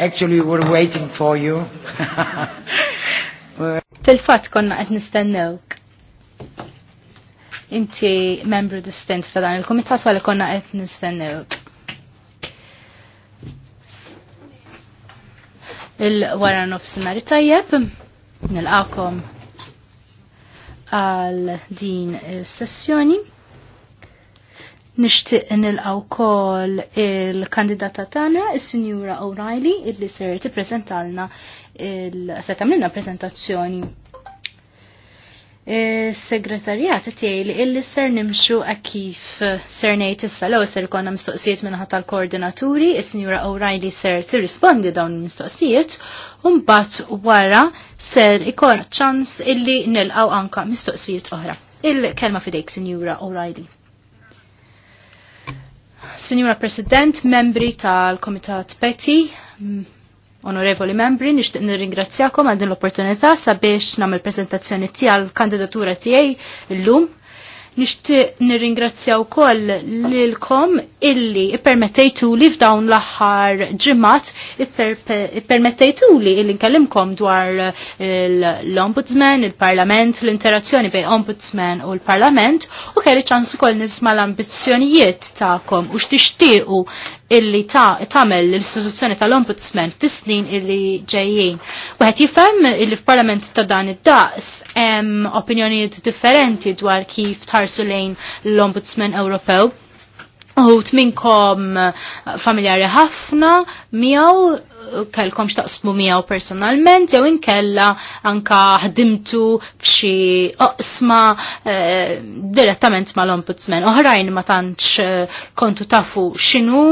actually we're waiting for you. Fil-fat konna qed nistennewk. Inti membru distint ta' dan il-komitat għal konna qed nistennewk. Il-wara nofsinhar tajjeb, nilqakom għal din is-sessjoni. Nixtieq nilqaw wkoll il-kandidata tagħna is-Sinjura il O'Reilly illi ser tippreżentalna il seta tagħmilna preżentazzjoni. Is-segretarjat tiegħi li illi ser nimxu kif ser nejt issa l-ewwel ser konna mistoqsijiet minħata tal-koordinaturi, il sinjura O'Reilly ser tirrispondi dawn il-mistoqsijiet, u mbagħad wara ser ikun ċans illi nilqgħu anka mistoqsijiet oħra. Il-kelma fidejk, Sinjura O'Reilly. Signora President, membri tal-Komitat Peti, mm, onorevoli membri, nixtieq nirringrazzjakom għal din l-opportunità sabiex nagħmel prezentazzjoni tiegħi għall kandidatura tiegħi l-lum Nixtieq nirringrazzjaw koll lilkom illi ippermettejtuli f'dawn l-aħħar ġimgħat li illi nkellimkom dwar eh, l-Ombudsman, il-Parlament, l-interazzjoni bejn Ombudsman u l-Parlament u kelli ċansu ukoll nisma' l-ambizzjonijiet tagħkom u x'tixtiequ illi ta' tamel l-istituzzjoni tal-ombudsman fis-snin illi ġejjin. Wieħed jifhem illi f'Parlament ta' dan id-daqs hemm opinjonijiet differenti dwar kif tarsu lejn l-Ombudsman Ewropew uħut minnkom familjari ħafna miegħu kellkom xtaqsmu miegħu personalment jew inkella anka ħdimtu bċi oqsma eh, direttament mal-ombudsman. Oħrajn ma tantx eh, kontu tafu x'inhu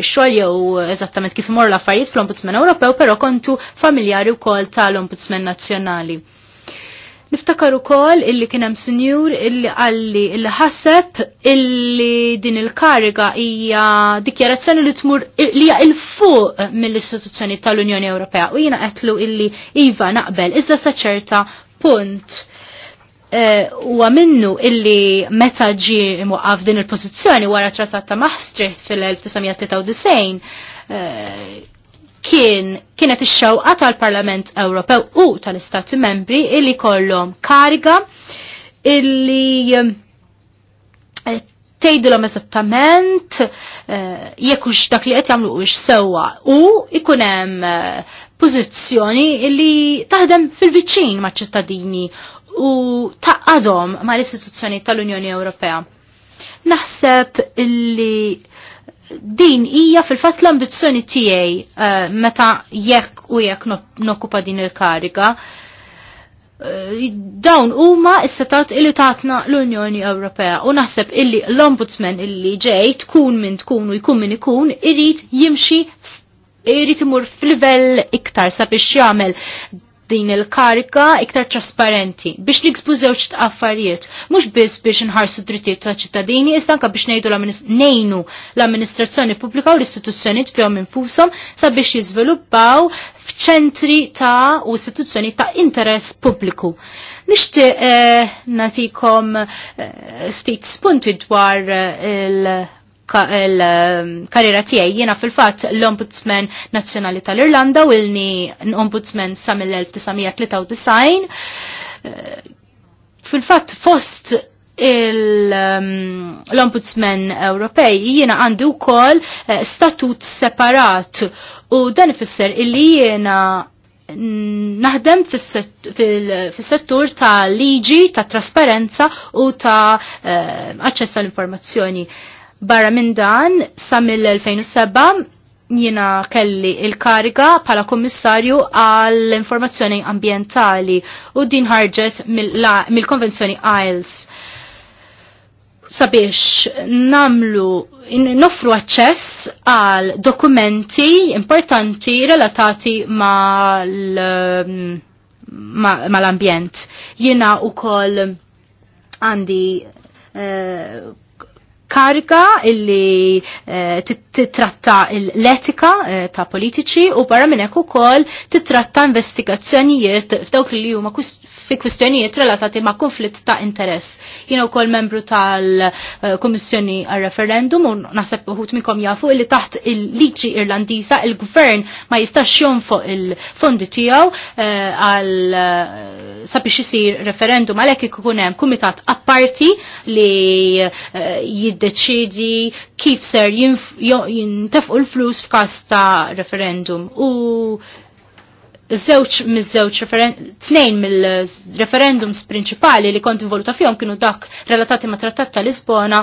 x-xogħol jew eżattament kif imorru l-affarijiet fl-Ombudsman Ewropew, però kontu familjari wkoll tal-Ombudsman Nazzjonali. Niftakar ukoll illi kien hemm sinjur illi qalli illi ħaseb illi din il-kariga hija dikjarazzjoni li tmur li hija il fuq mill-istituzzjoni tal-Unjoni Ewropea u jiena qetlu illi iva naqbel iżda sa ċerta punt eh, huwa għaminnu minnu illi meta ġi imwaqqaf din il-pożizzjoni wara trattat ta' Maastricht fil-1993 eh, kien kienet ix-xewqa tal-Parlament Ewropew u tal-Istati Membri illi kollhom kariga illi eh, tgħidulhom eżattament eh, jekk hux dak li qed jagħmlu hux sewwa u ikun hemm eh, pożizzjoni illi taħdem fil-viċin maċ-ċittadini u taqadhom mal-istituzzjoni tal-Unjoni Ewropea. Naħseb illi din hija fil-fatt l-ambizzjoni tiegħi uh, meta jekk u jekk nokkupa din il-kariga. Eh, dawn huma s-setat illi tatna l-Unjoni Ewropea u naħseb illi l-Ombudsman illi ġej tkun minn tkun u jkun minn ikun irrid jimxi irid imur f'livell iktar sabiex jagħmel din il-karika iktar trasparenti biex niksbu żewġ affarijiet, mhux biss biex nħarsu drittijiet ta' ċittadini, iżda anke biex ngħidu nejnu l-amministrazzjoni pubblika u l-istituzzjonijiet fihom infushom sabiex jiżviluppaw f'ċentri ta' u istituzzjoni ta' interess pubbliku. Nixtieq eh, natikom eh, ftit spunti dwar eh, il- l-karriera um, tiegħi jiena fil-fatt l-Ombudsman Nazzjonali tal-Irlanda u l-Ombudsman sa mill-1993. Fil-fatt fost um, l-Ombudsman Ewropej jiena għandu wkoll eh, statut separat u dan ifisser illi jiena naħdem fil-settur ta' liġi, ta' trasparenza u ta' eh, aċċess għall-informazzjoni. Barra minn dan, sa mill-2007 jina kelli il-kariga pala kommissarju għall-informazzjoni ambientali u din ħarġet mill-konvenzjoni mil IELTS sabiex namlu noffru access għal dokumenti importanti relatati mal-ambjent. Jina u kol għandi eh, karga illi eh, titratta l-etika eh, ta' politiċi u barra minn hekk ukoll titratta investigazzjonijiet f'dawk li huma fi kwistjonijiet relatati ma' konflitt ta' interess. u kol membru tal-Kummissjoni eh, għar-referendum u naħseb uħut mikom jafu illi taħt il-liġi Irlandiża il-gvern ma jistax jonfoq il-fondi tiegħu għal sabiex isir referendum għalhekk ikun hemm kumitat apparti li jid jiddeċidi kif ser jintefqu l-flus f'kas ta' referendum. U Zewċ miż-żewġ tnejn mill-referendums prinċipali li kont involuta fihom kienu dak relatati ma' trattat ta' Lisbona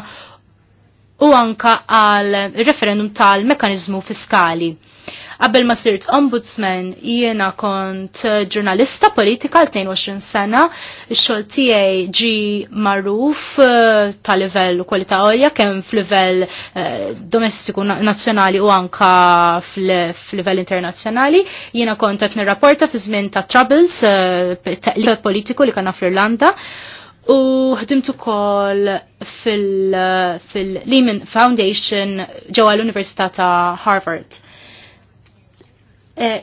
u anka għal referendum tal-mekanizmu fiskali. Qabel ma sirt ombudsman jiena kont eh, ġurnalista politika l 22 sena, ix-xogħol tiegħi ġi magħruf eh, ta' livell u kwalità għolja kemm fl-livell eh, domestiku nazzjonali u anka livell internazzjonali. Jiena kont qed nirrapporta fi żmien ta' troubles politiku li kellna fl-Irlanda. U ħdimt ukoll fil-Lehman Foundation ġewwa l-Università ta' Harvard. E,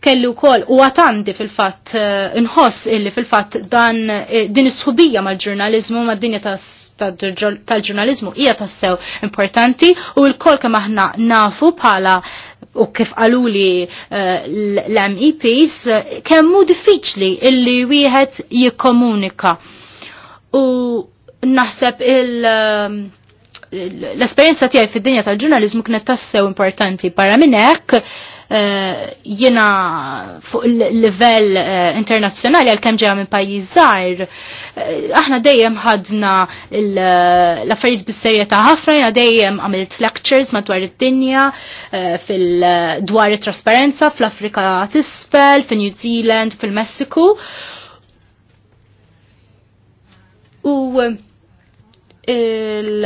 kellu kol u għatandi fil-fat e, nħoss illi fil-fat dan e, din is-sħubija mal-ġurnalizmu ma' dinja tal-ġurnalizmu hija tassew importanti u l-kol kemm aħna nafu bħala u kif qaluli l-MEPs kemmu diffiċli illi wieħed jikkomunika. U naħseb il- l-esperienza tiegħi fid-dinja tal-ġurnalizmu kienet tassew importanti barra minn hekk Eh, jina fuq il-level eh, internazzjonali għal-kem ġeja minn pajjiż żgħir, eh, aħna dejjem ħadna l-affarijiet bis-serjetà ħafna, jina dejjem għamilt lectures madwar id-dinja fil-dwar it-trasparenza fl-Afrika tisfel, fil-New Zealand, fil-Messiku. U il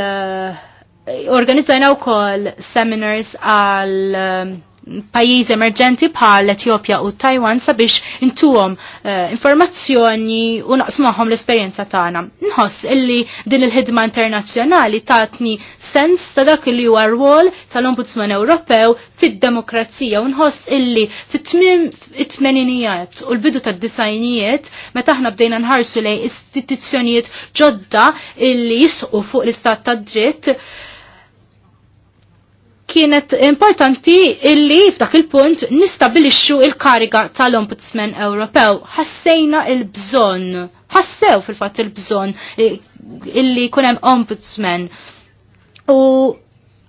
organizzajna wkoll seminars għal pajjiż emerġenti bħal Etjopja u Taiwan sabiex intuhom uh, informazzjoni u naqsmuhom l-esperjenza tagħna. Nħoss illi din il-ħidma internazzjonali tatni sens ta' dak li huwa rwol tal-Ombudsman Ewropew fid-demokrazija u nħoss illi fit tmiem it tmeninijiet u l-bidu tad-disajnijiet meta aħna bdejna nħarsu lejn istituzzjonijiet ġodda illi jisqu fuq l-istat tad-dritt kienet importanti illi f'dak il-punt nistabilixxu il-kariga tal-Ombudsman Ewropew. Ħassejna il-bżonn, ħassew fil-fatt il-bżonn illi kunem Ombudsman. U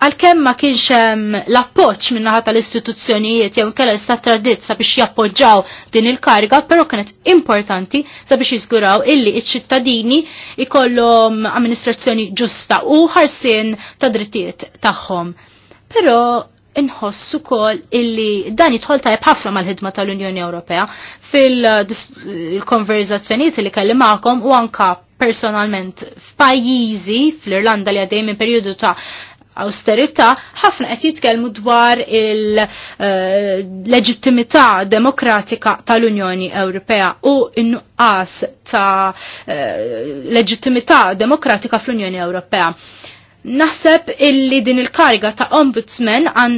għalkemm ma kienx hemm l-appoġġ min-naħa tal-istituzzjonijiet jew inkella issa tradit sabiex jappoġġaw din il-kariga, però kienet importanti sabiex jiżguraw illi iċ-ċittadini ikollhom amministrazzjoni ġusta u ħarsien ta' drittijiet tagħhom. Però inħoss ukoll illi dan jidħol tajb ħafna mal-ħidma tal-Unjoni Ewropea fil konverzazzjoniet li kelli magħkom u anka personalment f'pajjiżi fl-Irlanda li għaddej minn perjodu ta' austerità, ħafna qed jitkellmu dwar il-leġittimità eh, demokratika tal-Unjoni Ewropea u n-nuqqas ta' eh, leġittimità demokratika fl-Unjoni Ewropea. Naħseb illi din il-kariga ta' ombudsman għan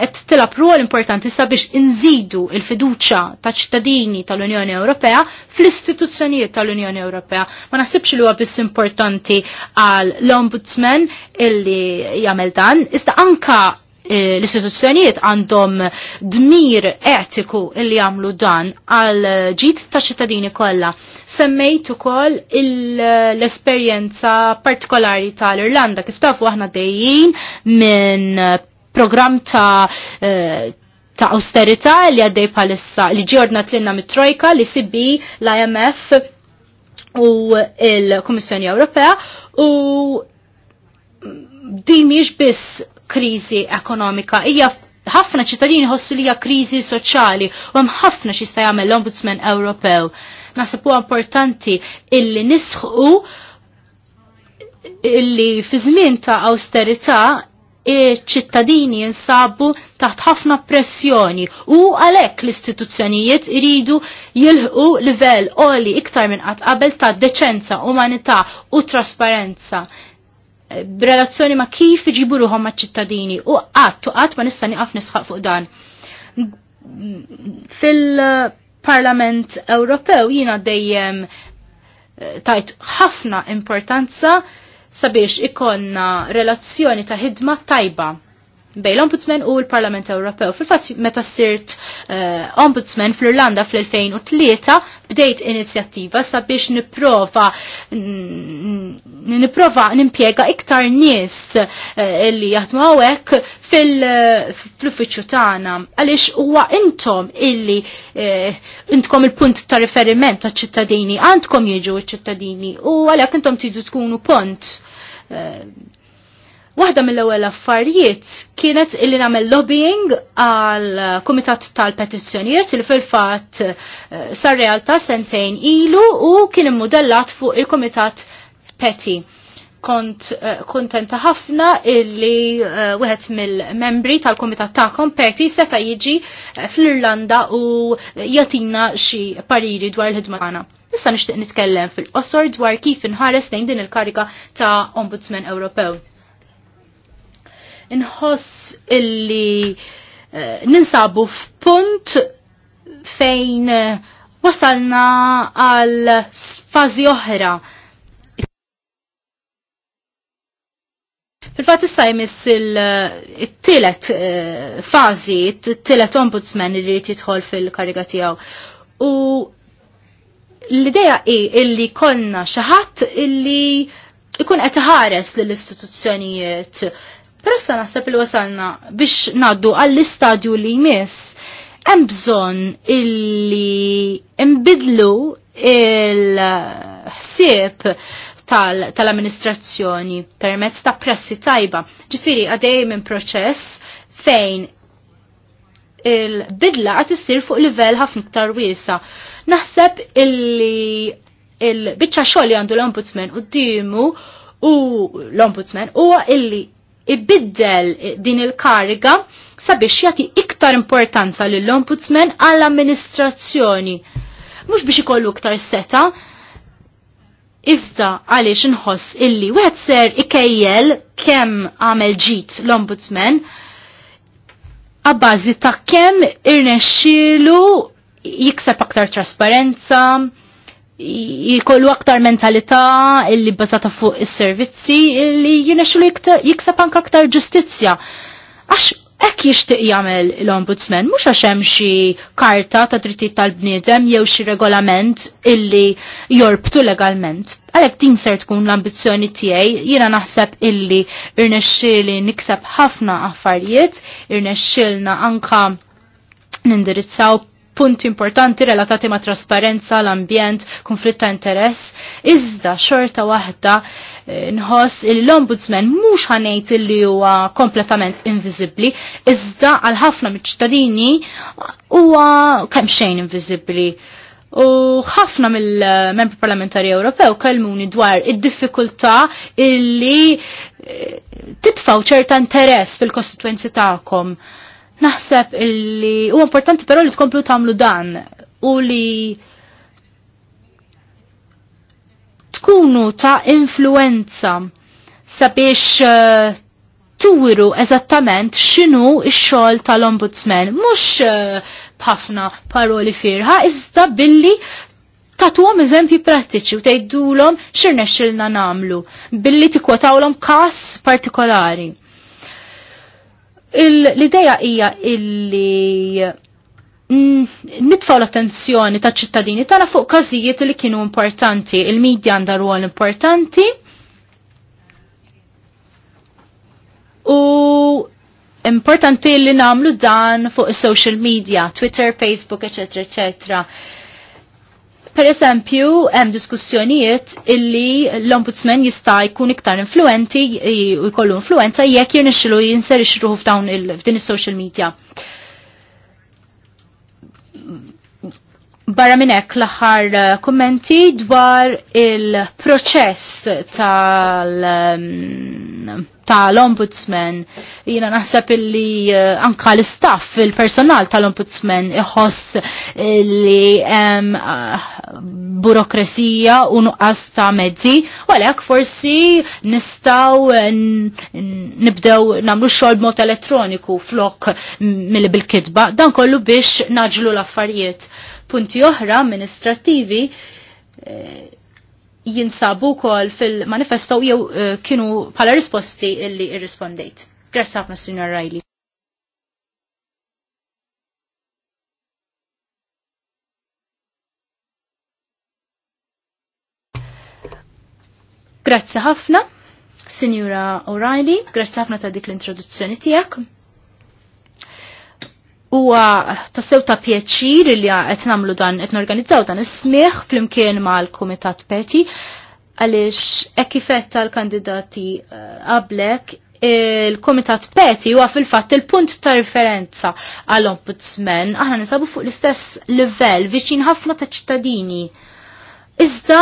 qed tilab rol importanti sabiex inżidu il-fiduċa ta' ċittadini tal-Unjoni Ewropea fl-istituzzjonijiet tal-Unjoni Ewropea. Ma naħsibx li huwa biss importanti għal l-ombudsman illi jagħmel dan, iżda anka Eh, l-istituzzjonijiet għandhom dmir etiku li jagħmlu dan għal ġid ta' ċittadini kollha. Semmejt ukoll l-esperjenza partikolari tal-Irlanda kif tafu aħna dejjin minn program ta' eh, ta' austerita li għaddej palissa li ġordna tlinna mit-trojka li sibbi l-IMF u il-Komissjoni Ewropea u din miex biss kriżi ekonomika, hija ħafna ċittadini ħossu li hija kriżi soċjali u hemm ħafna x'jista' jagħmel l-Ombudsman Ewropew. Naħseb huwa importanti illi nisħu illi fi żmien ta' austerità ċittadini jinsabu taħt ħafna pressjoni u għalhekk l-istituzzjonijiet iridu jilħu livell oli iktar minn qatt qabel ta' deċenza, umanità u trasparenza b'relazzjoni ma' kif iġibu ruħom ma' ċittadini u qatt u qatt ma nista' niqaf nisħaq fuq dan. Fil-Parlament Ewropew jina dejjem eh, tajt ħafna importanza sabiex ikonna relazzjoni ta' ħidma tajba bej l-Ombudsman u l-Parlament Ewropew. Fil-fatt meta sirt uh, Ombudsman fl-Irlanda fl-2003 bdejt inizjattiva sabiex niprofa niprofa nimpiega iktar nies uh, eh, li jaħdmu hawnhekk fil-uffiċċju tagħna għaliex huwa intom illi uh, intkom il-punt ta' riferiment ta' ċittadini, għandkom jiġu ċ-ċittadini u għalhekk intom tidu tkunu pont. Uh, Waħda mill-ewwel affarijiet kienet illi nagħmel lobbying għal uh, Kumitat tal-Petizzjonijiet li fil-fatt uh, sar realtà sentejn ilu u kien immudellat fuq il-Kumitat Peti. Kont uh, kontenta ħafna illi wieħed mill-membri tal-Kumitat tagħkom Peti seta' jiġi fl-Irlanda u jatina xi pariri dwar il-ħidma tagħna. Issa nixtieq nitkellem fil-qosor dwar kif inħares lejn din il-karika ta' Ombudsman Ewropew nħoss illi eh, ninsabu f'punt fejn eh, wasalna għal fazi oħra. Fil-fat issa jmiss il-tielet eh, fazi, il-tielet ombudsman li titħol fil-kariga tiegħu. U l-ideja i illi konna xaħat illi ikun qed l lill-istituzzjonijiet Pero sa naħseb li wasalna biex naddu għall-istadju li jmiss, hemm bżonn illi imbidlu il-ħsieb tal-amministrazzjoni permezz ta' pressi tajba. Ġifiri għadej minn proċess fejn il-bidla għat issir fuq livell ħafna iktar wiesa. Naħseb illi il-bicċa xogħol li għandu l-ombudsman u d u l-ombudsman huwa illi ibiddel din il-kariga sabiex jagħti iktar importanza lill-Ombudsman għall-amministrazzjoni. Mhux biex ikollu iktar seta, Iżda għaliex inħoss illi wieħed ser ikejjel kemm għamel ġit l-Ombudsman għabbażi ta' kemm irnexxielu jikseb aktar trasparenza, jikollu aktar mentalità illi bbażata fuq is-servizzi illi jinexu li jiksab anke aktar ġustizzja. Għax hekk jixtieq jagħmel l-Ombudsman, mhux għax hemm xi karta ta' drittijiet tal-bniedem jew xi regolament illi jorbtu legalment. Għalhekk din ser tkun l-ambizzjoni tiegħi, jiena naħseb illi irnexxieli nikseb ħafna affarijiet, irnexxilna anka nindirizzaw punti importanti relatati ma' trasparenza, l-ambjent, konflitt ta' interess, iżda xorta waħda eh, nħoss il ombudsman mhux ħanejt li huwa kompletament invisibli, iżda għal ħafna miċ-ċittadini huwa kemm xejn inviżibbli. U ħafna mill-membri parlamentari Ewropew kelmuni dwar id-diffikultà illi eh, titfaw ċerta interess fil-kostituenzi tagħkom. Ta Naħseb illi u importanti però li tkomplu tagħmlu dan u li tkunu ta' influenza sabiex eh, turu eżattament x'inhu x-xogħol tal-ombudsman. Mhux uh, b'ħafna paroli firħa, iżda billi tatuhom eżempji prattiċi u tgħidulhom x'irnexxilna nagħmlu billi tikkwotawlhom każ partikolari. L-ideja hija illi mm, nitfaw l-attenzjoni ta' ċittadini tala fuq każijiet li kienu importanti, il-medja għandha rwol importanti. U importanti li namlu dan fuq is social media, Twitter, Facebook, eccetera, eccetera. Per eżempju, hemm diskussjonijiet illi l-ombudsman jista' jkun iktar influenti u jkollu influenza jekk jirnexxilu jinserixruħu f'dawn il-din is-social media. Barra minn hekk l-aħħar eh, kummenti dwar il-proċess tal- ehm, tal-ombudsman. Jina naħseb li eh, anka l-istaff, il-personal tal-ombudsman iħoss li um, ehm, eh, burokrasija u nuqqas ta' mezzi, u għalhekk forsi nistgħu nibdew nagħmlu xogħol b'mod elettroniku flok mill bil-kitba, dan kollu biex naġlu l-affarijiet punti oħra amministrattivi eh, jinsabu kol fil-manifesto jew eh, kienu pala risposti illi irrispondejt. Grazzi ħafna, Signor Riley. Grazzi ħafna, Signora O'Reilly, grazzi ħafna ta' dik l-introduzzjoni tiegħek. Huwa tassew ta' pjaċir li qed nagħmlu dan qed norganizzaw dan is-smieħ flimkien mal-Kumitat Peti għaliex hekk kifet tal-kandidati qablek eh, il-Komitat Peti huwa fil-fatt il-punt ta' referenza għall-Ombudsman aħna nisabu fuq l-istess livell viċin ħafna ta' ċittadini iżda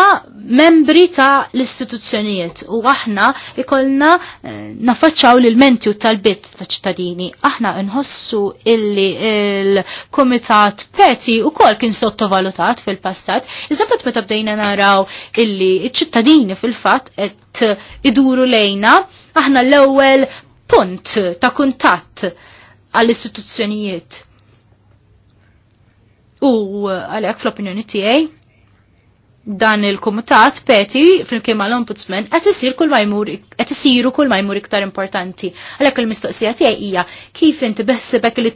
membri ta' l-istituzzjonijiet u aħna ikolna eh, nafaċċaw l-menti u tal-bit ta' ċittadini. Aħna nħossu illi il-komitat peti u kol kien sottovalutat fil-passat, iżda bat meta bdejna naraw illi ċittadini fil-fat et iduru lejna, aħna l-ewel punt ta' kuntatt għall-istituzzjonijiet. U għalek fl-opinjoni tiegħi dan il komutat peti fil kema mal-ombudsman qed isir kull ma qed isiru kull ma jmur iktar importanti. Għalhekk il-mistoqsija tiegħi hija kif inti beħsibek li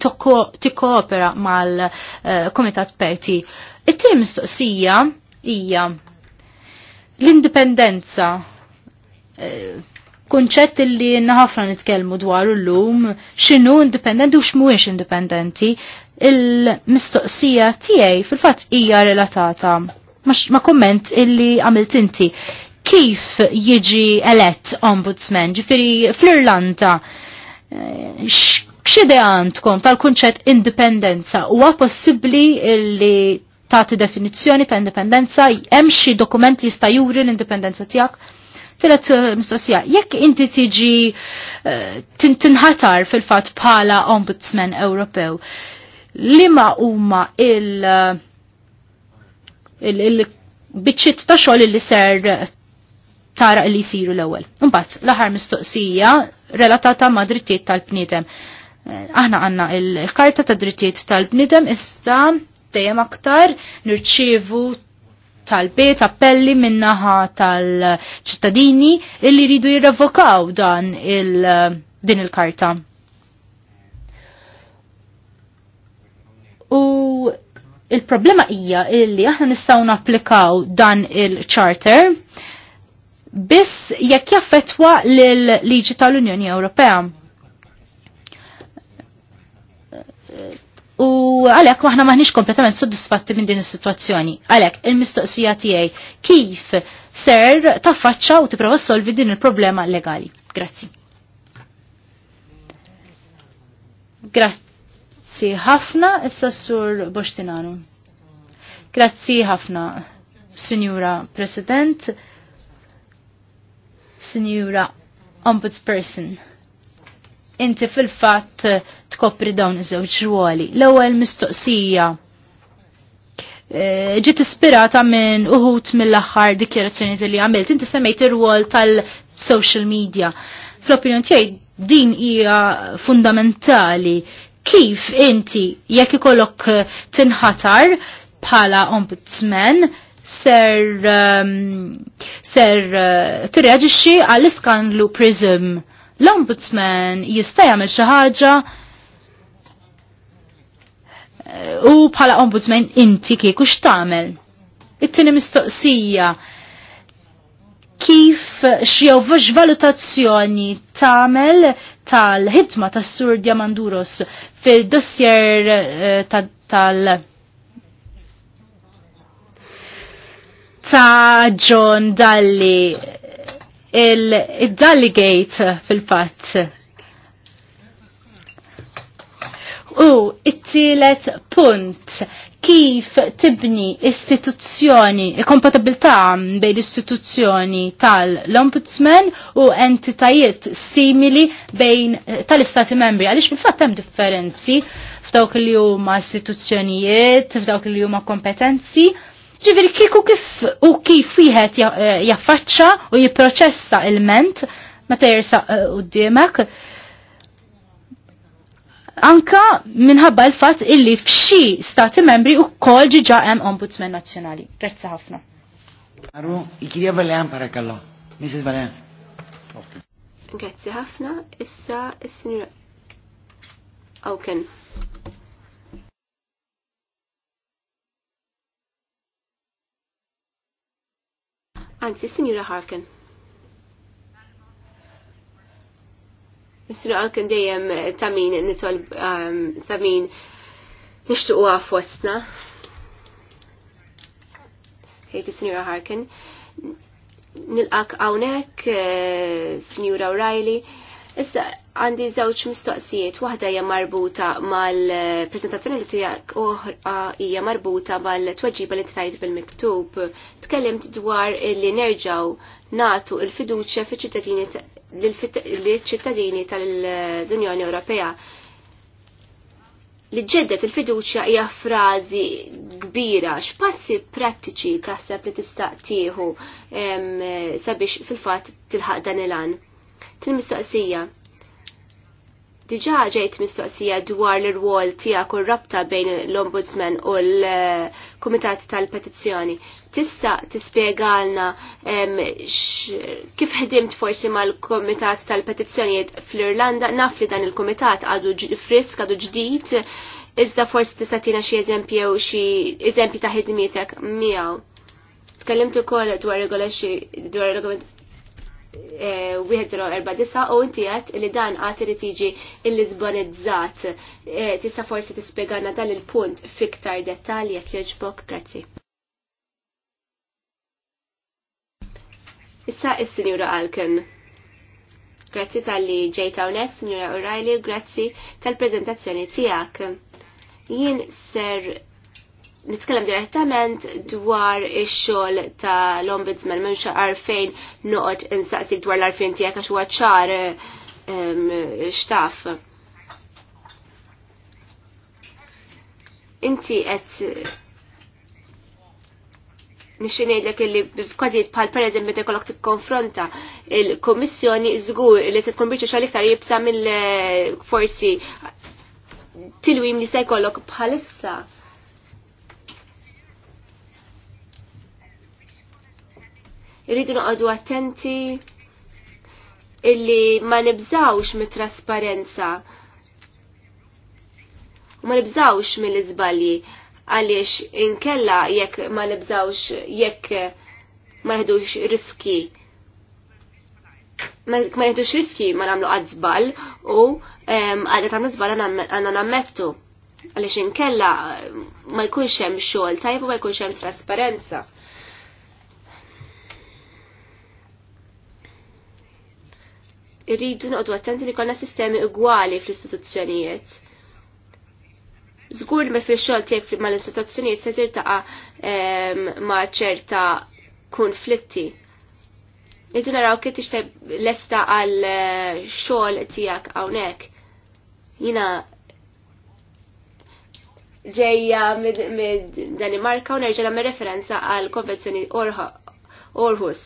tikkoopera mal-komitat eh, peti. It-tieni mistoqsija hija l-indipendenza eh, kunċett li ħafna nitkellmu dwar llum x'inhu indipendenti u x'mhuwiex indipendenti, il-mistoqsija tiegħi fil-fatt hija relatata ma komment illi għamilt inti. Kif jiġi elett ombudsman, ġifiri fl-Irlanda, eh, xide għandkom tal-kunċett indipendenza? Huwa possibbli illi tagħti definizzjoni ta' indipendenza, hemm xi dokument jista' juri l-indipendenza tiegħek? Tilet eh, mistoqsija, jekk inti tiġi eh, tinħatar fil-fatt bħala Ombudsman Ewropew, lima huma il- uh, il-biċċit ta' xogħol li ser tara li jisiru l-ewwel. Imbagħad l-aħħar mistoqsija relatata ma' drittijiet tal-bniedem. Eh, aħna għandna il-karta ta' drittijiet tal-bniedem issa dejjem aktar nirċievu tal-bejt appelli minnaħa tal-ċittadini illi jridu jirrevokaw dan il- din il-karta. Il-problema hija li aħna nistgħu napplikaw dan il-charter biss jekk jaffetwa lill-liġi tal-Unjoni Ewropea. U għalek maħna maħnix kompletament soddisfatti minn din is-sitwazzjoni. Għalek, il-mistoqsija tiegħi kif ser taffaċċa u tipprova solvi din il-problema legali. Grazzi. Grazzi. Grazzi ħafna issa s sur Boċtinanu. Grazzi ħafna, Signora President, Signora Ombudsperson. Inti fil-fatt tkopri dawn iż-żewġ ruoli. L-ewwel mistoqsija e, ġiet ispirata minn uħut mill-aħħar dikjerazzjoni li għamilt. Inti semmejt ir-rwol tal-social media. fl opinjon tiegħi din hija fundamentali kif inti jekk ikollok eh, tinħatar bħala ombudsman ser um, ser uh, eh, tirreġixxi għall iskandlu Prism. L-ombudsman jista' jagħmel xi ħaġa eh, u bħala ombudsman inti kieku x'tagħmel. It-tieni mistoqsija kif x'jew valutazzjoni tagħmel tal-ħidma tas sur Diamanduros fil-dossier eh, tal-, tal ta' John Dalli il-Dalli Gate fil-fatt U it-tielet punt kif tibni istituzzjoni, kompatibilità bejn istituzzjoni tal-Ombudsman u entitajiet simili bejn eh, tal-Istati membri. Għaliex fil-fatt hemm differenzi f'dawk li huma istituzzjonijiet, f'dawk li huma kompetenzi. Ġifieri kieku kif u kif wieħed eh, jaffaċċa u jipproċessa il-ment meta jersaq eh, quddiemek. Uh, anka minħabba l-fatt illi f'xi stati membri u kol ġiġa hemm ombudsman nazzjonali. Grazzi ħafna. Arru, ikirja Valean parakallu. Mrs. Valen. Grazzi ħafna, issa is-sinjura Awken. Anzi, sinjura Harken. Is-sinu kien dejjem ta' min nitol um, ta' min nixtuquha f'wostna. Jgħid is-sinjura Harkin. Nilqak hawnhekk, eh, Sinjura O'Reilly. Issa għandi żewġ mistoqsijiet, waħda hija marbuta mal-preżentazzjoni li tiegħek oħra hija marbuta mal-tweġiba li tajt bil-miktub. Tkellimt dwar li nerġgħu natu il-fiduċja fiċ-ċittadini l-ċittadini tal-Unjoni Ewropea li ġeddet il-fiduċja hija frażi kbira, x'passi prattiċi taħseb li tista' tieħu sabiex fil-fatt tilħaq dan il-an. Til-mistoqsija. Diġà ġejt mistoqsija dwar l-rwol tiegħek u rabta bejn l-Ombudsman u l-Kumitat tal-Petizzjoni tista' tispjegalna kif ħdimt forsi mal-Komitat tal-Petizzjonijiet fl-Irlanda, naf li dan il-Komitat għadu frisk, għadu ġdid, iżda forsi tista' tina xi eżempji jew xi eżempji ta' ħidmietek miegħu. Tkellimt ukoll dwar regola xi dwar e, wieħed erba' disa' u inti qed li dan għad irid tiġi l-lisbonizzat. E, tista' forsi tispjegana dan il-punt fiktar dettalji jekk jogħġbok. Grazzi. Issa is-Sinjura Alken. Grazzi tal-li ġejta unek, Sinjura O'Reilly, grazzi tal-prezentazzjoni tijak. Jien ser nitkellem direttament dwar ix-xogħol tal-Ombudsman minn xaqar fejn noqgħod insaqsik dwar l arfien tiegħek għax huwa ċar ehm, xtaf. Inti qed nixxi ngħidlek illi f'każijiet bħal pereżempju meta jkollok tikkonfronta il-Kummissjoni żgur li se tkun biċċa xogħol iktar jibsa mill-forsi eh, tilwim li se jkollok bħalissa. Irridu noqogħdu attenti illi ma nibżawx mit-trasparenza ma nibżawx mill-iżbalji għaliex inkella jekk ma nibżawx jekk ma nħedux riski ma nħedux riski ma namlu għadżbal u għadda tamlu zbal għanna nammettu għaliex inkella ma jkunx hemm xogħol tajbu ma jkunx hemm trasparenza. Irridu noqgħdu attenti li konna sistemi ugwali fl-istituzzjonijiet Zgur me fi xogħol tiegħek ma mal istituzzjonijiet se tirtaqa' ehm, ma ċerta konflitti. Jidu naraw kif tixteb lesta għal eh, xogħol tiegħek hawnhekk. Jina ġejja mid Danimarka u nerġa' referenza għal konvenzjoni Orhus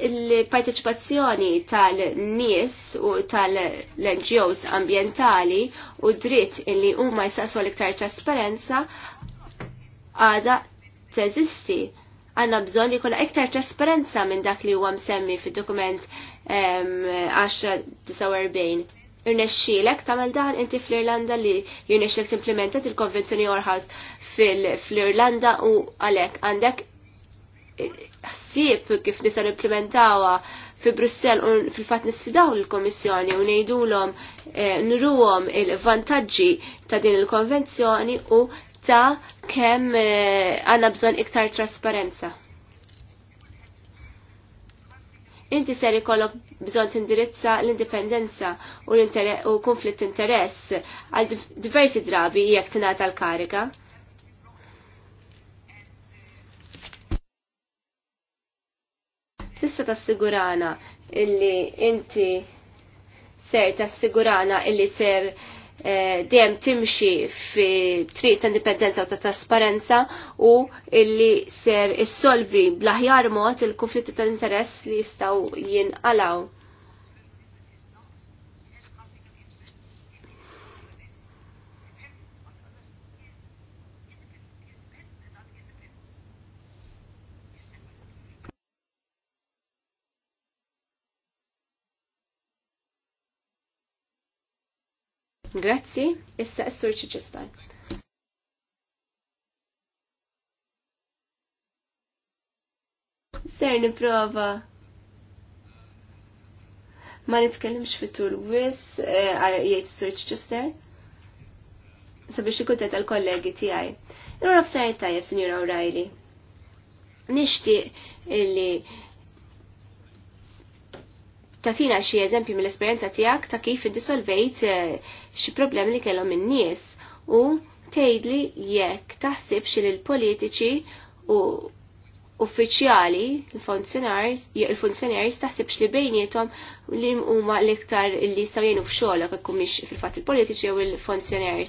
il-parteċipazzjoni tal-nies u tal-NGOs ambientali u dritt illi huma jsaqsu l-iktar trasparenza għada teżisti. Għanna bżon li kolla iktar trasparenza minn dak li huwa msemmi fid-dokument 1049. Irnexxielek tagħmel dan inti fl-Irlanda li jirnexxielek timplementat il-Konvenzjoni Orħas fil-Irlanda u għalhekk għandek ħsieb kif nisa implementawa fi Brussel u fil-fat nisfidaw l-Komissjoni u nejdulom eh, nruwom il-vantaġġi ta' din il-konvenzjoni u ta' kemm eh, għanna bżon iktar trasparenza. Inti ser ikollok bżon tindirizza l-indipendenza u konflitt interess għal diversi drabi jekk tingħata l-kariga. tista tassigurana illi inti ser tassigurana illi ser eh, dejjem timxi fi triq ta' indipendenza u ta' trasparenza u illi ser issolvi blaħjar mod il-konflitti ta' interess li jistgħu jinqalaw. Grazzi, issa s-sur Ser niprofa ma nitkellimx fit-tul wis eh, jgħid sur Chichester sabiex ikuntet għal-kollegi tiegħi. Irra f'sajt tajjeb, Sinjura O'Reilly. Nixtieq illi tatina xi eżempju mill-esperjenza tiegħek ta' kif iddisolvejt eh, xi problemi li kellhom in-nies u tgħidli jekk taħsibx li l-politiċi u uffiċjali, il-funzjonarji taħsibx li bejnietom li huma l-iktar li jistgħu jgħinu f'xogħolok ikun mhix fil-fatt il-politiċi u il funzjonarji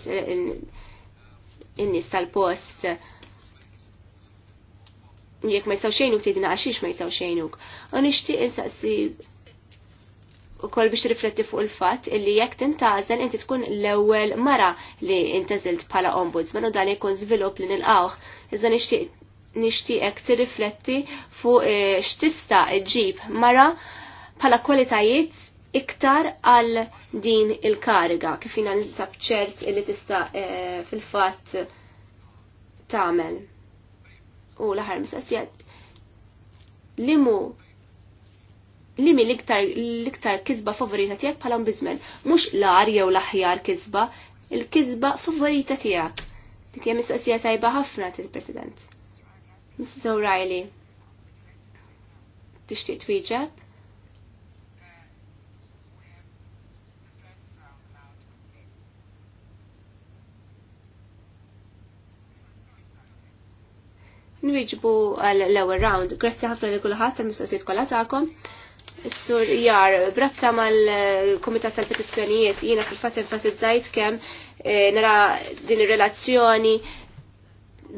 in-nies tal-post jekk ma jistgħu xejnuk tgħidina għaxiex ma jistgħu xejnuk. U nixtieq insaqsi u kol biex rifletti fuq il-fat illi jekk tintażel inti tkun l-ewwel mara li intażilt bħala ombudsman u dan jkun żvilupp li nilqawh. Iżda nixtieq nixtieqek tirrifletti fuq eh, x'tista' ġib mara bħala kwalitajiet iktar għal din il-kariga kif jina nisab ċert illi tista' eh, fil-fatt tagħmel. U l-aħħar mistoqsija li li mi l-iktar kizba favorita tijak pala mbizmen, mux l-ar jew l-aħjar kizba, il-kizba favorita tijak. Dik jem mistaqsija tajba ħafna til-President. Mrs. O'Reilly, tixtieq twieġeb? Nwiġbu l-ewwel round. Grazzi ħafna li kullħat, mis mistoqsijiet kollha tagħkom. Sur jar, brabta mal-Komitat tal-Petizzjonijiet, jiena fil-fat enfatizzajt kemm eh, nara din ir-relazzjoni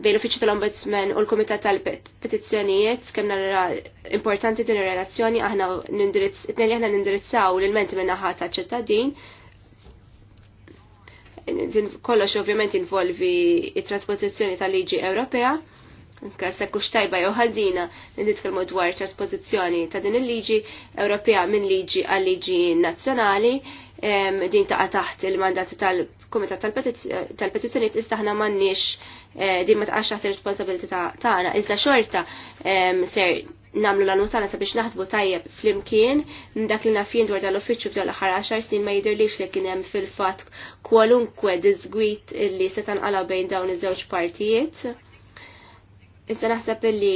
bejn l-Uffiċċju tal-Ombudsman u l-Komitat tal-Petizzjonijiet kemm nara importanti din ir-relazzjoni aħna nindirizz itnejn aħna nindirizzaw l-menti minn naħa ta' ċittadin. Kollox ovvjament involvi it-trasposizzjoni tal-liġi Ewropea Anka kux tajba jew ħażina nitkellmu dwar trasposizzjoni ta' din il-liġi Ewropea minn liġi għal liġi nazzjonali din taqa' taħt il-mandat tal-Kumitat tal-Petizzjoni iżda aħna m'għandniex eh, din ma taqax taħt ir-responsabilità tagħna iżda xorta ser namlu l tagħna sabiex naħdbu tajjeb flimkien dak li nafjien dwar dal-uffiċċju f'dan l-aħħar 10 snin ma jidirlix li kien hemm fil-fatt kwalunkwe dizgwit li se għala bejn dawn iż-żewġ partijiet Issa naħseb li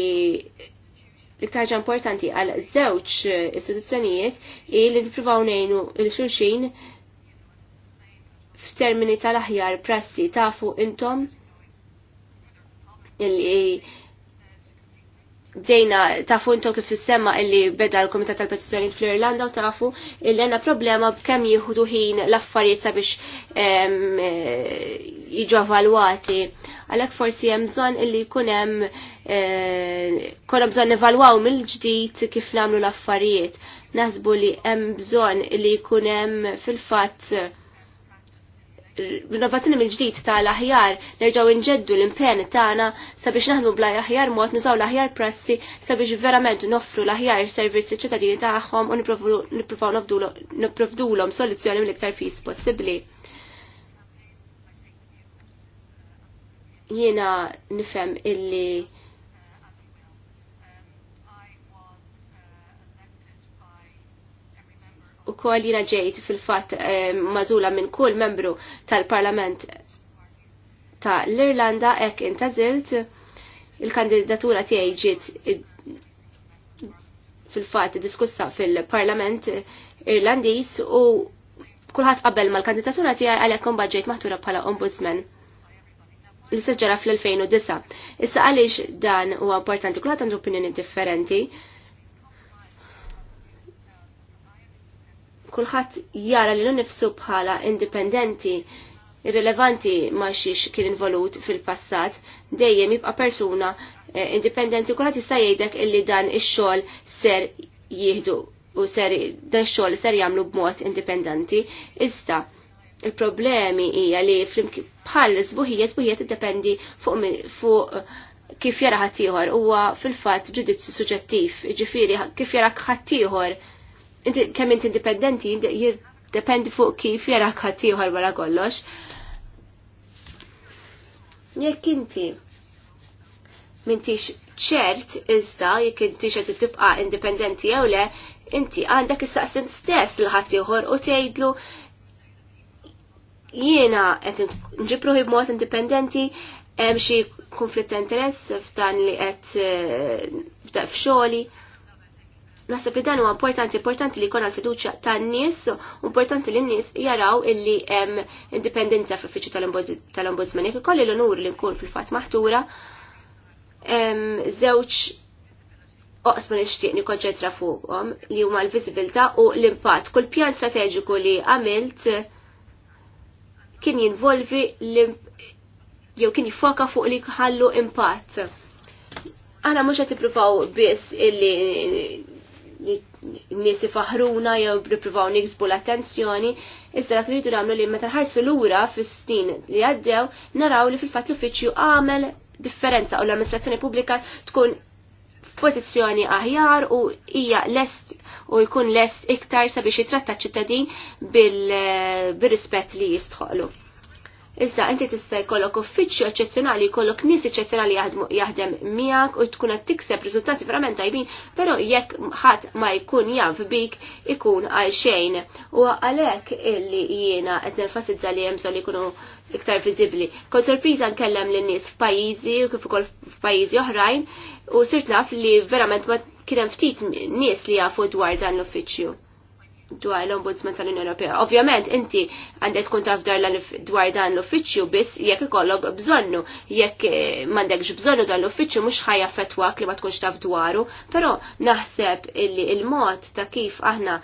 l-iktar importanti għal żewġ istituzzjonijiet i li nippruvaw ngħinu il xulxin f'termini tal-aħjar prassi tafu intom il-li dejna tafu intom kif semma illi beda l-Komitat tal-Petizzjoni fl-Irlanda u tafu illi għanna problema b'kemm jieħdu ħin l-affarijiet sabiex e, jiġu evalwati. Għalhekk forsi hemm bżonn illi jkun hemm e, konna bżonn evalwaw mill-ġdid kif nagħmlu l-affarijiet. Nasbu li hemm bżonn illi jkun hemm fil-fatt rinnovazzjoni mill-ġdid tal-aħjar nerġgħu nġeddu l-impenn tagħna sabiex naħdmu bla aħjar mod nużaw l-aħjar prassi sabiex verament noffru l-aħjar servizz iċ ċittadini tagħhom u nippruvaw nipprovdulhom soluzzjoni mill-iktar fis possibbli. Jiena nifhem illi u kol jina ġejt fil-fat eh, mażula minn kull membru tal-Parlament ta' l-Irlanda ek intazilt il-kandidatura tiegħi ġiet fil-fat diskussa fil-Parlament Irlandiż u kulħadd qabel mal-kandidatura tiegħi għalhekk imbagħad ġejt maħtura bħala ombudsman li seġġara fl-2009. Issa għaliex dan huwa importanti kulħadd għandu opinjoni differenti kulħadd jara li nifsu bħala indipendenti irrelevanti ma xiex kien involut fil-passat, dejjem jibqa' persuna eh, indipendenti kulħadd jista' jgħidek illi dan ix-xogħol ser jieħdu u ser dan ix-xogħol ser jagħmlu b'mod indipendenti. Iżda il-problemi hija li bħal żbuħija żbuħija tiddependi fuq fuq eh, kif jara ħaddieħor huwa fil-fatt ġudizzju suġġettiv, ġifieri kif jara ħaddieħor inti kemm inti indipendenti jiddependi fuq kif jarak ħadd ieħor wara kollox. Jekk inti mintix ċert iżda jekk inti qed tibqa' indipendenti jew le, inti għandek is-saqsin stess l ħadd ieħor u tgħidlu jiena qed nġibruħi b'mod indipendenti hemm xi konflitt ta' interess f'dan li qed eh, f'xogħli. Naħseb li dan huwa importanti, importanti li jkollna l-fiduċja tan-nies, importanti li n-nies jaraw illi hemm indipendenza fil-uffiċċju tal-Ombudsman. Jekk ikolli l-onur li nkun fil-fatt maħtura, żewġ oqsma nixtieq nikkonċentra fuqhom li huma l-viżibilità u l-impatt. Kull pjan strateġiku li għamilt kien jinvolvi jew kien jifoka fuq li ħallu impatt. Aħna mhux qed nippruvaw biss illi n-nisi faħruna jew rippruvaw niksbu l-attenzjoni, iżda dak li rridu nagħmlu li meta ħarsu lura fis-snin li għaddew naraw li fil-fatt l-uffiċċju għamel differenza u l-amministrazzjoni pubblika tkun f'pożizzjoni aħjar u hija lest u jkun lest iktar sabiex jitratta ċittadin bil-rispett li jistħolu. Iżda inti tista' jkollok uffiċċju eċċezzjonali, jkollok nies eċċezzjonali jaħdem miegħek u tkun qed tikseb riżultati verament tajbin, però jekk ħadd ma jkun jaf bik ikun għal xejn. U għalhekk illi jiena qed nenfasizza li hemm li jkunu iktar viżibbli. Kont sorpriża nkellem lin nies f'pajjiżi u kif ukoll f'pajjiżi oħrajn u sirt naf li verament ma kien hemm ftit nies li jafu dwar dan l-uffiċċju dwar l-Ombudsman tal-Unjoni Ewropea. Ovvjament inti għandek tkun taf dwar dan l-uffiċċju biss jekk ikollok bżonnu, jekk eh, m'għandekx bżonnu dan l-uffiċċju mhux ħajjaffettwak li ma tkunx taf dwaru, però naħseb illi il-mod ta' kif aħna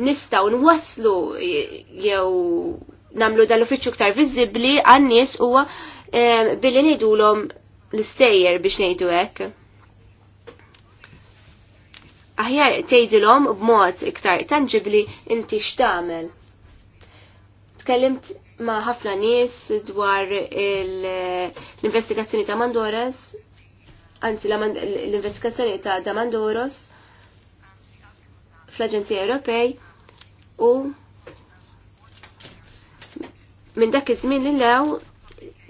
nistgħu nwasslu eh, jew namlu dan l-uffiċċju ktar viżibbli għan-nies huwa eh, billi ngħidulhom l-istejjer biex ngħidu hekk aħjar tgħidilhom b'mod iktar tangibli inti x'tagħmel. Tkellimt ma' ħafna nies dwar l-investigazzjoni ta' Mandoras, anzi l-investigazzjoni ta' Damandoros fl-Aġenzija Ewropej u minn dak iż-żmien li lew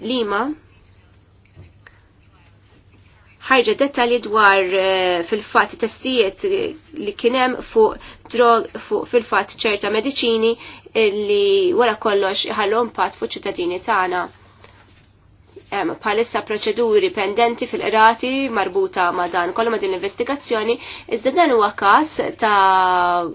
Lima ħarġa dettali dwar eh, fil-fat testijiet eh, li kienem fuq drog fuq fil-fat ċerta medicini eh, li wara kollox ħallhom pat fuq ċittadini tagħna. palissa proċeduri pendenti fil-qrati marbuta ma' dan kollu ma' din l-investigazzjoni, iżda dan huwa każ ta'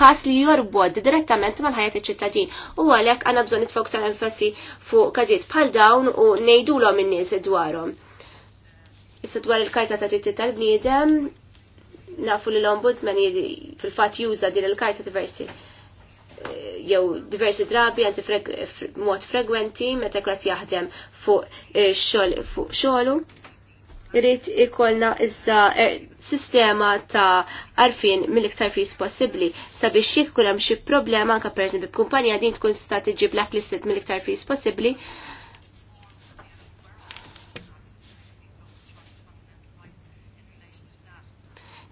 każ li jorbod direttament mal-ħajja iċ-ċittadin. U għalhekk għandna bżonn nitfoktar enfasi fuq każijiet bħal dawn u ngħidulhom in-nies dwarhom Issa dwar il-karta ta' dritti tal-bniedem, nafu li l-ombudsman fil-fat juża din il-karta diversi eh, jew diversi drabi għanti mod frekwenti meta klat jaħdem fuq eh, xogħlu. Irrid ikollna iżda er, sistema ta' arfin mill-iktar fis possibbli sabiex jekk hemm xi problema anke pereżempju b'kumpanija din tkun sta tiġi blacklisted mill-iktar fis possibbli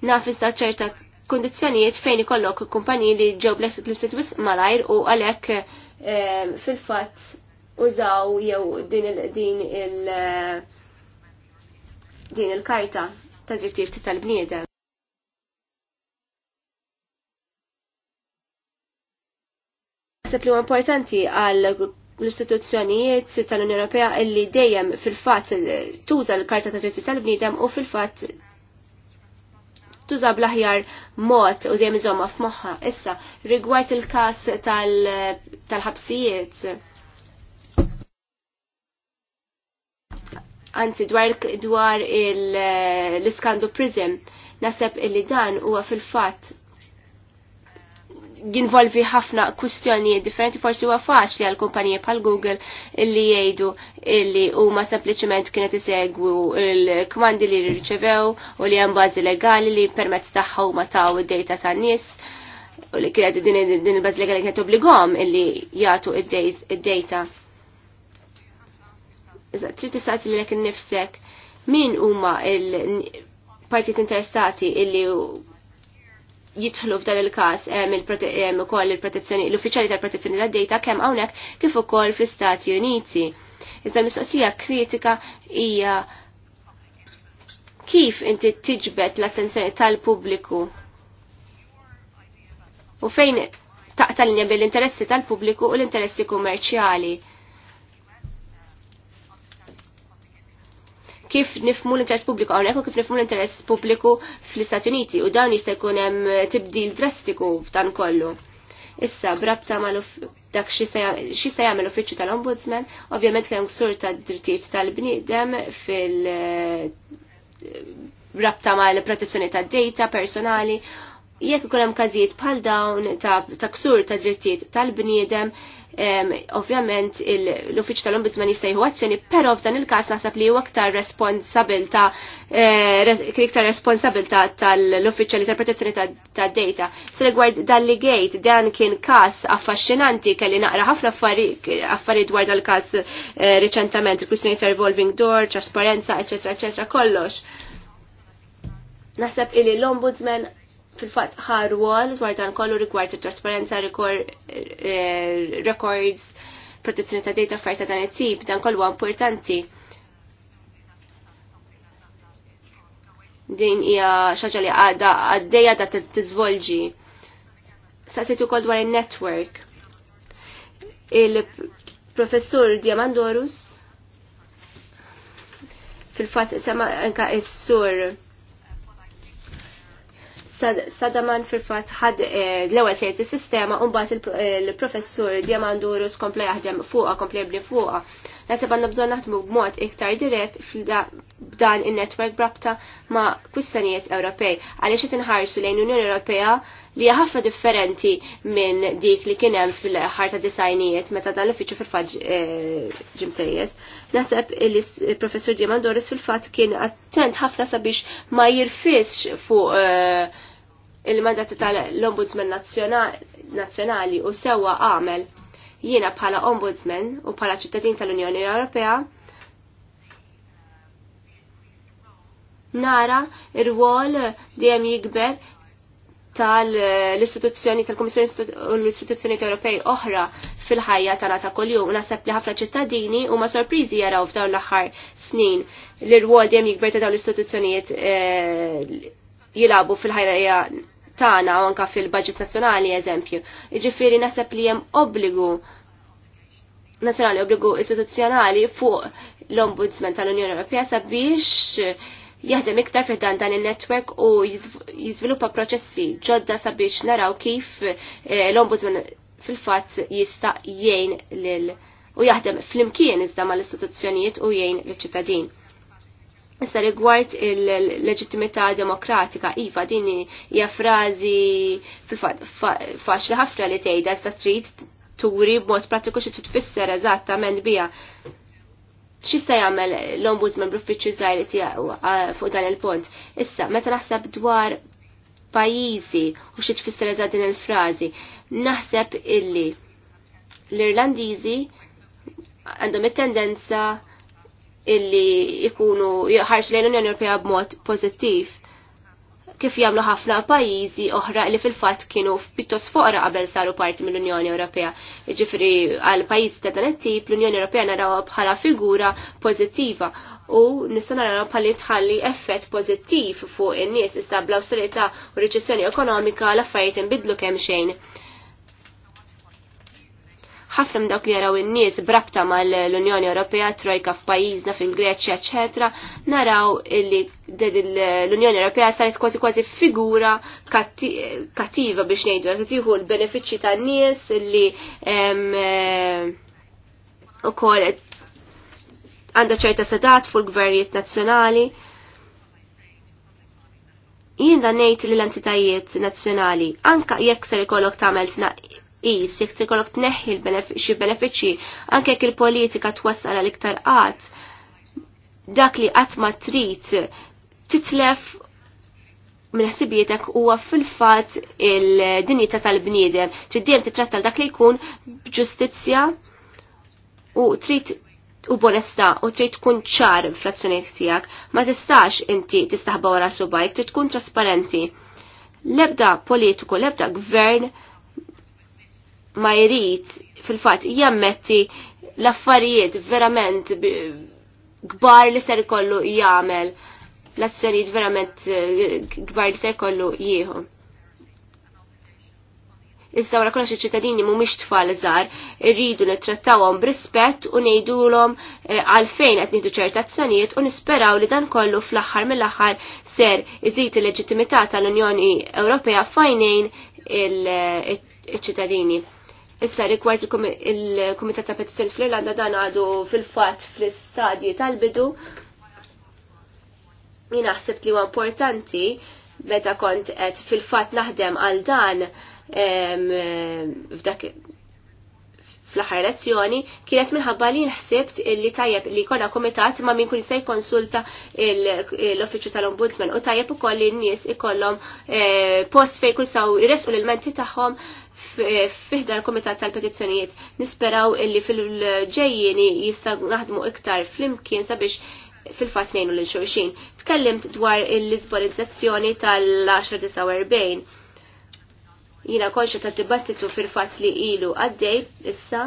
naf iżda ċerta kondizjonijiet fejn ikollok kumpani li ġew blessed li sitwis malajr u għalhekk eh, fil-fatt użaw jew din il- din il- din il-karta ta' drittijiet tal-bniedem. li importanti għal l-istituzzjonijiet tal-Unjoni Ewropea illi dejjem fil-fatt tuża l-Karta ta' drittijiet tal-Bniedem u fil-fatt tuża blaħjar mod u dejjem iżomma f'moħħa. Issa, rigward il-każ tal-ħabsijiet. Anzi, dwar, dwar l-iskandu prism, naseb illi dan huwa fil-fatt jinvolvi ħafna kwistjonijiet differenti forsi huwa faċli għal kumpanija bħal Google li jgħidu li huma sempliċement kienet isegwu l-kmandi li rċevew u li hemm bażi legali li permezz tagħha huma taw id-data tan-nies u li kienet din il-bażi legali kienet obbligom illi jagħtu id-data. Iżda trid tistaqsi lilek innifsek min huma il-partit interessati illi jitħlu f'dan il-każ hemm ukoll il-protezzjoni l-uffiċjali tal-protezzjoni tad-data kemm hawnhekk kif ukoll fl-Istati Uniti. Iżda mistoqsija kritika hija kif inti tiġbed l-attenzjoni tal-pubbliku u fejn taqta linja bil-interessi tal-pubbliku u l-interessi kummerċjali. kif nifmu l-interess pubbliku hawnhekk u kif nifmu l-interess pubbliku fl-Istati Uniti u dawn jista' jkun hemm eh, tibdil drastiku f'dan kollu. Issa, brabta ma dak xi se jagħmel uffiċċju tal-Ombudsman, ovvjament kemm ksur ta' drittijiet tal-bniedem fil- eh, rabta ma' l-protezzjoni ta' data personali jekk ikun hemm każijiet bħal dawn ta' ksur ta' drittijiet tal-bniedem, ovvjament l-uffiċ tal-ombudsman jista' jieħu azzjoni, però f'dan il-każ naħseb li huwa aktar responsabilta eh, iktar responsabilta tal-uffiċċja tal-protezzjoni tad-data. Sregward dalli gejt dan kien każ affaxxinanti kelli naqra ħafna affarijiet dwar dal-każ eh, riċentament, il-kwistjoni ta' revolving door, trasparenza, eċetera, eċetera, kollox. Naħseb illi l-ombudsman fil-fatt ħarru għal dwar dan kollu rigward it-trasparenza, eh, records, protezzjoni ta' data ta' dan it-tip, dan kollu importanti. Din hija xaġa li għadda għaddejja da t-tizvolġi. Saqsitu kol dwar il-network. Il-professur Diamandorus fil-fat sema anka il sur Sadaman fil-fat ħad eh, l-ewel sejt il-sistema un bat il-professur Diamandurus kompla jaħdem fuqa, kompla bli fuqa. Nasib għanna bżon naħdmu b'mod iktar dirett f'dan il-network brabta ma' kwistanijiet Ewropej. Għaliex qed inħarsu lejn Unjoni Ewropea li ħafna differenti minn dik li kien hemm fil-ħarta disajnijiet meta dan l-uffiċċju fil-fatt eh, ġimsejjes. Naseb il-professur Diamandurus fil-fatt kien attent ħafna sabiex ma jirfisx fuq eh, il-mandat tal-Ombudsman Nazzjonali u sewwa għamel jiena bħala Ombudsman u bħala ċittadin tal-Unjoni Ewropea nara ir-wol dejjem jikber tal-istituzzjoni tal-Komissjoni u l-istituzzjoni Ewropej oħra fil-ħajja tagħna ta' kuljum u naħseb li ħafna ċittadini huma sorpriżi jaraw f'dawn l-aħħar snin li rwol dejjem jikber ta' dawn l-istituzzjonijiet eh, jilabu fil-ħajja Tana u anka fil-budget nazzjonali eżempju. Jiġifieri naħseb li hemm obbligu nazzjonali obbligu istituzzjonali fuq l-Ombudsman tal-Unjoni Ewropea sabiex jaħdem iktar fiħdan dan il-network u jizviluppa proċessi ġodda sabiex naraw kif eh, l-ombudsman fil-fat jista' jgħin lil u jaħdem fl-imkien iżda mal-istituzzjonijiet u jgħin l-ċittadin. Issa rigward il-leġittimità demokratika, iva din hija frażi faċli ħafna li tgħidha iżda trid turi b'mod pratiku xi tfisser eżattament biha. Xi se jagħmel l-ombudsman bl-uffiċċju żgħir fuq dan il-pont. Issa meta naħseb dwar pajjiżi u xi tfisser eżatt din il-frażi, naħseb illi l-Irlandiżi għandhom it-tendenza il illi ikunu jħarġ lejn l-Unjoni Ewropea b'mod pożittiv kif jagħmlu ħafna pajjiżi oħra li fil-fatt kienu pittos foqra qabel saru parti mill-Unjoni Ewropea. Ġifri għal pajjiżi ta' dan it-tip l-Unjoni Ewropea naraw bħala figura pożittiva u nista' naraw bħalli tħalli effett pożittiv fuq in-nies issa bl-awsterità u riċessjoni ekonomika l-affarijiet inbidlu kemm xejn ħafna minn dawk li jaraw in-nies brabta mal-Unjoni Ewropea, trojka f'pajjiżna fil-Greċja, eċetera, naraw illi l-Unjoni Ewropea saret kważi kważi figura kattiva biex ngħidu qed tieħu l-benefiċċji tan-nies li eh, ukoll għandha ċerta sedat fuq gvernijiet nazzjonali jien da ngħid li l-entitajiet nazzjonali anka jekk ser ikollok tagħmel is, jekk tikollok tneħħi xi benefiċċji anke jekk il-politika twassal għal iktar qatt dak li qatt ma trid titlef minn ħsibietek huwa fil-fatt il-dinjità tal-bniedem. Trid dejjem titratta dak li jkun b'ġustizzja u trid u bonesta u trid tkun ċar fl-azzjonijiet tiegħek, ma tistax inti tistaħba wara subajk, trid tkun trasparenti. Lebda politiku, lebda gvern ma jrid fil-fatt jammetti l-affarijiet verament gbar li ser kollu jagħmel l-azzjonijiet verament eh, gbar li ser kollu jieħu. Iżda wara kollox iċ-ċittadini mhumiex tfal żgħar, irridu nittrattawhom b'rispett u ngħidulhom eh, għalfejn qed nieħdu ċerta azzjonijiet u nisperaw li dan kollu fl-aħħar mill-aħħar ser iżid il-leġittimità tal-Unjoni Ewropea fajnejn il-ċittadini. Eh, Issa rikward il-Kumitat ta' fl-Irlanda dan għadu fil-fatt fl-istadji tal-bidu. Jina ħsibt li huwa importanti meta kont qed fil-fatt naħdem għal dan f'dak fl-aħħar elezzjoni kienet minħabba li nħsibt li tajjeb li jkollha kumitat ma' minn kun se jkonsulta l-Offiċċju tal-Ombudsman u tajjeb ukoll li n-nies ikollhom eh, post fejn kull saw jresqu l-menti tagħhom fiħdar komitat tal-petizzjonijiet. Nisperaw illi fil-ġejjini jista' naħdmu iktar fl-imkien sabiex fil-fat nejnu l-xurxin. Tkellimt dwar il izbolizzazzjoni tal-1049. Jina konxa ta' dibattitu fil-fat li ilu għaddej issa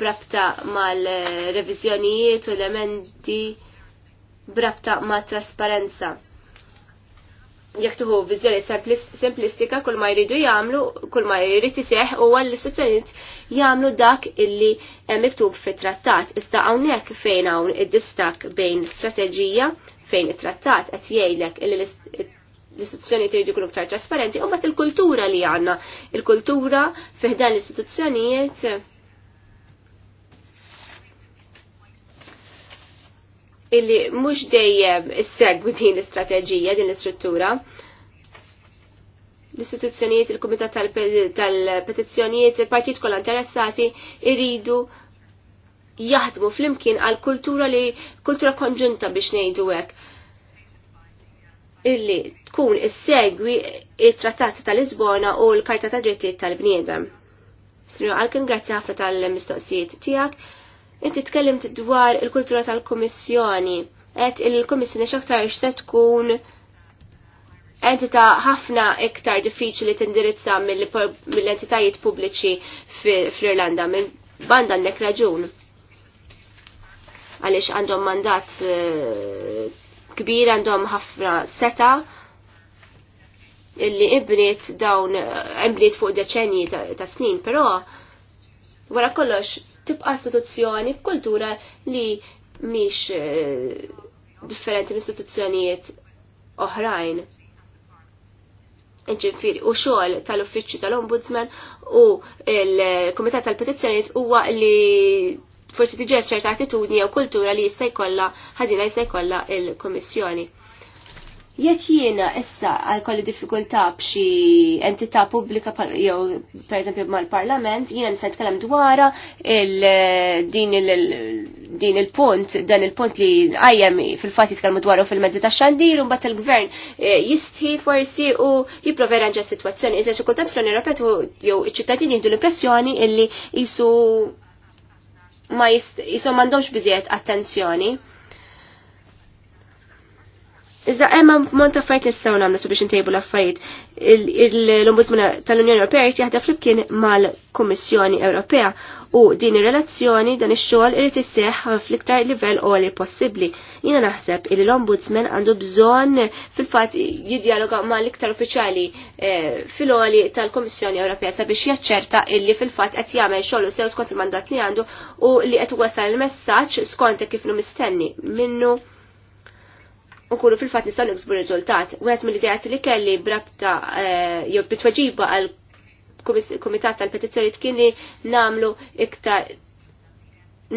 brabta mal-revizjonijiet u l-emendi, brabta ma' trasparenza jekk tuħu viżjoni simplistika kull ma jridu jagħmlu, kull ma jrid iseħħ u għall istituzzjonijiet jagħmlu dak illi miktub fit-trattat. Iżda hawnhekk fejn hawn id-distak bejn strateġija fejn it-trattat qed jgħidlek illi l-istituzzjonijiet jridu jkunu ktar trasparenti u mat il-kultura li għandna. Il-kultura fih dan l-istituzzjonijiet illi mhux dejjem segwi din l-istrateġija, din l-istruttura. L-istituzzjonijiet, il-Kumitat tal-Petizzjonijiet, il-partijiet kollha interessati iridu jaħdmu flimkien għal kultura li kultura konġunta biex ngħidu hekk. Illi tkun issegwi it-Trattat tal-Lisbona u l-Karta tad Drittijiet tal-Bniedem. Sinjor Alkin, grazzi ħafna tal-mistoqsijiet tiegħek. Inti tkellimt dwar il-kultura tal-Kummissjoni, Et il-Kummissjoni x'aktar se tkun entita ħafna iktar diffiċli tindirizza mill-entitajiet pubbliċi fl-Irlanda minn banda għandek raġun. Għaliex għandhom mandat eh, kbir għandhom ħafna seta' illi ibniet dawn eh, ibnit fuq deċenji ta', ta snin, però wara kollox tibqa' istituzzjoni b'kultura li mhix eh, differenti l istituzzjonijiet oħrajn. Ġifiri, u xogħol tal-uffiċċju tal-Ombudsman u l-Kumitat tal-Petizzjonijiet huwa li forsi tiġi ċerta attitudni jew kultura li jista' jkollha ħażina jista' jkollha il-Kummissjoni. Jekk jiena issa għalkolli diffikultà b'xi entità pubblika jew pereżempju mal-Parlament, jiena nista' nitkellem dwara din din il-punt, dan il-punt li għajjem fil-fatt jitkellmu dwaru fil-mezzi ta' xandir, u mbagħad il-gvern e, jistħi forsi u jipprova jranġa s-sitwazzjoni. Iżda xi kultant fl-Unjoni u jew iċ-ċittadini jieħdu l-impressjoni illi jisu ma jist jisom mandomx biżiet attenzjoni Iżda emma mont affarijiet nistgħu nagħmlu sabiex intejbu l-affarijiet. L-Ombudsman tal-Unjoni Ewropea jrid jaħdem flimkien mal-Kummissjoni Ewropea u din ir-relazzjoni dan ix-xogħol irid isseħħ fl-iktar livell għoli possibbli. Jiena naħseb li l-Ombudsman għandu bżonn fil-fatt jiddialoga mal-iktar uffiċjali eh, fil għoli tal-Kummissjoni Ewropea sabiex jaċċerta illi fil-fatt qed jagħmel xogħol sew skont il-mandat li għandu u li qed wasal il-messaġġ skont kif nu mistenni minnu nkunu fil-fat nistgħu niksbu riżultat. Wieħed mill-idejat li kelli brabta eh, jew bitweġiba għal kumitat tal-petizzjoni kien li namlu iktar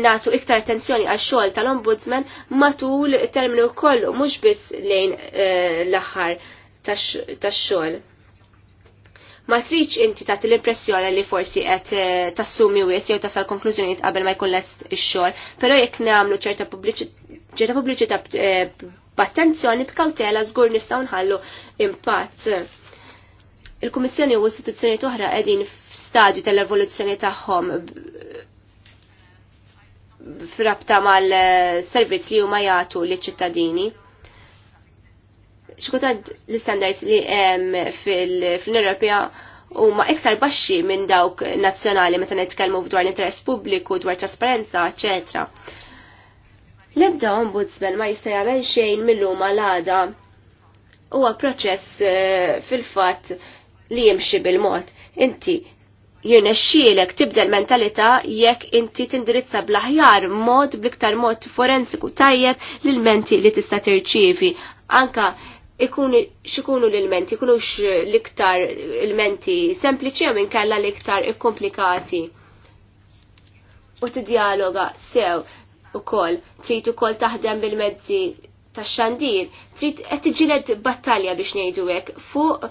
natu iktar attenzjoni għal xogħol tal-ombudsman matul terminu kollu mhux biss lejn eh, l-aħħar tax-xogħol. Ma triċ inti tat l-impressjoni li forsi qed eh, tassumi wis jew tasal konklużjonijiet qabel ma jkun lest ix-xogħol, però jekk nagħmlu ċerta pubbliċità b'attenzjoni b'kawtela żgur nistgħu nħallu impatt. Il-Kummissjoni u istituzzjoni oħra qegħdin f'stadju tal-evoluzzjoni tagħhom f'rabta mal-servizz li huma jagħtu liċ-ċittadini. Xkultant l-istandards li hemm fil-Ewropea huma iktar baxxi minn dawk nazzjonali meta nitkellmu dwar l-interess pubbliku, dwar trasparenza, eċetera. L-ebda ombudsman ma jista' jagħmel xejn mill-lum għal-għada. Huwa proċess eh, fil-fatt li jimxi bil-mod. Inti jirnexxielek tibdel mentalità jekk inti tindirizza bl-aħjar mod bliktar mod forensiku tajjeb l-menti li tista' tirċievi. Anka ikun xikunu l-menti, ikunux l-iktar l-menti sempliċi u minkella l-iktar ikkomplikati. U t-dialoga sew ukoll, trid ukoll taħdem bil-mezzi tax-xandir, trid qed tiġġieled battalja biex ngħidu hekk fuq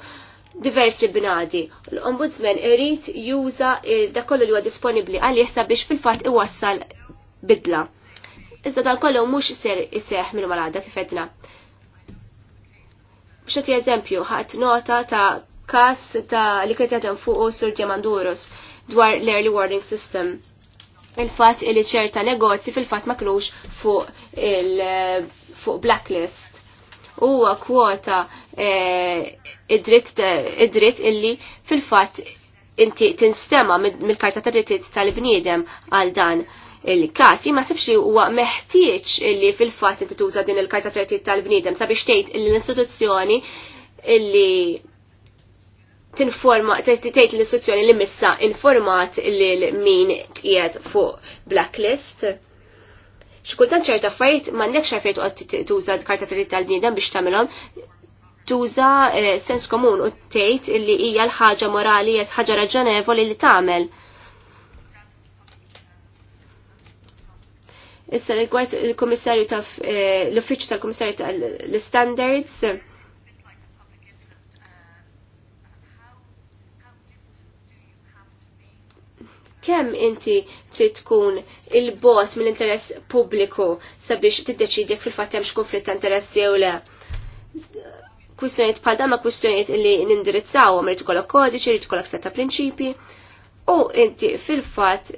diversi bnadi. L-ombudsman irrit juża da kollu li huwa disponibbli għalih sabiex fil-fatt iwassal bidla. Iżda dan kollu mhux ser iseħ minn malada kif edna. Xati eżempju, ħadd nota ta' kas ta' li kretetem fuq Sur Diamandurus dwar l-early warning system il-fat li ċerta negozji fil-fat maklux fuq il-fuq blacklist. Huwa kwota eh, id-dritt illi fil-fat inti tinstema mill-karta tar tal-bniedem għal dan il-kas. Jien ma sibx huwa meħtieġ illi fil-fatt inti tuża din il-karta tar tal-bniedem sabiex tgħid l-istituzzjoni illi tinforma tgħid l-istituzzjoni li missa informat lil min qiegħed fuq blacklist. X'kuntan ċerta affarijiet m'għandekx affarijiet qed tuża karta trid tal bnidem biex tagħmelhom, tuża eh, sens komun u tgħid li hija l-ħaġa morali hija ħaġa raġonevoli li tagħmel. Issa rigward il-Kummissarju ta' eh, l-Uffiċċju tal-Kummissarju tal-Standards, kemm inti trid tkun il-bot mill-interess pubbliku sabiex tiddeċidjek fil-fatt hemmx konflitt ta' interess jew le. Kwistjonijiet bħal dan ma' kwistjonijiet li nindirizzawhom irid ikollok kodiċi, irid ikollok seta' prinċipi u inti fil-fatt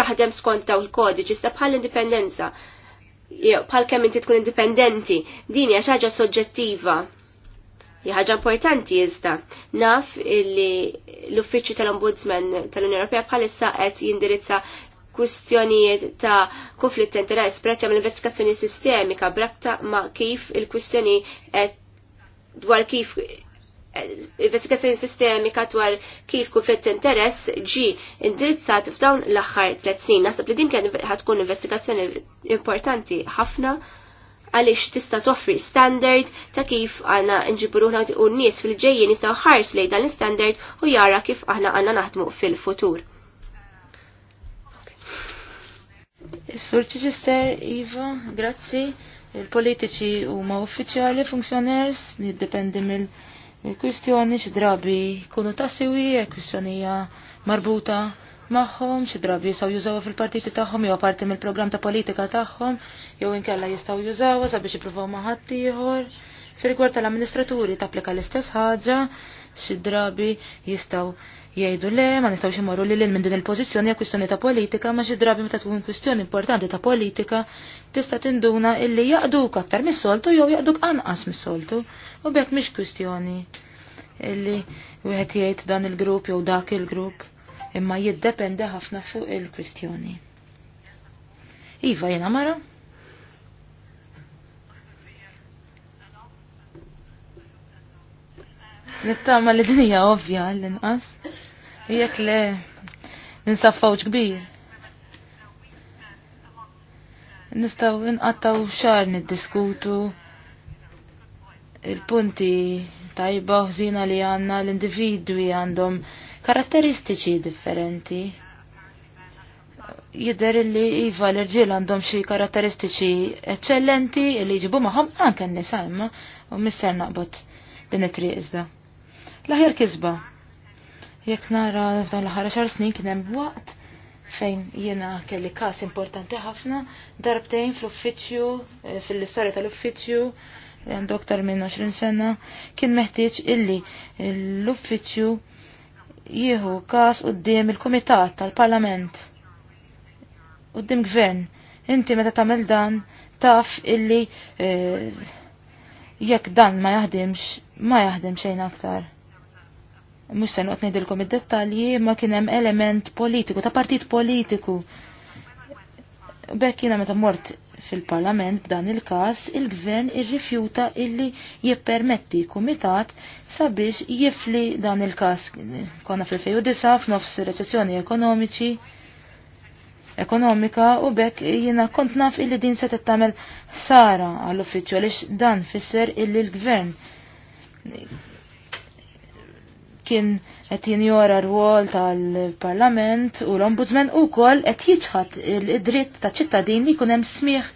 taħdem skont daw il-kodiċi sta bħal indipendenza. Bħal kemm inti tkun indipendenti, din hija xi ħaġa soġġettiva ħaġa importanti iżda. Naf li l-Uffiċċju tal-Ombudsman tal-Unjoni Ewropea bħalissa qed jindirizza kwistjonijiet ta' konflitt ta' interess prezz mill investigazzjoni sistemika brabta ma' kif il-kwistjoni dwar kif investigazzjoni sistemika dwar kif konflitt interess ġi indirizzat f'dawn l-aħħar tliet snin. Naħseb li din kien ħatkun investigazzjoni importanti ħafna għaliex tista' toffri standard ta' kif għana nġibruħna u n-nies fil-ġejjien jisaw ħars lej dan l-standard u jara kif aħna għanna naħdmu fil-futur. Is-sur Iva, grazzi. Il-politiċi huma uffiċjali, funzjoners, niddependi mill-kwistjoni xi drabi kunu tassiwi, kwistjonija marbuta maħħom, xi drabi jistgħu jużawha fil-partiti tagħhom jew parti mill-programm ta' politika tagħhom, jew inkella jistgħu jużawha sabiex jippruvaw ma' ħadd ieħor. Fir-rigward tal-amministraturi tapplika l-istess ħaġa, xi drabi jistgħu jgħidu le, ma nistgħux imorru lil minn din il-pożizzjoni hija kwistjoni ta' politika, ma xi drabi meta tkun kwistjoni importanti ta' politika tista' tinduna illi jaqduk aktar mis-soltu jew jaqduk anqas mis-soltu u bekk mhix kwistjoni illi wieħed jgħid dan il-grupp jew dak il-grupp imma jiddependi ħafna fuq il-kwistjoni. Iva jena mara? Nittama li dinija ovvja l-inqas. Jek le ninsaffawġ kbir. Nistaw inqattaw xar niddiskutu il-punti tajba uħzina li għanna l-individwi għandhom karatteristiċi differenti. Jidher li iva l-irġiel għandhom xi karatteristiċi eċċellenti li jġibu magħhom anke n-nisa imma u mister naqbad din it-triq iżda. L-aħjar kisba. Jekk nara f'dan l-aħħar xar snin kien hemm waqt fejn jiena kelli każ importanti ħafna, darbtejn fl uffiċċju eh, fil-istorja tal uffiċċju għandu aktar minn 20 sena, kien meħtieġ illi l uffiċċju jieħu kas qoddim il-Kumitat tal-Parlament. Qoddim gvern. Inti meta tagħmel dan taf illi eh, jekk dan ma jaħdimx ma jaħdim xejn aktar. Mhux se noqgħod ngħidilkom id-dettalji ma kien hemm element politiku ta' partit politiku. Bekk jiena meta mort fil-Parlament b'dan il-każ il-Gvern irrifjuta illi jippermetti kumitat sabiex jifli dan il-każ konna fil-2009 f'nofs recessjoni ekonomiċi ekonomika u bekk jina kont naf illi din se tagħmel sara għall-uffiċċju għaliex dan fisser illi l-Gvern kien qed jinjora rwol tal-Parlament u l-Ombudsman ukoll qed jiġħad id-dritt ta' ċittadin li jkun hemm smigħ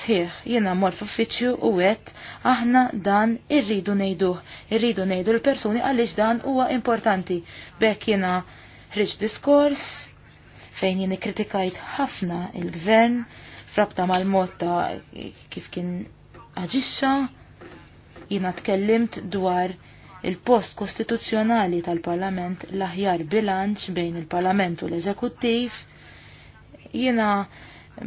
sħiħ. Jiena mor f'uffiċċju u wett, aħna dan irridu ngħiduh, irridu ngħidu l-persuni għaliex dan huwa importanti. Bekk jiena ħriġ diskors fejn jien ikkritikajt ħafna il-gvern frabta mal-mod ta' kif kien aġixxa, jiena tkellimt dwar il-post kostituzzjonali tal-Parlament l-aħjar bilanċ bejn il-Parlament u l-Eżekuttiv. Jiena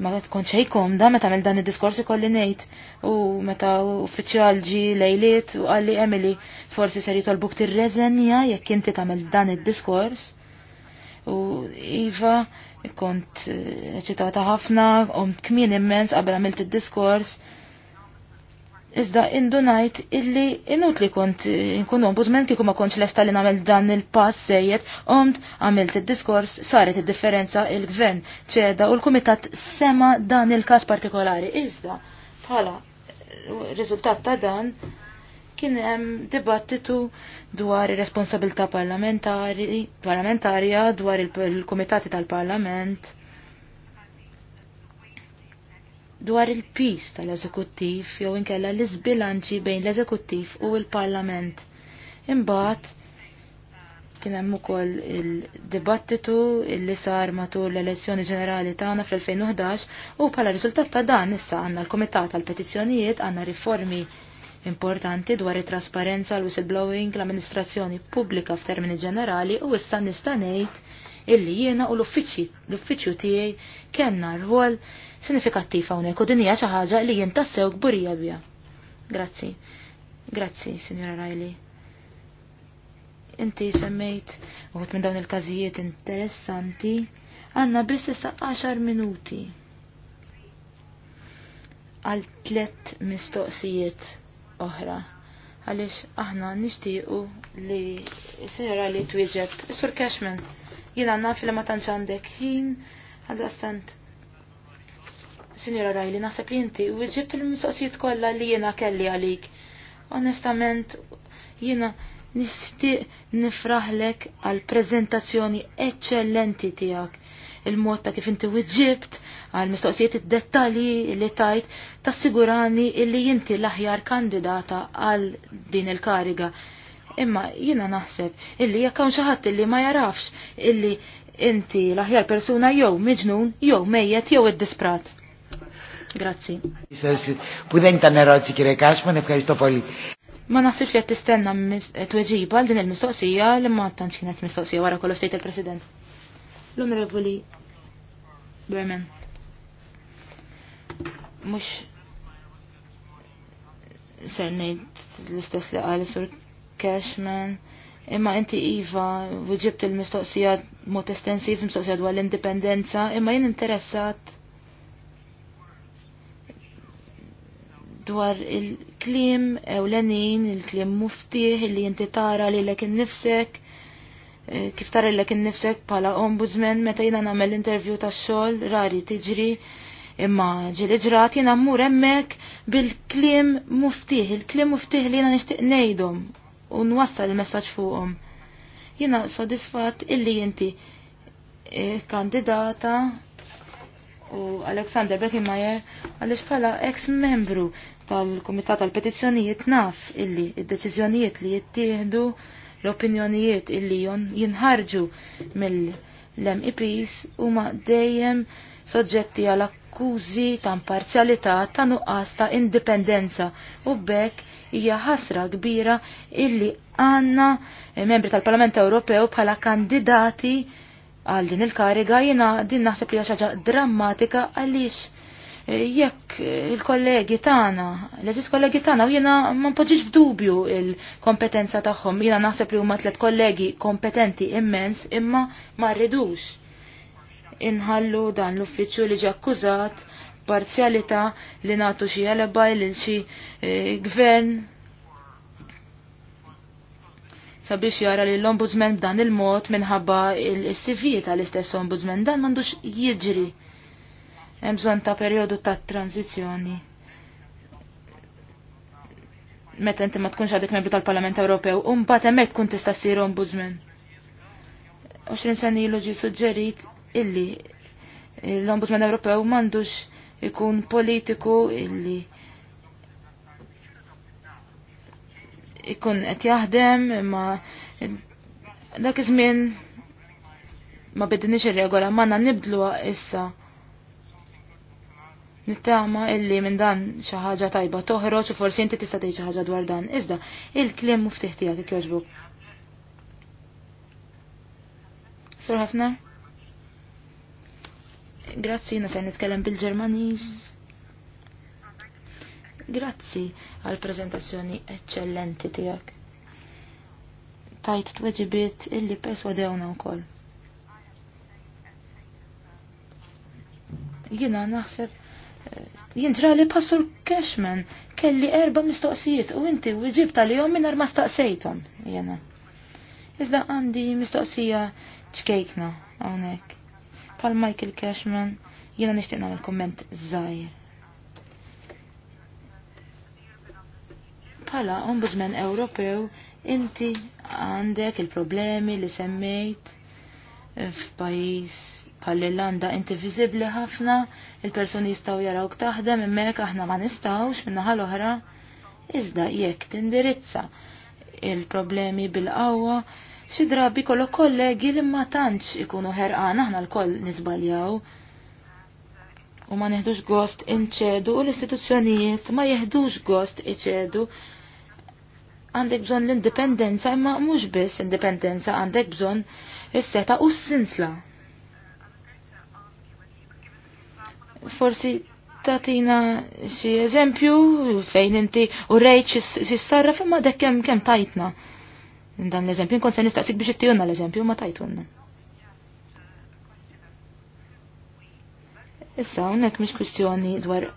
ma tkunx ħejkom da meta għamil dan id-diskorsi kolli ngħid u meta uffiċjal ġi lejliet u qal li Emily forsi ser jitolbuk tirreżenja jekk inti tagħmel dan id-diskors. U Iva kont eh, eċitata ħafna, um kmin immens qabel għamilt id-diskors. Iżda indunajt illi inut li kont nkun ombudsman kieku ma kontx lesta li nagħmel dan il-pass sejjed, omt għamilt id-diskors, saret id-differenza il-gvern ċeda u l-kumitat sema dan il-każ partikolari. Iżda bħala eh, riżultat ta' dan kien hemm dibattitu dwar ir-responsabilità parlamentari, parlamentarja dwar il-kumitati tal-parlament. il kumitati tal parlament dwar il-pis tal-eżekuttiv jew inkella l-isbilanċi bejn l-eżekuttiv u l-parlament. Imbagħad kien hemm ukoll il-dibattitu li sar matul l-elezzjoni ġenerali tagħna fl-2011 u bħala riżultat ta' dan issa għandna l-Kumitat tal-Petizzjonijiet għandna riformi importanti dwar it-trasparenza l-whistleblowing l-amministrazzjoni pubblika f'termini ġenerali u issa nista' ngħid illi jiena u l-uffiċċju tiegħi kellna rwol sinifikattiv hawnhekk u din hija xi ħaġa li jintassew tassew gburija bja. Grazzi. Grazzi, Sinjora Riley. Inti semmejt uħut minn dawn il-każijiet interessanti għandna biss issa 10 minuti għal tlet mistoqsijiet oħra għalix aħna nishtiqu li s-sinjora li twieġeb. Sur Cashman, jina naf li ma tantx għandek ħin, għal-dastant Sinjora Rajli, naħseb li inti u ġibt il-mistoqsijiet kollha li jiena kelli għalik. Onestament, jiena nixtieq nifraħlek għal preżentazzjoni eċċellenti tiegħek. Il-mod ta' kif inti wieġibt għal mistoqsijiet id-dettalji li tajt tassigurani illi inti l-aħjar kandidata għal din il-kariga. Imma jiena naħseb illi jekk hawn xi ħadd illi ma jarafx illi inti l-aħjar persuna jew miġnun jew mejjet jew id-disprat. Grazzi. tan erozzi kire Ma naħsibx li tistenna eh, tweġiba għal din il-mistoqsija li ma tantx kienet mistoqsija wara kollu state il-President. L-Onorevoli Berman. Mhux ser l-istess li qal sur Cashman. Imma inti Iva, u il-mistoqsija mod estensiv mistoqsija dwar l-indipendenza, imma jien interessat dwar il-klim ewlenin, il-klim muftiħ li jinti tara li l ekin nifsek eh, kif tara l-ek nifsek pala ombudsman meta jina namel intervju ta' xol rari tiġri imma ġil ġrat jina mmur emmek bil-klim muftiħ, il-klim muftiħ li jina nishtiq nejdom u nwassal il-messagġ fuqom. Jina sodisfat illi jinti eh, kandidata u Aleksandr Bekimajer għalix pala ex-membru tal-Kumitat tal-Petizzjonijiet naf illi id-deċiżjonijiet li jittieħdu l-opinjonijiet illi jinħarġu mill-MEPs huma dejjem soġġetti għal akkużi ta' imparzjalità ta' nuqqas ta' indipendenza u bekk hija ħasra kbira illi għanna membri tal-Parlament Ewropew bħala kandidati għal din il-kariga jina din naħseb li ħaġa drammatika għaliex jekk il-kollegi tagħna, l-eżis kollegi tagħna u jiena ma npoġġix f'dubju il-kompetenza tagħhom, jiena naħseb li huma tliet kollegi kompetenti immens imma ma rridux inħallu dan l-uffiċċju li ġi akkużat parzjalità li nagħtu xi elebaj lil xi eh, gvern sabiex jara li l-ombudsman b'dan il-mod minħabba il-CV tal-istess ombudsman dan m'għandux jiġri hemm bżonn ta' perjodu ta' tranzizzjoni. Meta inti ma tkunx għadek membru tal-Parlament Ewropew, u mbagħad hemmhekk tkun tista' ssir ombudsman. 20 sena ilu ġi suġġerit illi l-Ombudsman Ewropew m'għandux ikun politiku illi ikun qed jaħdem imma dak iż-żmien ma bidinix ir-regola, għandna nibdluha issa. Nittama illi minn dan xi ħaġa tajba toħroġ u forsi inti tista' tgħid xi ħaġa dwar dan. Iżda, il-kliem muftiħ tiegħek kif jogħġbok. Sur ħafna? Grazzi, na se nitkellem bil-Ġermaniż. Grazzi għal prezentazzjoni eccellenti tiegħek. Tajt tweġibiet illi perswadewna wkoll. Jiena naħseb jinġrali passur Cashman kelli erba mistoqsijiet u inti u ġib tal-jom minar ma staqsejtom jena. Iżda għandi mistoqsija ċkejkna għonek. Pal Michael Cashman jena nishtiqna għal komment zaħir. Pala Ombudsman Ewropew inti għandek il-problemi li semmejt f'pajjiż bħal irlanda inti viżibbli ħafna, il-persuni jistgħu jarawk taħdem hemmhekk aħna ma nistgħux minna l-oħra iżda jekk tindirizza il-problemi bil-qawwa xi drabi kollok kollegi li ma tantx ikunu ħerqan aħna l-koll nisbaljaw u ma neħdux gost inċedu u l-istituzzjonijiet ma jeħdux gost iċedu għandek bżon l-indipendenza imma mhux biss indipendenza għandek bżon is-seta u s-sinsla. Forsi tatina xi eżempju fejn inti u rejt xi sarra imma dek kemm kemm tajtna. Dan l-eżempju nkun se nistaqsik biex ittijunna l-eżempju ma tajtunna. Issa, unnek mish kwistjoni dwar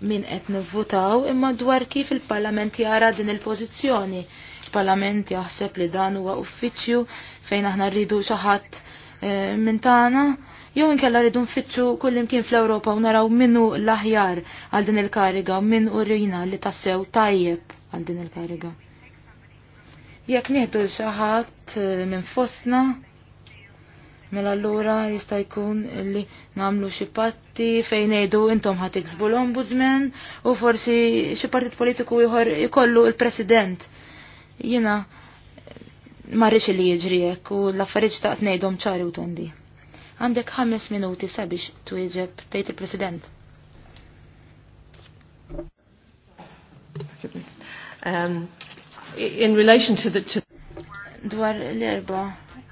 min qed nivvutaw imma dwar kif il-Parlament jara din il-pożizzjoni. Il-Parlament jaħseb li dan huwa uffiċċju fejn aħna rridu xi ħadd eh, minn tagħna jew inkella rridu nfittxu kullimkien fl-Ewropa u naraw minnu l-aħjar għal din il-kariga u minn urina li tassew tajjeb għal din il-kariga. Jekk nieħdu l xi ħadd eh, minn fostna, Mela allura jista' jkun li nagħmlu xi patti fejn ngħidu intom ħad tiksbu l-ombudsman u forsi xi partit politiku ieħor ikollu l-president. Jiena marriċ li jiġri hekk u l-affarijiet taqt ngħidhom ċari u tondi. Għandek ħames minuti sabiex twieġeb tgħid il-President. Um, in relation to the to dwar l-erba'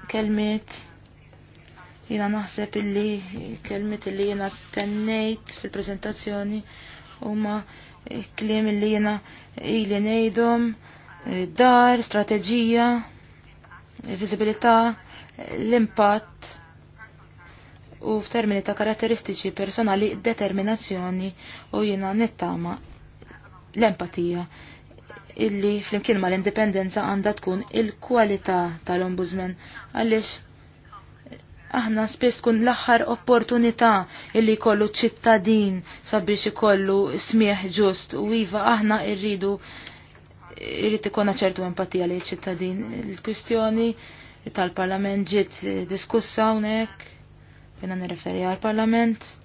kelmiet Jina naħseb illi kelmit illi jina tennejt fil-prezentazzjoni huma kliem illi jina ili nejdom eh, dar, strategija, eh, viżibilità, l-impatt u f'termini ta' karatteristiċi personali determinazzjoni u jina nittama l-empatija illi flimkien ma l-indipendenza għanda tkun il-kwalità tal-ombudsman għalix aħna spiss tkun l-aħħar opportunità illi jkollu ċittadin sabiex ikollu smieħ ġust u iva aħna irridu irrid ikonna ċertu empatija li ċittadin. Il-kwistjoni tal-parlament ġiet diskussa hawnhekk fejn nirreferi għall parlament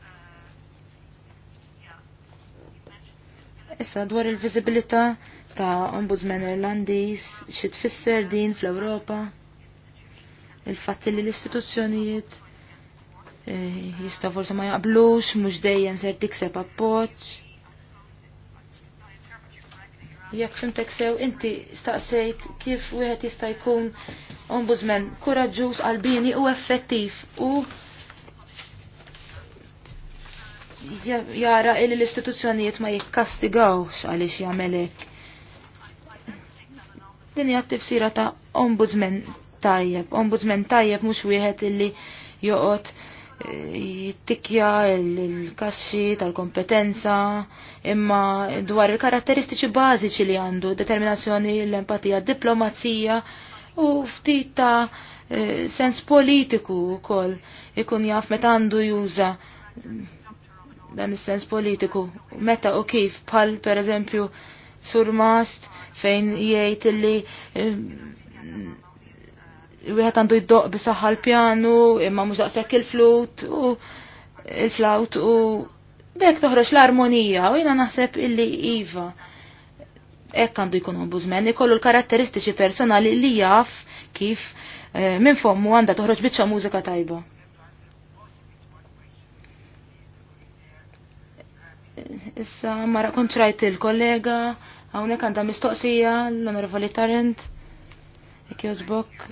Issa dwar il-viżibilità ta' Ombudsman Irlandiż xi tfisser din fl-Ewropa il fatti li l-istituzzjonijiet eh, jista' forsa ma jaqblux, mhux dejjem ser tikseb appoġġ. Jekk fimtek sew, inti staqsejt kif wieħed jista' jkun ombudsman kuraġus, għalbini u effettiv u jara illi l-istituzzjonijiet ma jikkastigawx għaliex jagħmel hekk. Din hija t-tifsira ta' ombudsman tajjeb, ombudsman tajjeb mhux wieħed illi joqgħod eh, jittikja l-kaxxi tal-kompetenza imma dwar il-karatteristiċi bażiċi li għandu determinazzjoni l-empatija diplomazija u ftit ta' eh, sens politiku wkoll ikun jaf meta għandu juża dan is-sens politiku meta u kif bħal pereżempju sur mast fejn jgħid illi eh, wieħed għandu jiddoq bisaħħa l-pjanu, imma mhux daqshekk il-flut u il-flaut u bekk toħroġ l-armonija u jiena naħseb illi iva. Hekk għandu jkun ombudsman, ikollu l-karatteristiċi personali li jaf kif eh, minn fommu għandha toħroġ biċċa mużika tajba. Issa mara kontrajt il-kollega, hawnhekk għandha mistoqsija l-Onorevoli Tarent. Ekk jozbok,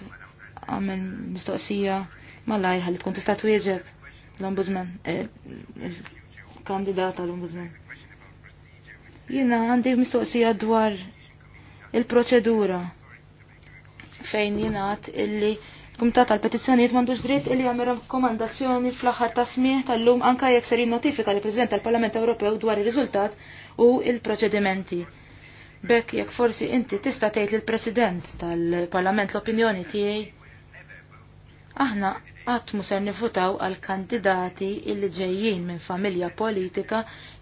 għamil mistoqsija ma lajħa li tkun tista' twieġeb l-ombudsman, eh, il-kandidat l ombudsman Jiena għandi mistoqsija dwar il-proċedura fejn jingħad illi Kumtat tal-petizzjonijiet mandux dritt illi jagħmel rakkomandazzjoni fl-aħħar ta' smieħ tal-lum anke jekk ser notifika li President tal-Parlament Ewropew dwar ir-riżultat u il-proċedimenti. Bekk jekk forsi inti tista' tgħid lill-President tal-Parlament l-opinjoni tiegħi aħna qatt mu ser nifutaw għal kandidati illi ġejjin minn familja politika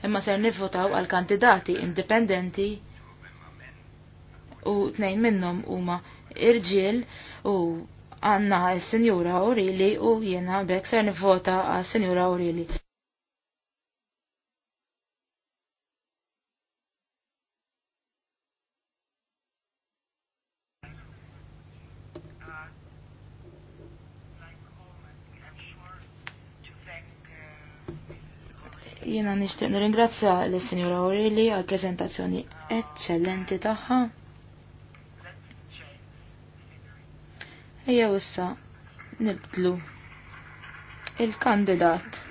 imma ser nifutaw għal kandidati indipendenti u tnejn minnhom huma irġiel u għanna s-senjura Aurili u jena bek ser nivvota għal senjura Aurili. Jiena nixtieq nirringrazzja lis-Sinjura O'Reilly għal preżentazzjoni eċċellenti tagħha. Ejja issa nibdlu il-kandidat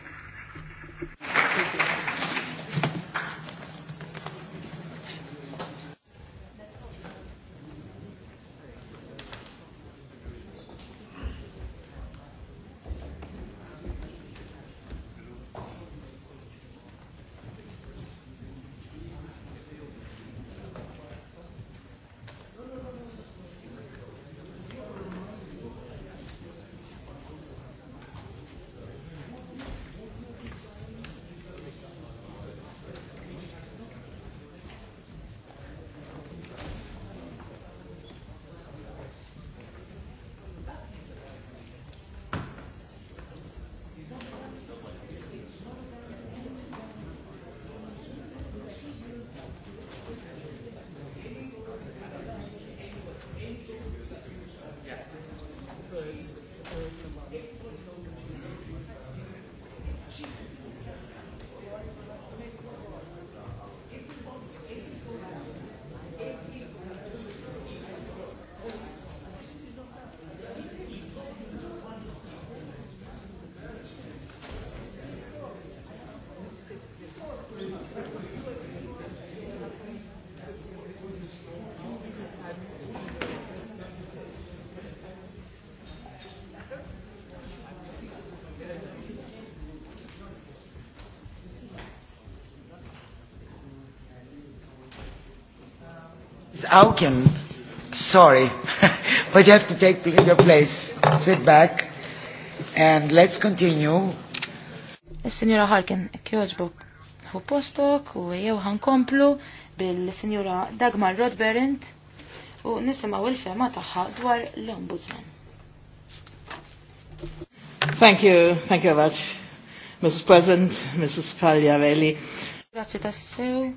how can sorry, but you have to take your place. Sit back and let's continue. Signora Harkin, kjoġbok fu postok u jew ħankomplu bil-Signora Dagmar Rodberent u nisimaw il-fema taħħa dwar l-Ombudsman. Thank you, thank you very much, Mrs. President, Mrs. Pagliarelli. Grazie tassew.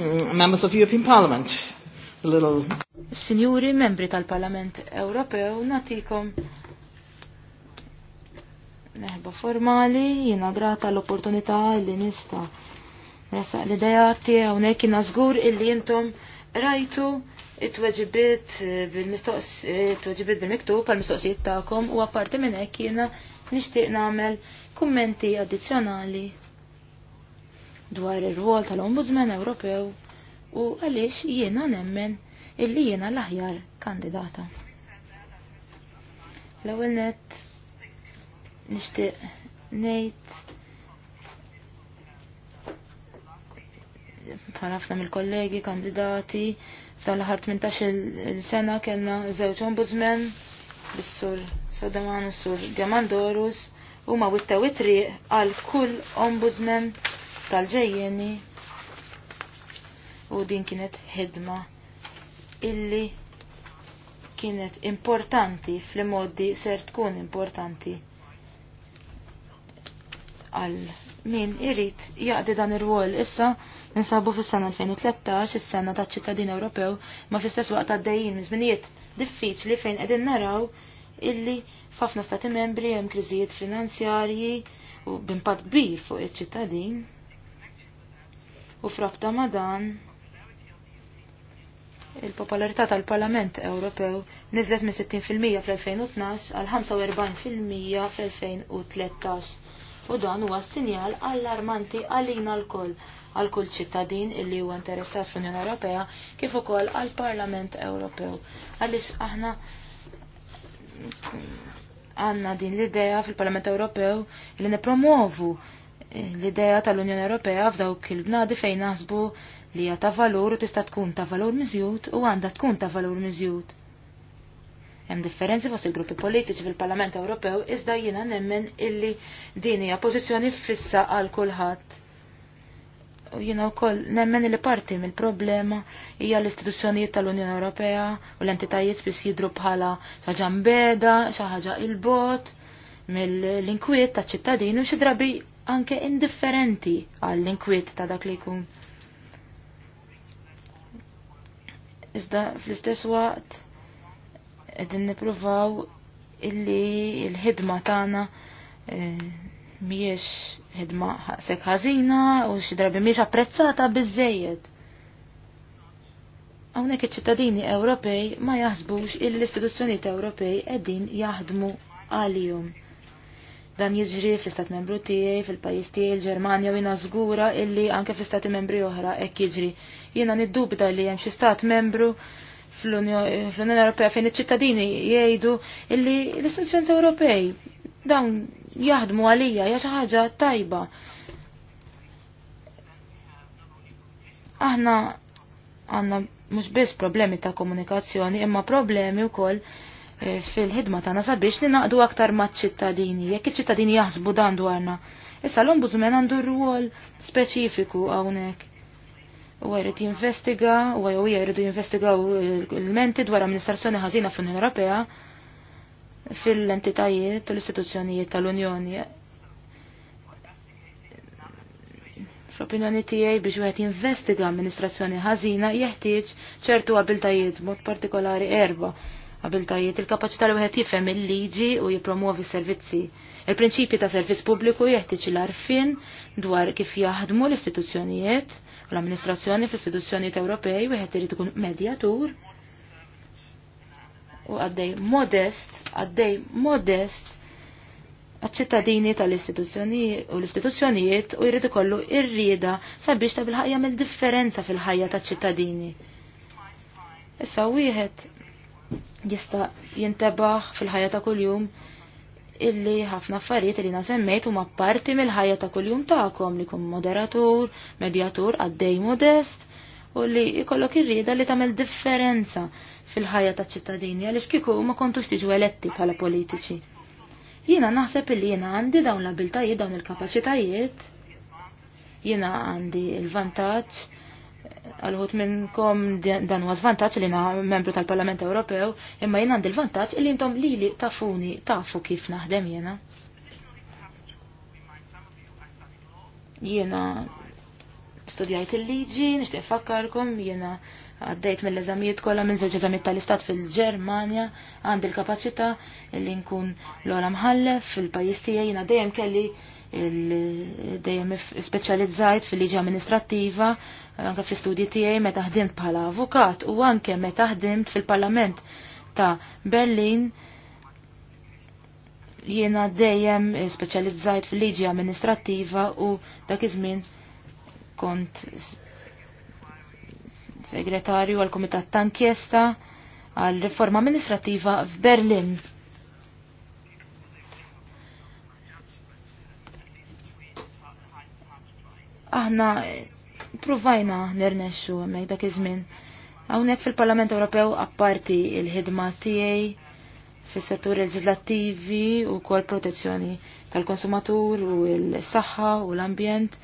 members of European Parliament. A little... Signori, membri tal-Parlament Ewropew, natikom neħba formali, jina grata l-opportunità li nista nresaq l-ideja tiegħu hawnhekk jiena żgur illi intom rajtu it-tweġibiet bil-mistoqsijiet bil-miktub għal-mistoqsijiet tagħkom u apparti minn hekk jiena nixtieq nagħmel kummenti addizzjonali dwar ir-rwol tal-Ombudsman Ewropew u għaliex jiena nemmen illi jiena l-aħjar kandidata. L-ewwel net nixtieq ngħid ħafna mill-kollegi kandidati ftal aħħar 18 sena kellna żewġ ombudsman bis-sur Sodaman u s-sur Gemandorus huma wittew it-triq għal kull ombudsman tal-ġejjeni u din kienet ħidma illi kienet importanti fl-modi ser tkun importanti għal min irrit jaqdi dan ir wol issa ninsabu fis-sena 2013 is-sena taċ-ċittadin Ewropew ma fis stess waqt għaddejjin minn żminijiet diffiċli fejn qegħdin naraw illi f'ħafna stati membri hemm kriżijiet finanzjarji u b'impatt kbir fuq iċ-ċittadin U frabta ma' dan il-popolarità tal-Parlament Ewropew nizlet minn 60% fl-2012 għal 45% fl-2013. U dan huwa sinjal allarmanti għalina l-koll għal kull ċittadin illi huwa interessat fl-Unjoni Ewropea kif ukoll għal Parlament Ewropew. Għaliex aħna għanna din l-idea fil-Parlament Ewropew li nipromovu l-idea tal-Unjoni Ewropea f'dawk il-bnadi fejn naħsbu li hija ta' valur u tista' tkun ta' valur miżjud u għandha tkun ta' valur miżjud. Hemm differenzi fost il-gruppi politiċi fil-Parlament Ewropew iżda jiena nemmen illi din hija pożizzjoni fissa għal kulħadd. U jiena wkoll nemmen li parti mill-problema hija l-istituzzjonijiet tal-Unjoni Ewropea u l-entitajiet spiss jidru bħala xi ħaġa mbeda, xi ħaġa il-bot mill-inkwiet taċ-ċittadini u xi drabi anke indifferenti għall-inkwiet ta' dak li jkun. Iżda fl-istess waqt qegħdin nippruvaw illi l-ħidma tagħna e, mhijiex ħidma ħaqsek ħażina u xi drabi mhijiex apprezzata biżejjed. Hawnhekk iċ-ċittadini Ewropej ma jaħsbux il l-istituzzjonijiet Ewropej qegħdin jaħdmu għalihom Dan jiġri fl-istat membru tiegħi, fil-pajjiż tiegħi, l-Ġermanja, u jiena żgura illi anke fl-istati membri oħra hekk jiġri. Jiena niddubda li hemm xi stat membru fl-Unjoni Ewropea fejn iċ-ċittadini jgħidu illi l-istituzzjoni Ewropej dawn jaħdmu għalija hija xi ħaġa tajba. Aħna għandna mhux biss problemi ta' komunikazzjoni imma problemi wkoll Eh, fil-ħidma tagħna sabiex naqdu aktar maċ-ċittadini, jekk iċ-ċittadini jaħsbu dan dwarna. Issa l-ombudsman għandu rwol speċifiku hawnhekk. U għajrit jinvestiga, u għajru jgħajridu jinvestigaw l menti dwar amministrazzjoni ħażina fl-Unjoni Ewropea fil-entitajiet u l-istituzzjonijiet tal-Unjoni. Fl-opinjoni tiegħi biex wieħed jinvestiga amministrazzjoni ħażina jeħtieġ ċertu abiltajiet mod partikolari erba' abiltajiet, il-kapacità li wieħed jifhem il-liġi u jipromuovi servizzi. Il-prinċipji ta' servizz pubbliku jeħtieġ l-arfin dwar kif jaħdmu l-istituzzjonijiet u l-amministrazzjoni fl-istituzzjonijiet Ewropej wieħed irid ikun medjatur u għaddej modest, għaddej modest għadċittadini ċittadini tal-istituzzjonijiet u l-istituzzjonijiet u jrid ikollu rieda sabiex ta' bil-ħajja mill-differenza fil-ħajja tal-ċittadini. Issa wieħed jista' jintebaħ fil-ħajja ta' kuljum illi ħafna affarijiet li nasemmejt huma parti mill-ħajja ta' kuljum tagħkom li jkun moderatur, medjatur għaddej modest u li jkollok irrieda li tagħmel differenza fil-ħajja ta' ċittadini għaliex kieku ma kontux tiġu eletti bħala politiċi. Jiena naħseb illi jiena għandi dawn l-abiltajiet, dawn il-kapaċitajiet, jiena għandi il-vantaġġ għalħut kom dan huwa żvantaġġ li na membru tal-Parlament Ewropew, imma jien għandi l-vantaġġ li intom lili tafuni tafu kif naħdem jiena. Jiena studjajt il-liġi, nixtieq fakkarkom, jiena għaddejt mill-eżamijiet kollha minn żewġ eżamijiet tal-istat fil-Ġermanja, għandi l-kapaċità li nkun l-ola mħallef fil-pajjiż tiegħi jiena dejjem kelli dejjem speċjalizzajt fil-liġi amministrattiva, eh, anke fi studji tiegħi meta ħdimt bħala avukat u anke meta ħdimt fil-Parlament ta' Berlin jiena dejjem speċjalizzajt fil-liġi amministrattiva u dak iż-żmien kont segretarju għal-Kumitat ta' Inkjesta għal-Riforma Amministrattiva f'Berlin. aħna provajna nirnexxu hemmhekk dak iż-żmien. Hawnhekk fil-Parlament Ewropew apparti il-ħidma tiegħi fis-settur leġislattivi u kol protezzjoni tal-konsumatur u l-saħħa u l-ambjent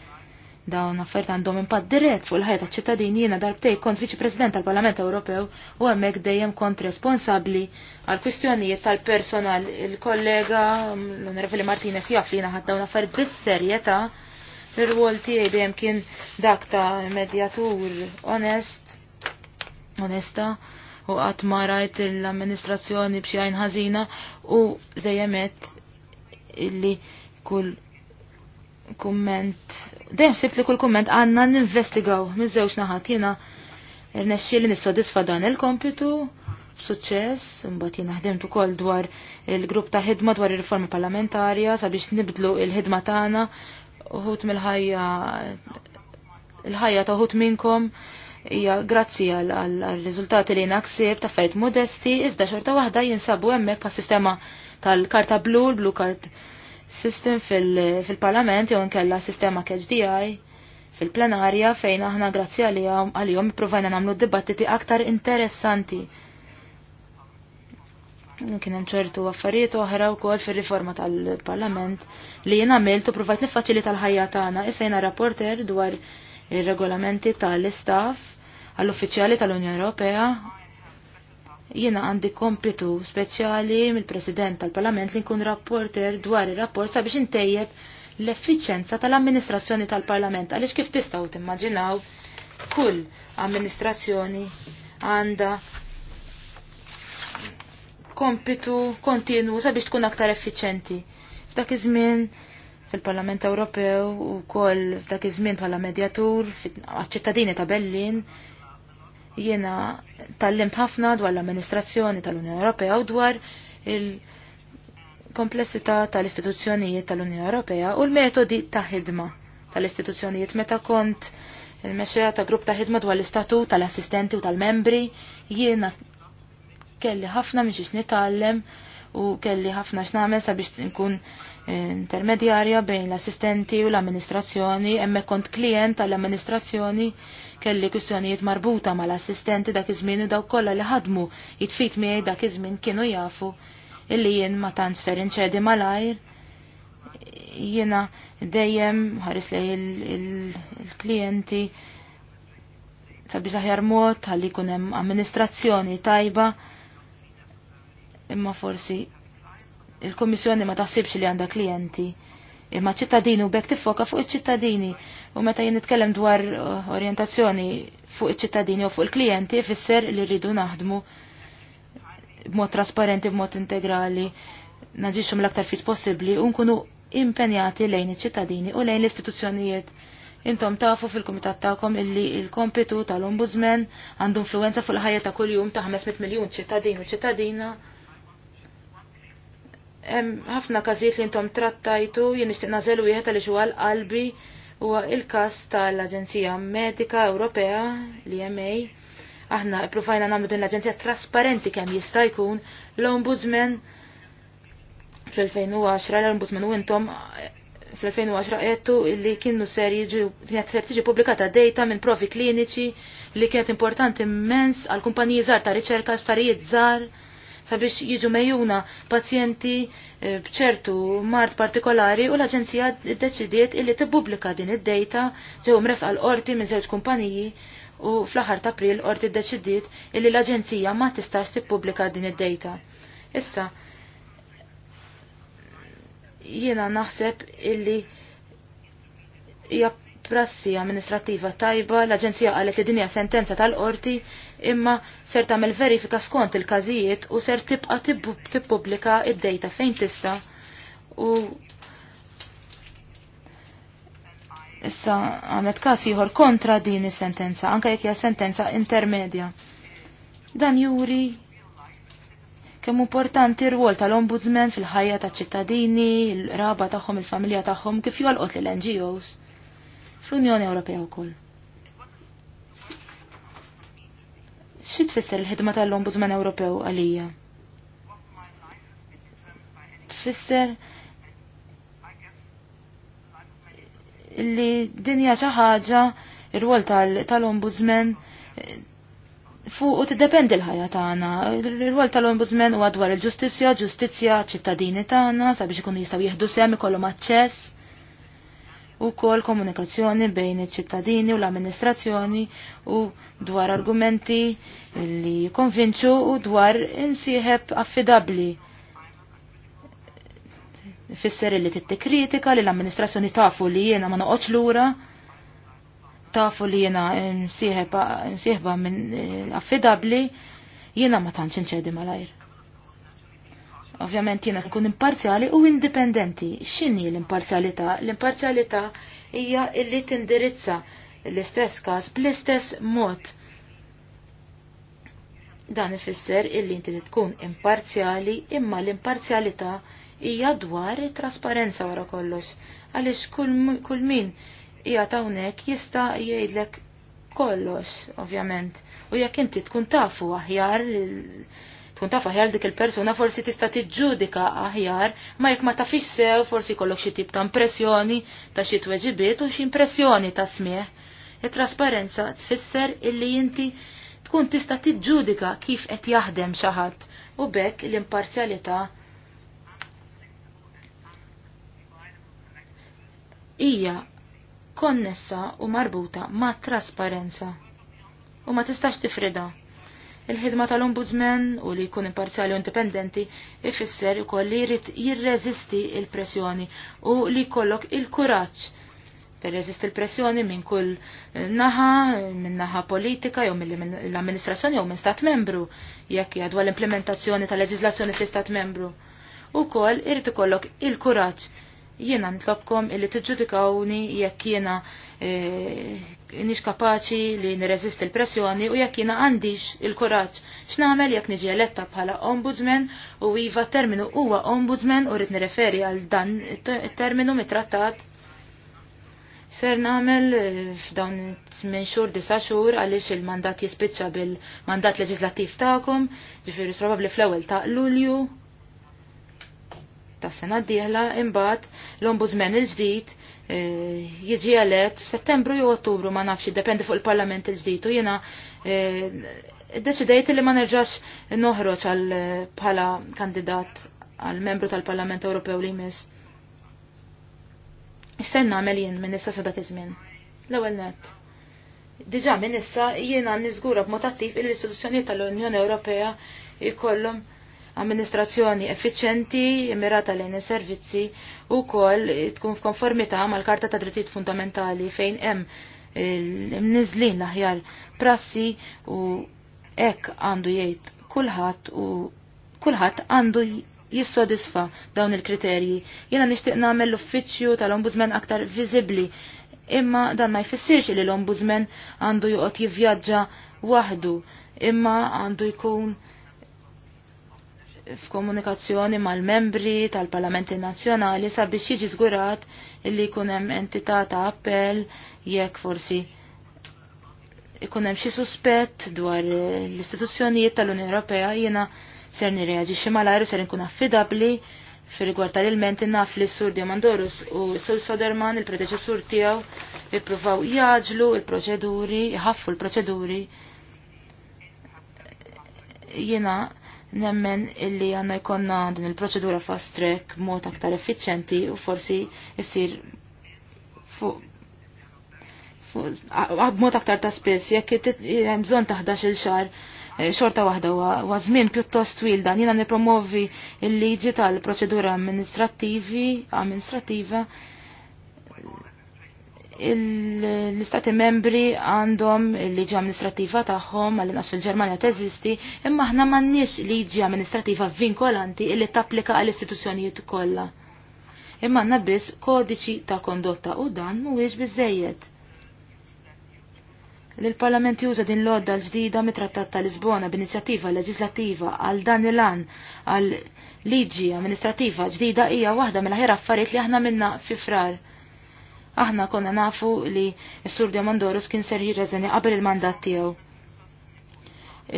dawn affert għandhom impatt dirett fuq il-ħajja taċ-ċittadini jiena darbtej kont viċi President tal-Parlament Ewropew u hemmhekk dejjem kont responsabbli għal kwistjonijiet tal-personal il-kollega l-Onorevoli Martinez jaf li naħad dawn affarijiet bis-serjetà l-rwol tiegħi dejjem kien dak ta' medjatur onest, onesta, u qatt ma rajt l-amministrazzjoni b'xi għajn ħażina u dejjem illi kull kumment, dejjem sibt li kull kumment għandna ninvestigaw miż-żewġ naħat jiena rnexxi li nissodisfa dan il-kompitu b'suċċess, mbagħad jiena ħdimt ukoll dwar il-grupp ta' ħidma dwar ir-riforma parlamentarja sabiex nibdlu il-ħidma tagħna uħut mill-ħajja il-ħajja ta' uħut minnkom hija grazzi għal-riżultati li naksib ta' fejt modesti, iżda xorta waħda jinsabu hemmhekk pa' sistema tal-karta blu, l-blu card system fil-parlament jew nkella sistema KHDI fil-plenarja fejn aħna grazzi għal-jom provajna nagħmlu dibattiti aktar interessanti kien hemm ċertu affarijiet oħra wkoll fir-riforma tal-Parlament li jien għamilt u provajt tal l-ħajja tagħna. Issa jiena rapporter dwar ir-regolamenti tal-istaff għall-uffiċjali tal-Unjoni Ewropea. Jiena għandi kompitu speċjali mill-President tal-Parlament li nkun rapporter dwar ir-rapport sabiex intejjeb l-effiċenza tal-amministrazzjoni tal-Parlament għaliex kif tistgħu timmaġinaw kull amministrazzjoni għandha kompitu kontinu sabiex tkun aktar effiċenti. F'dak iż-żmien fil-Parlament Ewropew ukoll f'dak iż-żmien bħala medjatur għaċ-ċittadini ta' Bellin, jiena tallimt ħafna dwar l-amministrazzjoni tal-Unjoni Ewropea u dwar il-komplessità tal-istituzzjonijiet tal-Unjoni Ewropea u l-metodi ta' ħidma tal-istituzzjonijiet meta kont il mexxija ta' grupp ta' ħidma dwar l-istatut tal-assistenti u tal-membri jiena kelli ħafna minn xiex nitgħallem u kelli ħafna x'nagħmel sabiex nkun eh, intermedjarja bejn l-assistenti u l-amministrazzjoni, hemmhekk kont klient tal-amministrazzjoni kelli kwistjonijiet marbuta mal-assistenti dak iż-żmien u dawk kollha li ħadmu jitfit miegħi dak iż-żmien kienu jafu illi jien ma tantx ser inċedi malajr jiena dejjem ħares lej il-klijenti sabiex aħjar mod ħalli jkun hemm amministrazzjoni tajba imma forsi il-Kommissjoni ma taħsibx li għandha klijenti. Imma ċittadini u bekk tiffoka fuq iċ-ċittadini u meta jien nitkellem dwar uh, orjentazzjoni fuq iċ-ċittadini u fuq il-klijenti ifisser li rridu naħdmu b'mod trasparenti, b'mod integrali, naġixxu l aktar fis possibbli u nkunu impenjati lejn iċ-ċittadini u lejn l-istituzzjonijiet. Intom tafu fil komitat tagħkom illi il-kompitu tal-ombudsman għandu influenza fuq il-ħajja ta' kuljum ta' 500 miljun ċittadin u ċittadina ħafna każijiet li intom trattajtu jien nixtieq nażel wieħed għaliex huwa l-qalbi huwa il-każ tal-Aġenzija Medika Ewropea l-EMA. Aħna ppruvajna nagħmlu din l-Aġenzija trasparenti kemm jista' jkun l-Ombudsman fl-2010 l-Ombudsman u intom fl-2010 qedtu li kienu ser jiġu kienet ser tiġi pubblikata data minn provi kliniċi li kienet importanti immens għal kumpaniji żgħar ta' riċerka, affarijiet żgħar sabiex jiġu mejjuna pazjenti eh, bċertu mart partikolari u l-Aġenzija ddeċidiet illi tibbubblika din id-dejta ġew mres għal qorti minn żewġ kumpaniji u fl-aħħar ta' April qorti ddeċidiet illi l-Aġenzija ma tistax tippubblika din id-dejta. Issa, jiena naħseb illi hija prassi amministrativa tajba, l-Aġenzija qalet li dinja sentenza tal-qorti imma ser tagħmel verifika skont il-każijiet u ser tibqa' tippubblika id-dejta fejn tista' u issa għamet każ ieħor kontra din is-sentenza, anke jekk hija sentenza intermedja. Dan juri kemm importanti r wol tal-ombudsman fil-ħajja taċ-ċittadini, il-raba tagħhom, il-familja tagħhom kif jolqot lill-NGOs fl-Unjoni Ewropea wkoll. Xi tfisser il-ħidma tal-Ombudsman Ewropew għalija? Tfisser li dinja xi ħaġa ir-rwol tal-Ombudsman fuq u tiddependi l-ħajja tagħna. il rwol tal-Ombudsman huwa dwar il-ġustizzja, ġustizzja ċittadini tagħna sabiex ikun jistgħu jieħdu sem ikollhom aċċess u kol komunikazzjoni bejn iċ-ċittadini u l-amministrazzjoni u dwar argumenti li konvinċu u dwar insieħeb affidabli. Fisser li titti kritika li l-amministrazzjoni tafu li jena ma noqgħodx lura tafu li jena msieħba minn eh, affidabli jena ma tantx inċedi malajr. Ovvjament jiena tkun imparzjali u indipendenti. X'inhi l-imparzjalità? L-imparzjalità hija illi tindirizza l-istess każ bl-istess mod. Dan ifisser illi inti li tkun imparzjali imma l-imparzjalità hija dwar it-trasparenza wara kollox għaliex kull min hija hawnhekk jista' jgħidlek kollox, ovvjament. U jekk inti tkun tafu aħjar tkun taf aħjar dik il-persuna forsi tista' tiġġudika aħjar, ma jekk ma tafix sew forsi kollok xi tip ta' impressjoni ta' xi tweġibiet u xi impressjoni ta' smieħ. Il-trasparenza e tfisser illi inti tkun tista' tiġġudika kif qed jaħdem xi ħadd u bekk l-imparzjalità hija konnessa u marbuta ma' trasparenza u ma tistax tifrida Il-ħidma tal-ombudsman u li jkun imparzjali u indipendenti ifisser ukoll li jrid jirreżisti l pressjoni u li jkollok il-kuraġġ Tirreżisti il-pressjoni minn kull naħa, minn naħa politika jew mill-amministrazzjoni jew minn stat membru jekk jadwa l-implementazzjoni tal-leġiżlazzjoni fl-istat membru. Ukoll irid ikollok il-kuraġġ Jiena nitlobkom illi tiġġudikawni jekk jiena eh, nix kapaċi li nirreżist il-pressjoni u jekk jiena għandix il-kuraġġ x'nagħmel jekk niġi eletta bħala ombudsman u iva terminu huwa ombudsman u rrid nirreferi għal dan it-terminu mit-trattat ser namel eh, f'dawn minn xhur disa xhur għaliex il-mandat jispiċċa bil-mandat leġislattiv tagħkom, ġifieri probabbli fl-ewwel ta' Lulju tas sena d-dieħla imbagħad l-ombudsman il-ġdid eh, jiġi għalet f'Settembru u Ottubru ma nafx dependi fuq il-Parlament il-ġdid u jiena eh, deċidejt li ma nerġax noħroġ għal bħala kandidat għal membru tal-Parlament Ewropew li jmiss. Ixsen nagħmel jien minn issa sadak dak iż-żmien. L-ewwel nett. Diġà minn issa jiena niżgura b'mod attiv il-istituzzjonijiet tal-Unjoni Ewropea jkollhom amministrazzjoni effiċenti, immirata lejn is-servizzi u wkoll tkun f'konformità mal-Karta ta' Drittijiet Fundamentali fejn hemm mniżlin l-aħjar prassi u hekk għandu jgħid kulħadd u kulħadd għandu jissodisfa dawn il-kriterji. Jiena nixtieq nagħmel l-uffiċċju tal-Ombudsman aktar viżibbli, imma dan ma jfissirx li l-Ombudsman għandu joqgħod jivvjaġġa waħdu, imma għandu jkun f'komunikazzjoni mal-membri tal-Parlamenti Nazzjonali sabiex jiġi żgurat illi jkun hemm entità ta' appell jekk forsi ikun hemm xi suspett dwar l-istituzzjonijiet tal-Unjoni Ewropea jiena ser nirreaġixxi malajr ser inkun affidabbli fir-rigward tal-ilment naf li s-sur Diamandorus u s-sur Soderman il-predeċessur tiegħu ippruvaw jaġlu il-proċeduri, jħaffu l-proċeduri jiena Nemmen illi għanna jkonna din il-proċedura fast track mod aktar effiċenti u forsi jisir fuq mod aktar ta' spess, jekk hemm bżonn taħdax il xahar eh, xorta waħda wa żmien pjuttost twil dan jiena nipromovi l-liġi tal-proċedura amministrativi amministrativa l-istati membri għandhom liġi amministrativa tagħhom għal inqas fil-Ġermanja teżisti, imma aħna m'għandniex liġi amministrativa vinkolanti li tapplika għall istituzzjonijiet kollha. Imma għandna biss kodiċi ta' kondotta u dan mhuwiex biżejjed. L-Parlament juża din l-odda l-ġdida mit-Trattat ta' Lisbona b'inizjattiva leġislattiva għal dan il-an għal liġi amministrativa ġdida hija waħda mill-ħajra affarijiet li aħna minna fi frar. Aħna konna nafu li s-sur Diamandorus kien ser jirreżeni qabel il-mandat tiegħu.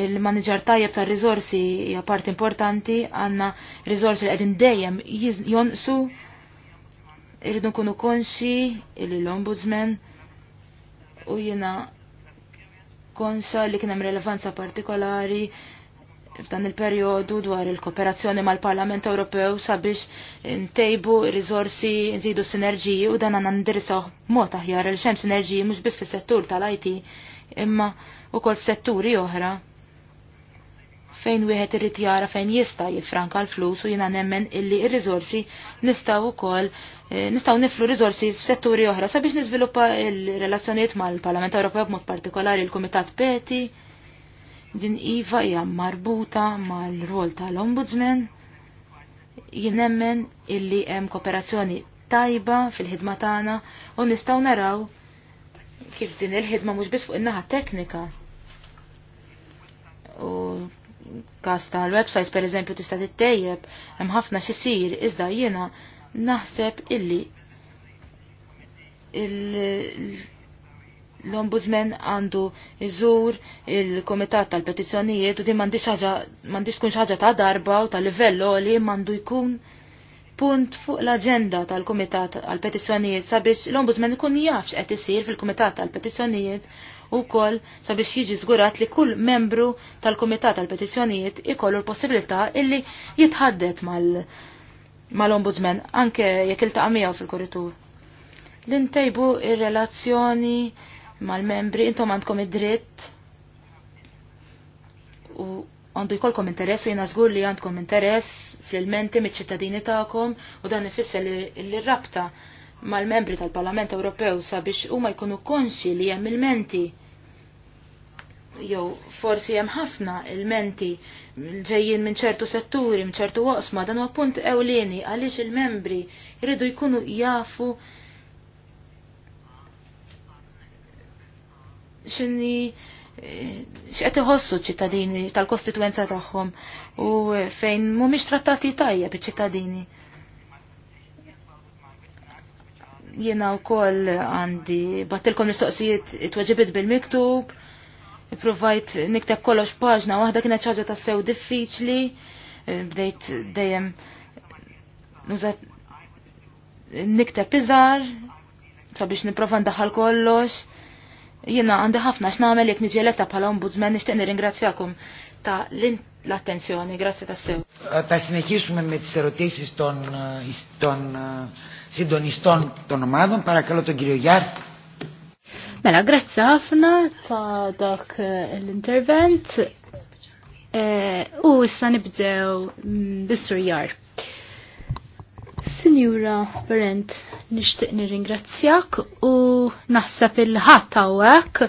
Il-manager tajjeb ta' rizorsi hija part importanti, għandna rizorsi li qegħdin dejjem jonqsu, irridu nkunu konxi, l-ombudsman, u jiena konxa li kien hemm relevanza partikolari f'dan il-perjodu dwar il-kooperazzjoni mal-Parlament Ewropew sabiex ntejbu r-risorsi nżidu sinerġiji u dan għanna ndirsaw mod aħjar il xem sinerġiji mhux biss fis-settur tal-IT imma wkoll f'setturi oħra fejn wieħed irid jara fejn jista' jiffranka l-flus u jiena nemmen illi r-riżorsi nistgħu wkoll eh, nistgħu niflu riżorsi f'setturi oħra sabiex niżviluppa l-relazzjonijiet mal-Parlament Ewropew b'mod partikolari l-Kumitat Peti Din iva hija marbuta mal-rol tal-Ombudsman. Jien nemmen illi hemm kooperazzjoni tajba fil-ħidma tagħna u nistgħu naraw kif din il-ħidma mhux biss fuq in-naħa teknika. U każ tal-websites pereżempju tista' tittejjeb hemm ħafna xisir iżda jiena naħseb illi il l-ombudsman għandu iżur il-komitat tal-petizzjonijiet u din m'għandix ħaġa m'għandix ħaġa ta' darba u ta' livello li m'għandu jkun punt fuq l-aġenda tal-Kumitat tal-Petizzjonijiet sabiex l-Ombudsman ikun jafx qed isir fil-Kumitat tal-Petizzjonijiet u kol sabiex jiġi żgurat li kull membru tal-Kumitat tal-Petizzjonijiet ikollu l-possibilità illi jitħaddet mal- mal-Ombudsman anke jekk il miegħu fil-kuritur. L-intejbu ir-relazzjoni il mal-membri, intom għandkom id-dritt u għandu jkolkom interess u jina zgur li għandkom interess fil-menti mit-ċittadini ta'kom u dan ifisser li rabta mal-membri tal-Parlament Ewropew sabiex huma jkunu konxi li hemm il-menti jew forsi jem ħafna il-menti ġejjin minn ċertu setturi, minn ċertu waqsma, dan huwa punt ewlieni għaliex il-membri jridu jkunu jafu xinni xqed iħossu ċittadini tal-kostituenza tagħhom u fejn mhumiex trattati tajjeb iċ-ċittadini. Jiena wkoll għandi battilkom mistoqsijiet it bil-miktub, provajt nikteb kollox paġna waħda kienet ta' sew diffiċli, bdejt dejjem nużat nikteb iżgħar sabiex nipprova ndaħħal kollox Jiena għandi ħafna x'nagħmel jekk niġi eletta bħala ombudsman nixtieq nirringrazzjakom ta' l-attenzjoni, grazzi eh, ta' sew. Ta' συνεχίσουμε με iston ερωτήσεις των, των ton των eh, eh, para kello to κύριο jar. Mela, grazzi ħafna ta' dak l-intervent. U issa nibdew mm, bissur sur Jarp. Sinjura Berent, nishtiq nirringrazzjak u naħseb il-ħat għawek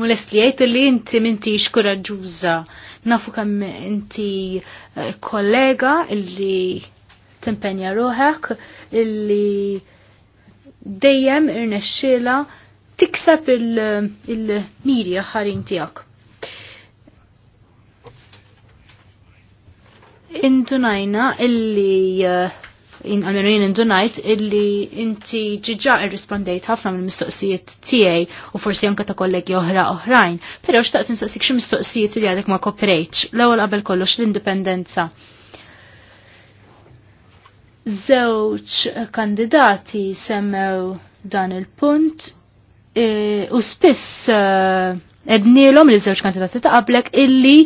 mulest li jgħid li inti mintix kuraġuża. Nafu kemm inti eh, kollega illi timpenja ruħek illi dejjem irnexxiela tikseb il-mirja il ħarin tiegħek. Indunajna illi eh, għalmenu jien indunajt illi inti ġiġa irrispondejt ħafna mill mistoqsijiet tiegħi u forsi anke ta' kollegi oħra oħrajn, però xtaqt insaqsik xi mistoqsijiet li għadek ma koprejtx. L-ewwel qabel kollox l-indipendenza. Żewġ kandidati semmew dan il-punt eh, u spiss eh, ednilom li żewġ kandidati ta' qablek illi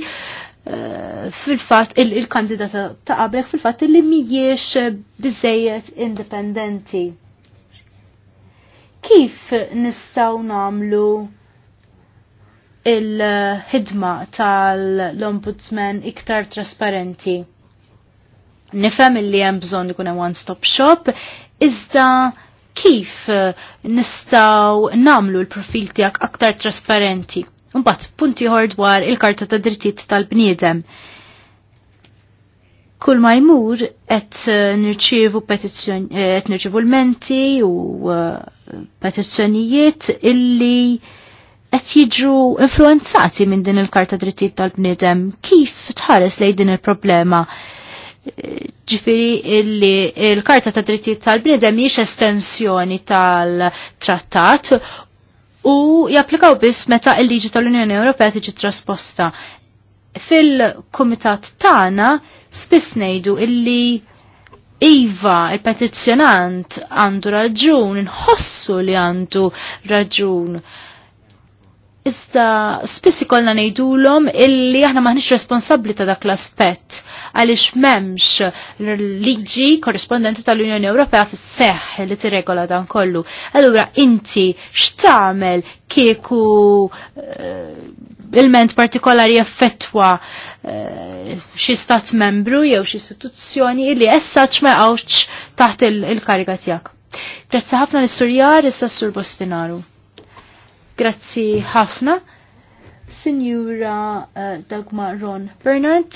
fil-fat il-kandidata ta' qablek fil-fat li mhijiex biżejjed indipendenti. Kif nistgħu nagħmlu il-ħidma tal-ombudsman iktar trasparenti? Nifhem li hemm bżonn ikun hemm one-stop shop, iżda kif nistgħu nagħmlu l-profil tiegħek aktar trasparenti? Mbagħad punti ieħor dwar il-Karta ta' Drittijiet tal-Bniedem. Kull ma jmur qed eh, nirċievu eh, qed nirċievu l-menti u eh, petizzjonijiet illi qed jiġu influenzati minn din il-Karta Drittijiet tal-Bniedem. Kif tħares lejn din il-problema? ġifiri illi il-karta ta' drittijiet tal bniedem jiex estensjoni tal-trattat u japplikaw biss meta il-liġi tal-Unjoni Ewropea tiġi trasposta. Fil-komitat tagħna spiss ngħidu illi Iva, il-petizzjonant għandu raġun, nħossu li għandu raġun Iżda spissi kolna nejdulom illi aħna maħnix responsabli ta' dak l-aspett għaliex memx liġi korrespondenti tal-Unjoni Ewropea fis seħ li tirregola dan kollu. Allura inti x'tagħmel kieku eh, ilment partikolari effettwa eh, xi stat membru jew xi istituzzjoni illi essa ma taħt il-kariga tiegħek. Grazzi ħafna l-istorjar issa sur Bostinaru. Grazzi ħafna. Sinjura uh, eh, Dagmar Ron Bernard,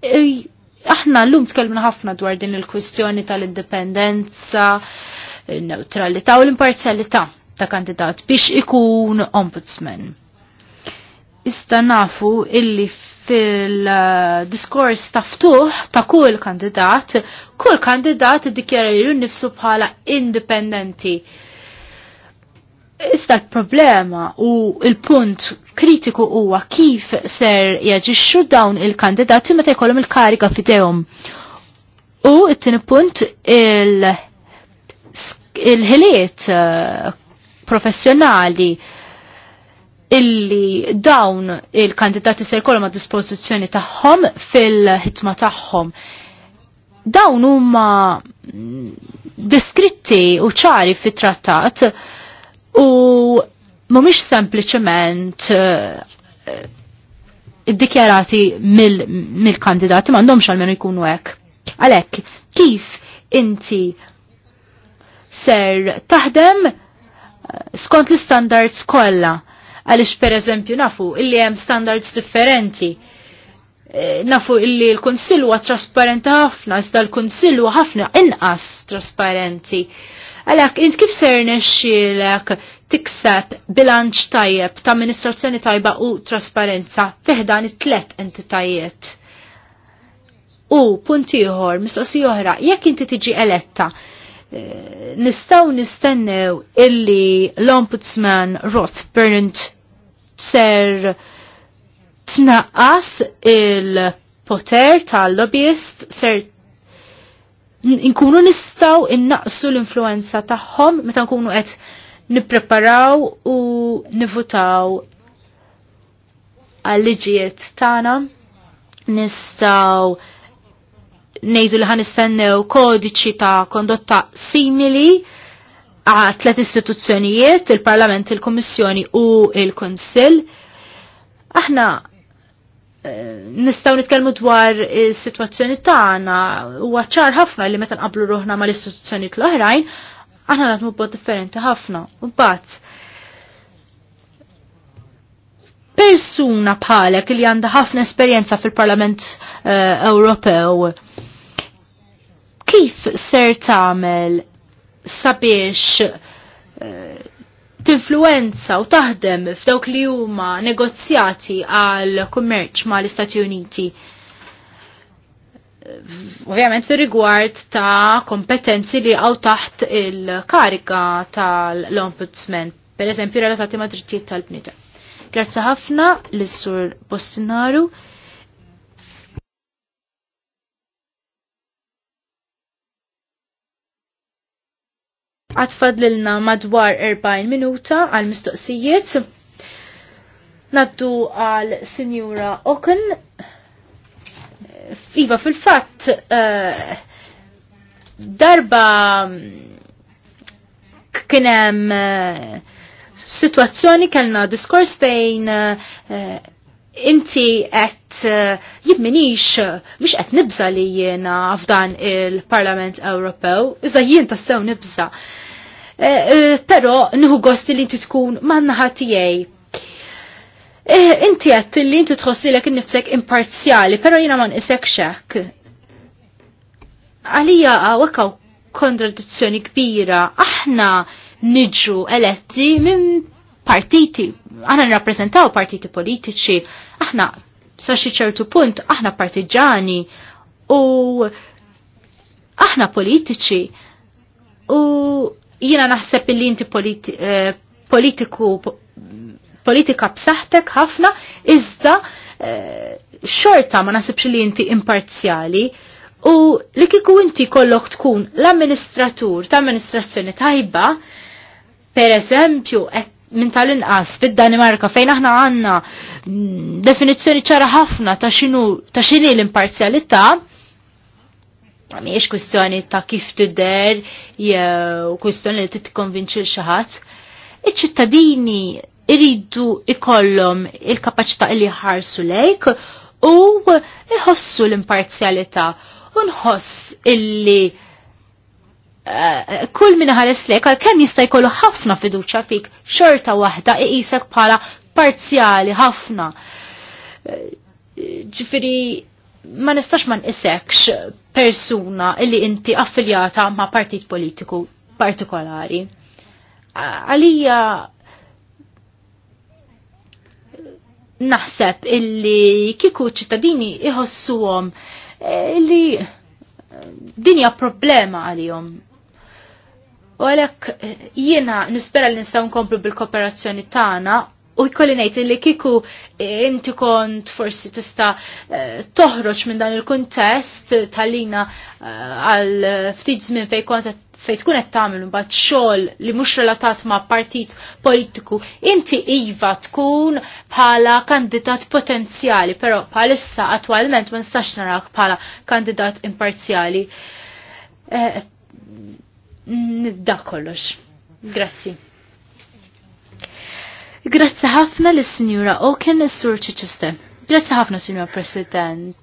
eh, aħna l-lum tkellmna ħafna dwar din il-kwistjoni tal-indipendenza, neutralità u l-imparzjalità ta' kandidat biex ikun ombudsman. Ista nafu illi fil-diskors taftuħ ta' kull kandidat, kull kandidat dikjara li nifsu bħala indipendenti Ista l-problema u il-punt kritiku huwa kif ser jaġixxu dawn il-kandidati meta jkollhom il-kariga f'idejhom. U t-tieni punt il-ħiliet uh, professjonali illi dawn il-kandidati ser jkollhom għad dispożizzjoni tagħhom fil-ħitma tagħhom. Dawn huma mm, diskritti u ċari fit-trattat u mhumiex sempliċement eh, iddikjarati mill-kandidati m'għandhomx għalmenu jkunu hekk. Għalhekk, kif inti ser taħdem eh, skont l-standards kollha għaliex pereżempju nafu illi hemm standards differenti eh, nafu illi l kunsill huwa trasparenti ħafna, iżda l kunsill huwa ħafna inqas trasparenti. Għalhekk int kif ser nesċilek tikseb bilanċ tajjeb ta' amministrazzjoni tajba u trasparenza fiħdan it-tlet entitajiet. U puntiħor, ieħor, mistoqsija oħra, jekk inti tiġi eletta, eh, nistaw nistennew illi l-Ombudsman Roth Bernard ser tnaqqas il-poter tal-lobbyist ser nkunu nistaw innaqsu l-influenza tagħhom meta nkunu qed nippreparaw u nivutaw għal-liġijiet tagħna nistaw nejdu li ħanistennew kodiċi ta' kondotta simili għal tliet istituzzjonijiet, il-Parlament, il-Kommissjoni u il kunsill Aħna nistaw nitkellmu dwar is-sitwazzjoni tagħna huwa ċar ħafna li meta nqablu ruħna mal-istituzzjonijiet l-oħrajn, aħna nagħmlu bod differenti ħafna. U mbagħad persuna bħalek li għandha ħafna esperjenza fil-Parlament uh, Ewropew. Kif ser tagħmel sabiex uh, tinfluenza u taħdem f'dawk li huma negozjati għal kummerċ mal istati Uniti. Ovvjament fir rigward ta' kompetenzi li għaw taħt il-karika tal-ombudsman, per eżempju relatati ma' drittijiet tal-bnita. Grazzi ħafna l-sur Postinaru. Għatfadlilna madwar 40 minuta għal mistoqsijiet. Naddu għal Sinjura Oken. Iva fil-fatt eh, darba mm, kienem eh, situazzjoni kellna diskors fejn uh, eh, inti qed uh, jibminix biex uh, qed nibża li jiena f'dan il-Parlament Ewropew, iżda jien tassew sew nibza. Pero eh, eh, Però nħu gosti li inti tkun man-naħa tiegħi. Eh, inti għet li inti tħossilek innifsek imparzjali, però jiena ma isek xek. Għalija hawnhekk kontradizzjoni kbira, aħna niġu eletti minn partiti, aħna nirrappreżentaw partiti politiċi, aħna sa xi ċertu punt aħna partiġani u aħna politiċi u jiena naħseb illi inti politi, eh, politiku politika b'saħtek ħafna iżda eh, xorta ma nasibx li inti imparzjali u li kiku inti kollok tkun l-amministratur ta' amministrazzjoni tajba per eżempju qed minn tal-inqas fid-Danimarka fejn aħna għanna definizzjoni ċara ħafna ta' xinu ta' xini l-imparzjalità miex kwistjoni ta' kif tidher jew kwistjoni li titkonvinċi xi ħadd. Iċ-ċittadini iridu ikollhom il-kapaċità li ħarsu lejk u iħossu l-imparzjalità u nħoss illi kull min ħares lek għal kem jista' jkollu ħafna fiduċja fik xorta waħda iqisek bħala parzjali ħafna. Ġifieri ma nistax ma nqisekx persuna illi inti affiljata ma' partit politiku partikolari. Għalija naħseb illi kiku ċittadini iħossuhom eh, li dinja problema għalihom U għalhekk jiena nispera li nistgħu nkomplu bil-kooperazzjoni tagħna u jkolli ngħid li kieku eh, inti kont forsi tista' eh, toħroġ minn dan il-kuntest tal-lina eh, għal ftit żmien fejn kont fej tkun qed tagħmel imbagħad xogħol li mhux relatat ma' partit politiku, inti iva tkun bħala kandidat potenzjali, però bħalissa attwalment ma nistax narak bħala kandidat imparzjali nidda kollox. Grazzi. Grazzi ħafna l sinjura Oken is-Sur Chichester. Grazzi ħafna Sinjura President.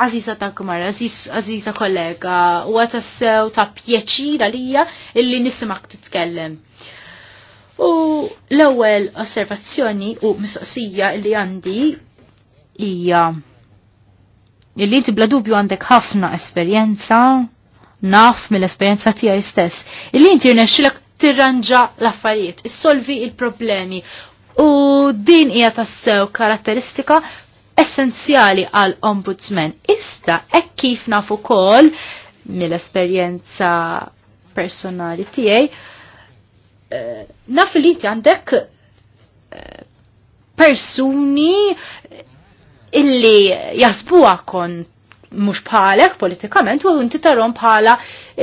Aziza ta' kumar, Aziza kollega, u għatassew ta' pjeċira lija illi nisimak titkellem. U l-ewwel osservazzjoni u mistoqsija li għandi hija illi inti bla dubju għandek ħafna esperjenza naf mill-esperjenza tiegħi stess. Illi inti rnexxilek tirranġa l-affarijiet, issolvi il-problemi. U din hija tassew karatteristika essenzjali għal ombudsman. Ista hekk kif naf ukoll mill-esperjenza personali tiegħi, eh, naf li inti għandek eh, persuni illi jasbuha kont mux bħalek politikament u inti tarom bħala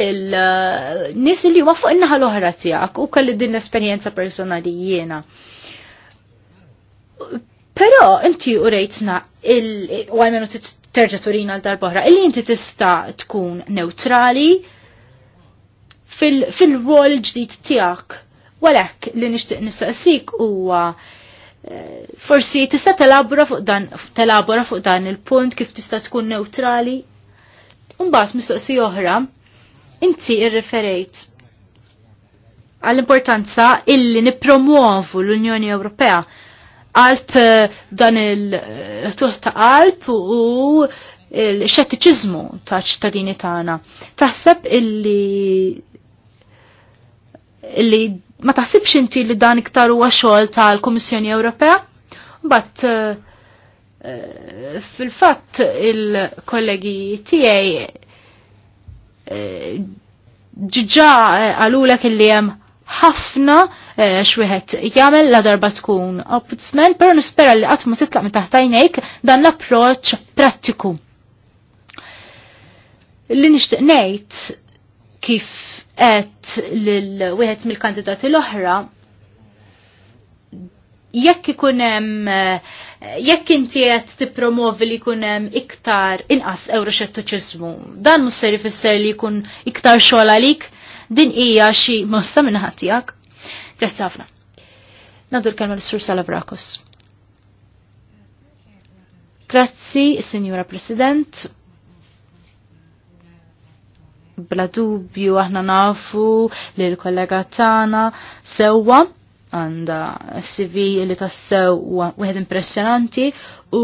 il-nis li huma fuq in-naħa l-oħra tiegħek u kelli din l-esperjenza personali jiena. Però inti u rejtna u għalmenu terġa' turina l darbohra illi inti tista' tkun neutrali fil-rol ġdid tiegħek. Walek li nixtieq nistaqsik huwa uh, forsi tista' telabora fuq dan telabora fuq dan il-punt kif tista' tkun neutrali. Imbagħad mistoqsi oħra, inti irreferejt għall-importanza illi nippromuovu l-Unjoni Ewropea qalb eh, dan il-tuħ ta' qalb u l-xettiċizmu ta' ċittadini tagħna. Taħseb illi illi ma taħsibx inti li dan iktar huwa xogħol tal-Kummissjoni Ewropea? Bat eh, eh, fil-fatt il-kollegi tiegħi eh, ġiġa għalulek li hemm ħafna xwieħed jagħmel la darba tkun ombudsman, però nispera li qatt ma titlaq minn taħt dan l-approċċ prattiku. Li nixtieq ngħid kif għet l wieħed mill-kandidati l-oħra jekk ikun hemm jekk inti għet tippromovi li jkun hemm iktar inqas euroxettoċiżmu, dan mhux ser li jkun iktar xogħol għalik, din hija xi mossa minn ħatijak. Grazzi ħafna. Nadu l-kelma l-Sur Brakus. Grazzi, Signora President bla dubju aħna nafu li l-kollega tagħna sewwa għanda CV li tassew wieħed impressjonanti u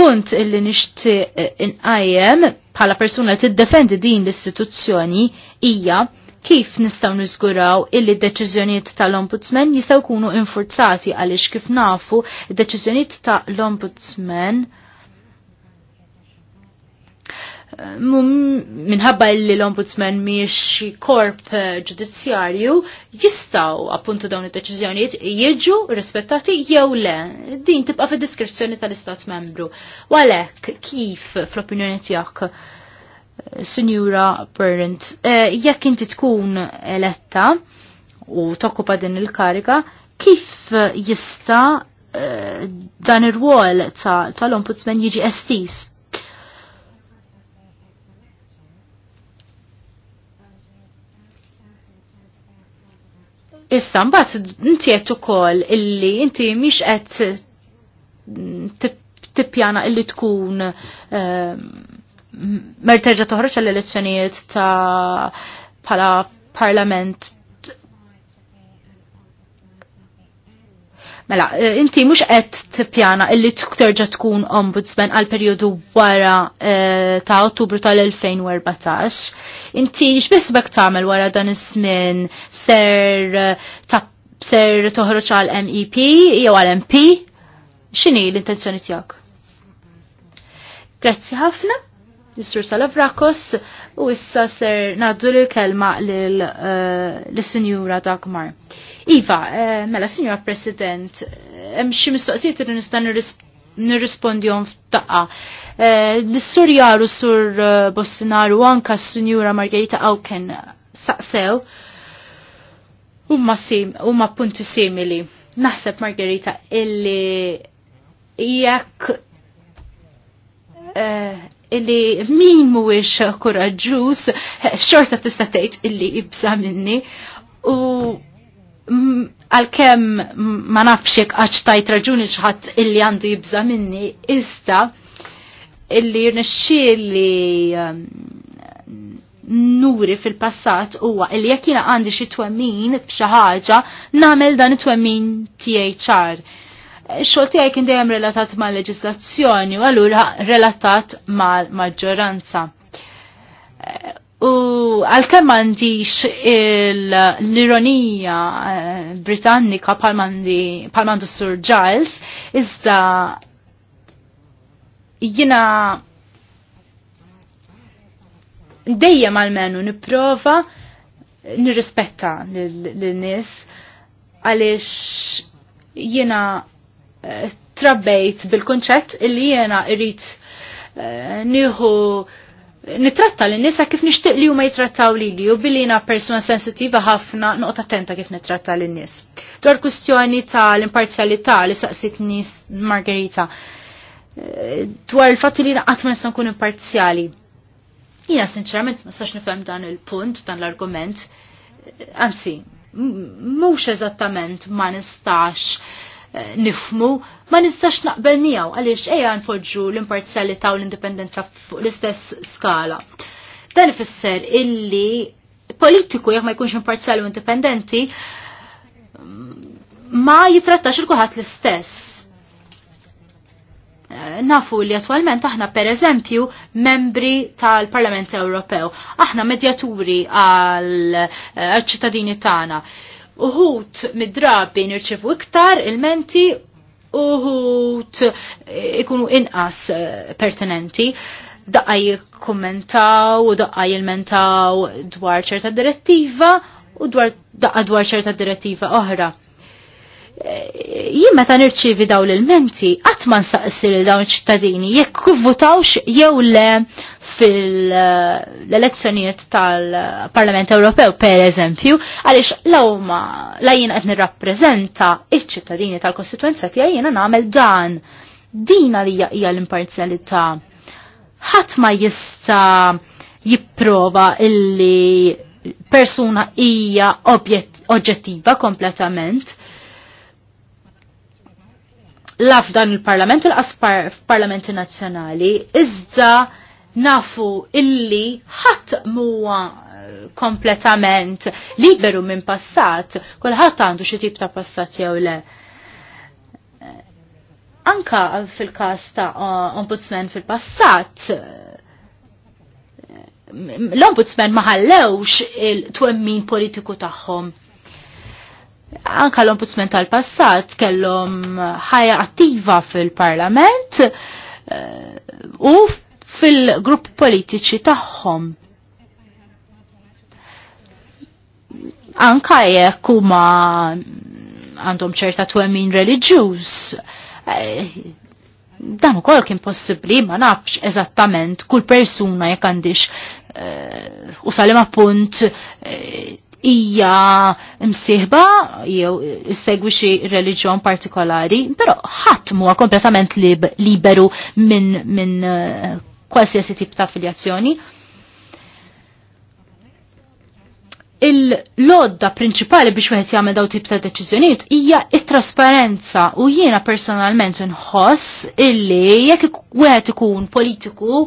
punt illi nixtieq inqajjem bħala persuna li tiddefendi din l-istituzzjoni hija kif nistaw niżguraw illi d-deċiżjonijiet tal-Ombudsman jistgħu jkunu infurzati għaliex kif nafu d-deċiżjonijiet tal-Ombudsman minħabba li l-ombudsman miex korp eh, ġudizzjarju jistaw appuntu dawn id-deċiżjonijiet jiġu rispettati jew le. Din tibqa' fid-diskrezzjoni tal-Istat membru. Walek, kif fl-opinjoni tiegħek Sinjura Parent, eh, jekk inti tkun eletta u tokkupa din il-karika, kif jista eh, dan ir-rwol tal-ombudsman jiġi estis? Issa mbagħad inti għed ukoll illi inti miex qed tippjana illi tkun ehm, merterġa toħroġ għall elezzjonijiet ta' bħala parlament Mela, eh, inti mhux qed tippjana illi terġa' tkun ombudsman għal perjodu wara eh, ta' Ottubru tal-2014. Inti x'biss bek tagħmel wara dan iż-żmien ser eh, ta' ser toħroġ għal MEP jew għal MP? X'inhi l-intenzjoni tiegħek? Grazzi ħafna. Jistur Salavrakos u issa ser naddu l-kelma l-Sinjura Dagmar. Iva, eh, mela, Signor President, eh, hemm xi mistoqsijiet li nista' nirrispondihom f'daqqa. Eh, l sur jaru sur Bossinaru anka s signora Margherita Auken saqsew huma punti simili. Naħseb Margherita illi jekk illi min mhuwiex kuraġġuż xorta tista' tgħid illi ibsa minni u għal-kem ma nafxek għax tajt raġuni xħat illi għandu jibza minni, iżda illi nixxieli um, nuri fil-passat huwa illi jekk jiena għandi xi twemmin f'xi ħaġa nagħmel dan it-twemmin THR. Xogħol tiegħi kien dejjem relatat mal-leġislazzjoni u allura relatat mal-maġġoranza U għal-kem mandiċ l-ironija eh, britannika pal-mandu Sir Giles, iżda jina dejjem għal-menu niprofa nirrispetta l-nis għalix jina eh, trabbejt bil-konċett illi jena irrit eh, nieħu uh, nitratta l nisa kif nixtieq li huma jitrattaw lili u billi na persuna sensitiva ħafna noqgħod attenta kif nitratta l nies Dwar kwistjoni tal-imparzjalità li saqsit nis Margherita eh, dwar il-fatt li jiena qatt ma nista' nkun imparzjali. Jiena sinċerament ma sax nifhem dan il-punt, dan l-argument. Eh, anzi, mhux eżattament ma nistax nifmu, ma nistax naqbel miegħu għaliex ejja nfoġġu l-imparzjalità u l-indipendenza fuq l-istess skala. Dan ifisser illi politiku jekk ma jkunx imparzjali u indipendenti mm, ma jitrattax il-kulħadd l-istess eh, nafu li attualment aħna per eżempju membri tal-Parlament Ewropew. Aħna medjaturi għal eh, ċittadini tagħna uħut mid-drabi nirċifu iktar il-menti uħut eh, ikunu inqas eh, pertinenti daqqaj kommentaw u daqqaj il-mentaw dwar ċerta direttiva u dwar daqqa dwar ċerta direttiva oħra jien meta nirċivi daw l menti qatt ma nsaqsi dawn iċ-ċittadini jekk kivvutawx jew le fil-elezzjonijiet tal-Parlament Ewropew per eżempju, għaliex lawma la jien qed nirrappreżenta iċ-ċittadini tal-kostituenza tiegħi jiena nagħmel dan. Dina li hija l-imparzjalità. Ħadd ma jista' jipprova illi persuna hija oġġettiva kompletament laf dan il-parlament u l-qas parlamenti nazzjonali, iżda nafu illi ħadd muwa eh, kompletament liberu minn passat, kulħadd għandu xi tip ta' passat jew le. Eh, anka fil-każ ta' ombudsman fil-passat, eh, l-ombudsman ma ħallewx il-twemmin politiku tagħhom anka l-ombudsman tal-passat kellhom ħajja attiva fil-parlament eh, u fil-grupp politiċi tagħhom. Anka jekk huma għandhom ċerta twemmin reliġjuż. Eh, dan ukoll kien possibbli ma nafx eżattament kull persuna jekk għandix eh, u salim appunt hija msieħba jew issegwi xi reliġjon partikolari, però ħadd huwa kompletament lib, liberu minn min, eh, kwalsiasi tip ta' affiljazzjoni. Il-lodda prinċipali biex wieħed jagħmel daw tip ta' deċiżjonijiet hija it-trasparenza u jiena personalment inħoss illi jekk wieħed ikun politiku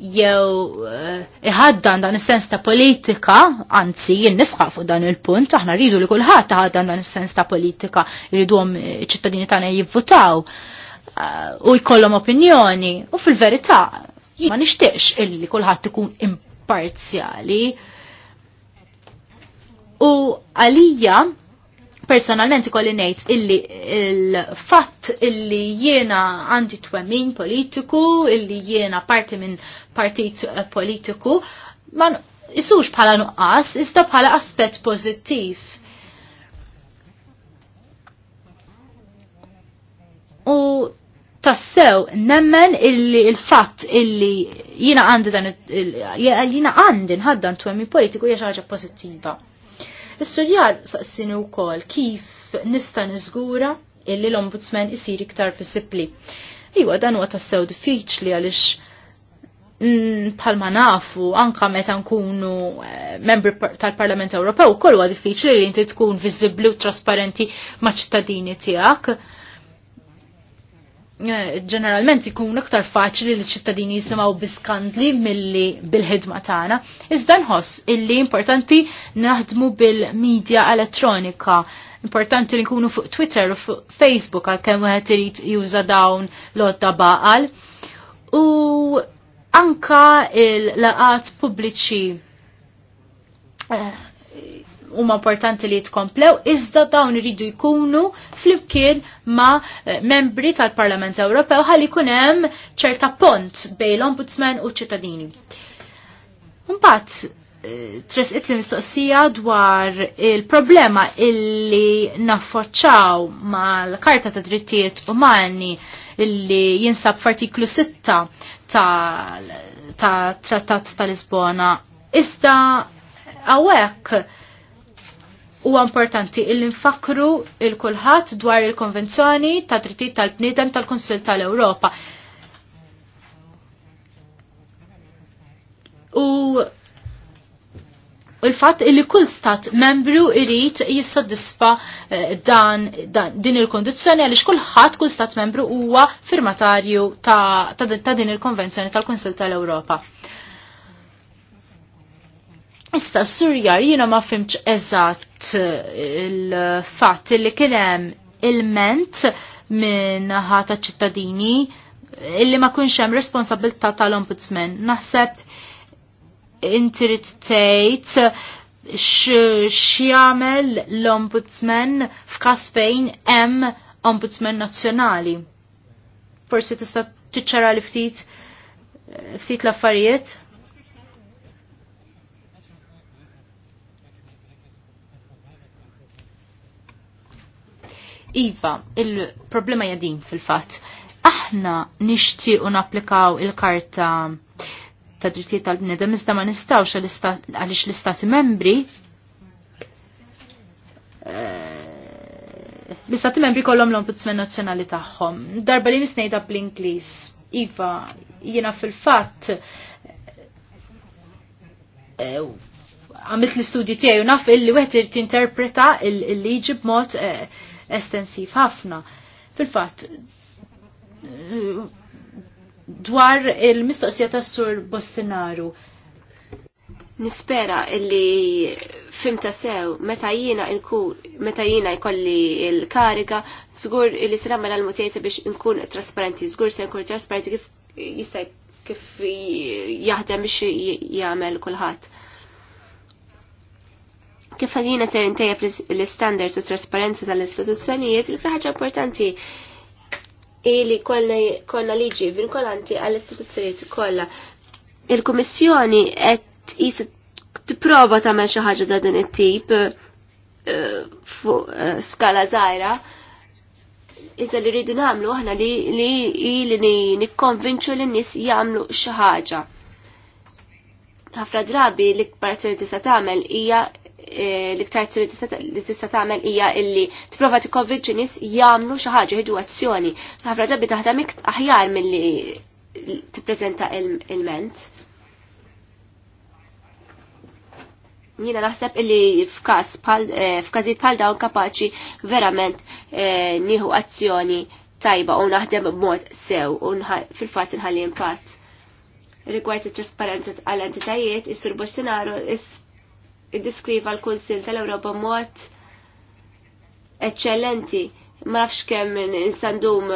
jew eh, iħaddan dan is-sens ta' politika, anzi jien nisħaq dan il-punt, aħna rridu li kulħadd iħaddan dan is-sens ta' politika, jriduhom iċ-ċittadini eh, tagħna jivvutaw eh, u jkollhom opinjoni u fil-verità ma nixtiex illi kulħadd ikun imparzjali. U għalija personalment ikolli ngħid illi il-fatt illi jiena għandi twemmin politiku, illi jiena parti minn partit eh, politiku, ma isux bħala nuqqas, iżda bħala aspett pożittiv. U tassew nemmen illi il-fatt illi jiena għandi dan jiena għandi nħaddan twemmin politiku hija xi ħaġa Is-studjar saqsini wkoll kif nista' niżgura illi l-ombudsman isir iktar visibli. Iwa dan huwa tassew diffiċli għaliex mm, bħalma nafu anka meta nkunu eh, membri tal-Parlament Ewropew kol huwa diffiċli li inti tkun viżibbli u trasparenti maċ-ċittadini tiegħek Eh, ġeneralment ikun aktar faċli li ċittadini jisimaw biskandli mill-li bil-ħidma tagħna. Iżda nħoss illi importanti naħdmu bil-medja elettronika. Importanti li nkunu fuq Twitter u fuq Facebook għalkemm wieħed irid juża dawn lodda baqal. U anka il-laqat pubbliċi eh, huma importanti li jitkomplew, iżda dawn iridu jkunu flimkien ma eh, membri tal-Parlament Ewropew ħalli jkun hemm ċerta pont bejn l-Ombudsman u ċittadini. Mbagħad eh, tresqit li mistoqsija dwar il-problema illi naffoċċaw mal-Karta ta' Drittijiet Umani illi jinsab f'artiklu 6 ta' Trattat ta' Lisbona. Iżda għawek U importanti il nfakru il-kulħat dwar il-Konvenzjoni ta' drittijiet tal-bniedem tal-Konsil tal-Ewropa. U il-fatt li kull stat membru irrit jissodisfa eh, dan, dan din il għalix għaliex kulħadd kull stat membru huwa firmatarju ta', ta, ta din il-konvenzjoni tal-Konsil tal-Ewropa. Issa Surjar jiena ma fimx eżatt eh, il fat li kien hemm il-ment minn ħata ċittadini eh, illi ma kunx hemm responsabilità tal-ombudsman. Naħseb inti rid tgħid x'jagħmel l-ombudsman f'każ fejn hemm ombudsman nazzjonali. Forsi tista' tiċċara li ftit eh, ftit l-affarijiet? Iva, il-problema jadin fil-fat. Aħna nixtiequ napplikaw il-karta ta' drittijiet tal-bnedem iżda ma nistawx għaliex l-istati membri eh, l-istati membri kollom l-ombudsman nazzjonali tagħhom. Darba li nisnejda bl-Ingliż. Iva, jiena fil-fatt eh, għamilt l-istudju tiegħi u naf illi wieħed irid tinterpreta l-liġi b'mod eh, estensiv ħafna. Fil-fatt, dwar il-mistoqsija tas sur Bostinaru. Nispera illi fimta sew meta jiena meta jkolli il-kariga żgur illi se l għall biex nkun trasparenti, żgur se nkun trasparenti kif jista' kif jaħdem biex jagħmel kulħadd kif ħażina ser l-istandards u trasparenza tal-istituzzjonijiet, l ħaġa importanti li konna liġi vinkolanti għall-istituzzjonijiet kollha. Il-Kummissjoni qed t tipprova tagħmel xi ħaġa ta' din it-tip eh, fuq eh, skala żgħira. Iżda li rridu nagħmlu aħna li li nikkonvinċu lin-nies jagħmlu xi ħaġa ħafna drabi l-ikbar tista' tagħmel hija Eh, l-iktar li tista' tagħmel hija illi tipprova tikkonvinċi nies jagħmlu xi ħaġa jieħdu azzjoni. Ħafna drabi taħdem aħjar milli tippreżenta il-ment. Jiena naħseb illi f'każ eh, f'każijiet bħal dawn kapaċi verament eh, nieħu azzjoni tajba u naħdem b'mod sew u fil-fatt inħalli impatt rigward it-trasparenza għall entitajiet, is-sur Bolsonaro iddiskriva l-Kunsil tal-Ewropa mod eccellenti. Ma nafx kemm insandum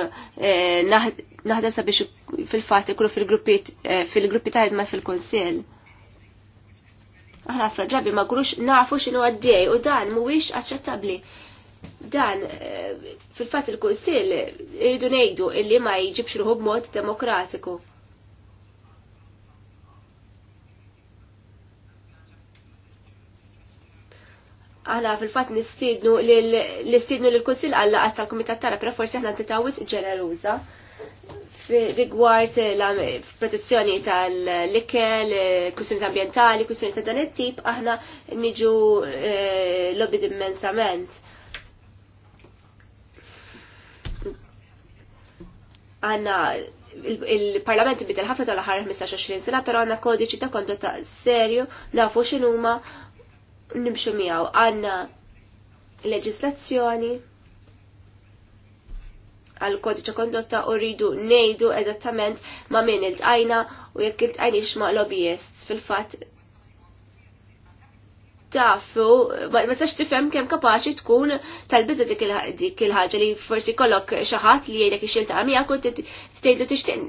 eh, naħdesa biex fil-fatt ikunu fil-gruppi eh, fil-gruppi ta' fil-Kunsil. Aħna fraġabi ma kurux nafu x'inhu għaddej u dan mhuwiex aċċettabbli dan eh, fil-fat il-Kunsill iridu ngħidu illi ma jġibx ruħu b'mod demokratiku. għala fil-fat nistidnu l-istidnu l-Kunsil għalla għatta l-Komitat tara, pero forsi ħna titawis ġeneruza rigward protezzjoni tal-likel, kwistjoni ambientali, kwistjoni ta' dan it-tip, aħna niġu eh, lobbied immensament. Għanna il-parlament bidel ħafna tal-ħar 15-20 sena, pero għanna kodiċi ta' kondotta serju, nafu xinuma, huma nimxu miegħu għandna leġislazzjoni għal kodiċa kondotta u rridu nejdu eżattament ma' min il-tajna u jekk il-tajni ma' lobbyists fil-fat tafu, ma tistax tifem kemm kapaċi tkun tal bizet dik il-ħaġa li forsi kollok xi ħadd li jgħidek ix ta' għamija kont t tixtieq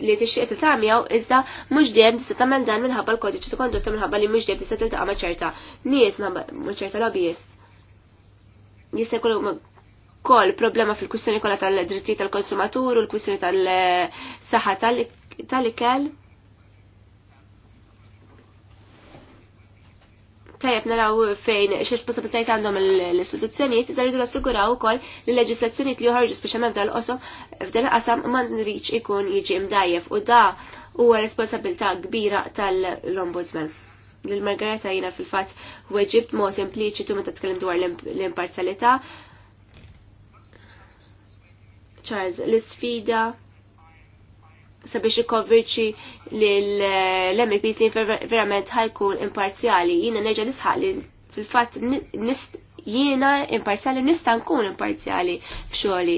li tixtieq ta' għamija iżda mhux dejjem tista' tagħmel dan minħabba l-kodiċi ta' kondotta minħabba li mhux dejjem tista' tiltaqa' ma' ċerta nies ma' ċerta l-obijes. Jista' kollu kol problema fil-kwistjoni kollha tal-drittijiet tal-konsumatur u l-kwistjoni tal-saħħa tal-ikel. tal drittijiet tal konsumatur u l kwissjoni tal saħħa tal ikel tal tal tal saħħa tal ikel tajab naraw fejn x-responsabilitajt għandhom l-istituzzjonijiet, iżda rridu nassiguraw ukoll li l-leġislazzjoni li joħorġu speċjalment tal-qosom f'dan qasam man nriċ ikun jiġi mdajjef u da huwa responsabilità kbira tal-Ombudsman. Lil-Margareta jina fil-fatt weġibt mod impliċitu meta tkellem dwar l-imparzjalità. Charles, l-sfida sabiex ikkonvinċi eh, l mps li verament ħajkun imparzjali. Jiena nerġa' nisħal li fil-fatt jiena imparzjali nista' nkun imparzjali f'xogħli.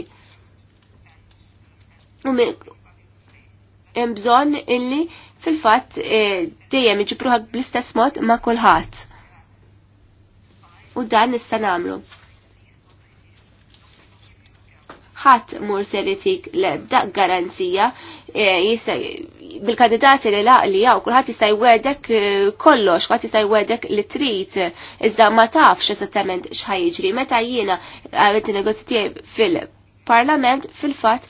U hemm bżonn illi fil-fatt eh, dejjem iġibruħak bl-istess mod ma' kulħadd. U dan nista' nagħmlu ħadd mur seritik l-ebda garanzija E, bil-kandidati li laqli jaw, kullħat jista' jwedek e, kollox, kullħat jista' jwedek li trit, iżda ma tafx esattament x'ħajġri. Meta jiena għavet negozitie fil-parlament fil-fatt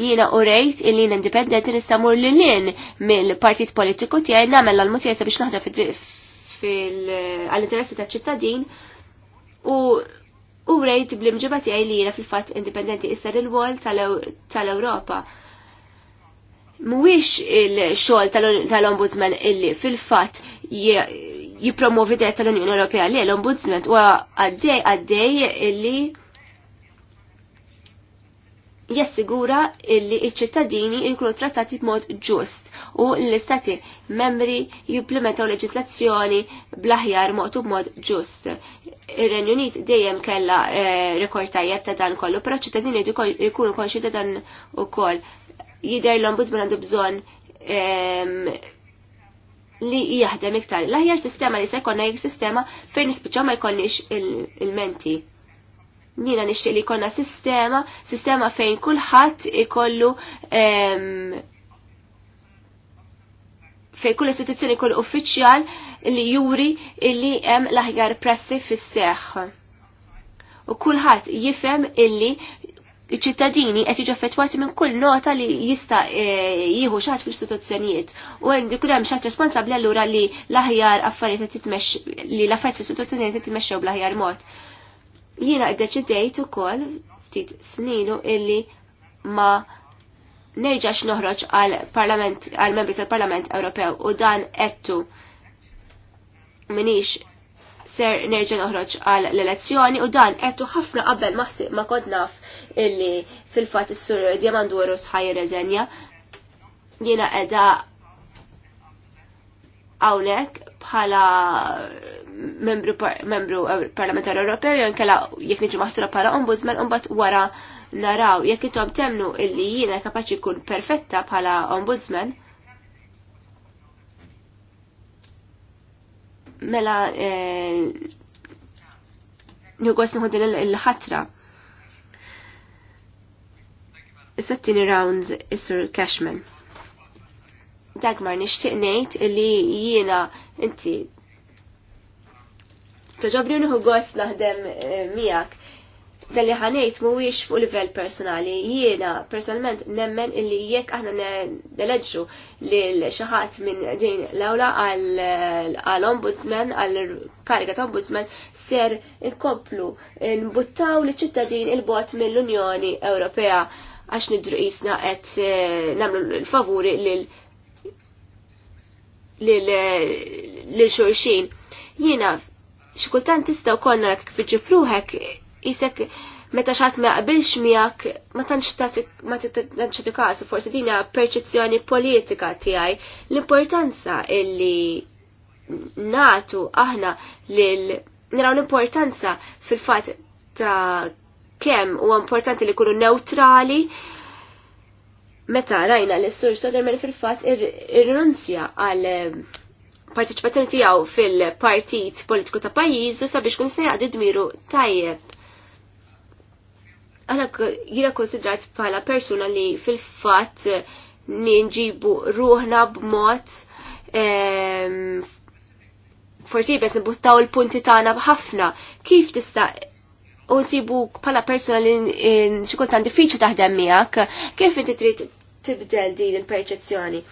jiena u rejt il-lin indipendenti nistamur li lin mill-partit politiku tiegħi nagħmel l-mutjesa biex naħda fil-interessi ta' ċittadin u u rejt bl-imġiba li jiena fil-fatt indipendenti issa l-wol tal-Ewropa. tal europa tal ewropa mhuwiex il-xogħol tal-Ombudsman illi fil-fatt jippromovi għed tal-Unjoni Ewropea li l-Ombudsman huwa għaddej għaddej illi jassigura illi iċ-ċittadini jkunu trattati b'mod ġust u l-istati membri jimplementaw leġislazzjoni blaħjar moqtu b'mod ġust. Ir-Renju Unit dejjem kellha eh, rekord tajjeb ta' dan kollu, però ċittadini jkunu konxi ta' dan ukoll jider l-ombudsman għandu bżon li jaħdem iktar. L-aħjar sistema li se jkollna jek sistema fejn nispiċaw ma jkollniex il-menti. Nina nixtieq li jkollna sistema, sistema fejn kulħadd ikollu fejn kull istituzzjoni kull uffiċjal li juri li hemm l-aħjar pressi fis-seħħ u kulħadd jifhem illi iċ-ċittadini qed jiġu affettwati minn kull nota li jista' e, jieħu xaħat fl-istituzzjonijiet u hemm dikun hemm xaħat responsabbli allura li l-aħjar affarijiet qed titmex li l-affarijiet fl-istituzzjonijiet qed titmexxew bl-aħjar mod. Jiena ddeċidejt ukoll ftit snilu illi ma nerġax noħroġ għal parlament għal membri tal-Parlament Ewropew u dan qedtu minix ser nerġa' noħroġ għal l-elezzjoni u dan qed ħafna qabel maħsib ma kont naf illi fil-fatt is-sur Diamanduru sħaj reżenja. Jiena qiegħda hawnhekk bħala membru, Parlamentar membru parlamentari Ewropew jew inkella jekk niġu maħtura bħala ombudsman u mbagħad wara naraw jekk intom temnu illi jiena kapaċi kun perfetta bħala ombudsman Mela, njugost e, nħu din il-ħatra. Is-settini round is-Sur Cashman. Dagmar, nishtiq nejt li jiena inti Taġobri nħu għos naħdem e, miegħek dalli ħanejt mhuwiex fuq livell personali. Jiena personalment nemmen illi jekk aħna neleġġu lil xi ħadd minn din l-awla għall-ombudsman, għall-kariga ta' ombudsman ser inkomplu nbuttaw li ċittadin il-bot mill-Unjoni Ewropea għax nidru jisna qed eh, nagħmlu l-favuri lil xulxin. Jiena xikultan tista' konna kif ġipruħek isek meta xatt ma qabilx miegħek ma tantx ma tantx kasu forsi din hija perċezzjoni politika tiegħi l-importanza illi natu aħna lil naraw l-importanza fil-fatt ta' kemm huwa importanti li kunu neutrali meta rajna l sur Soderman fil-fatt irrinunzja għal partiċipazzjoni tiegħu fil-partit politiku ta' pajizu sabiex kun sejaqdi dmiru tajjeb għana jina konsidrat bħala persuna li fil-fat ninġibu ruħna b'mod forsi bes nibustaw il-punti tagħna b'ħafna. Kif tista' unsibu bħala persuna li xikultan diffiċli taħdem miegħek, kif inti trid tibdel din il-perċezzjoni?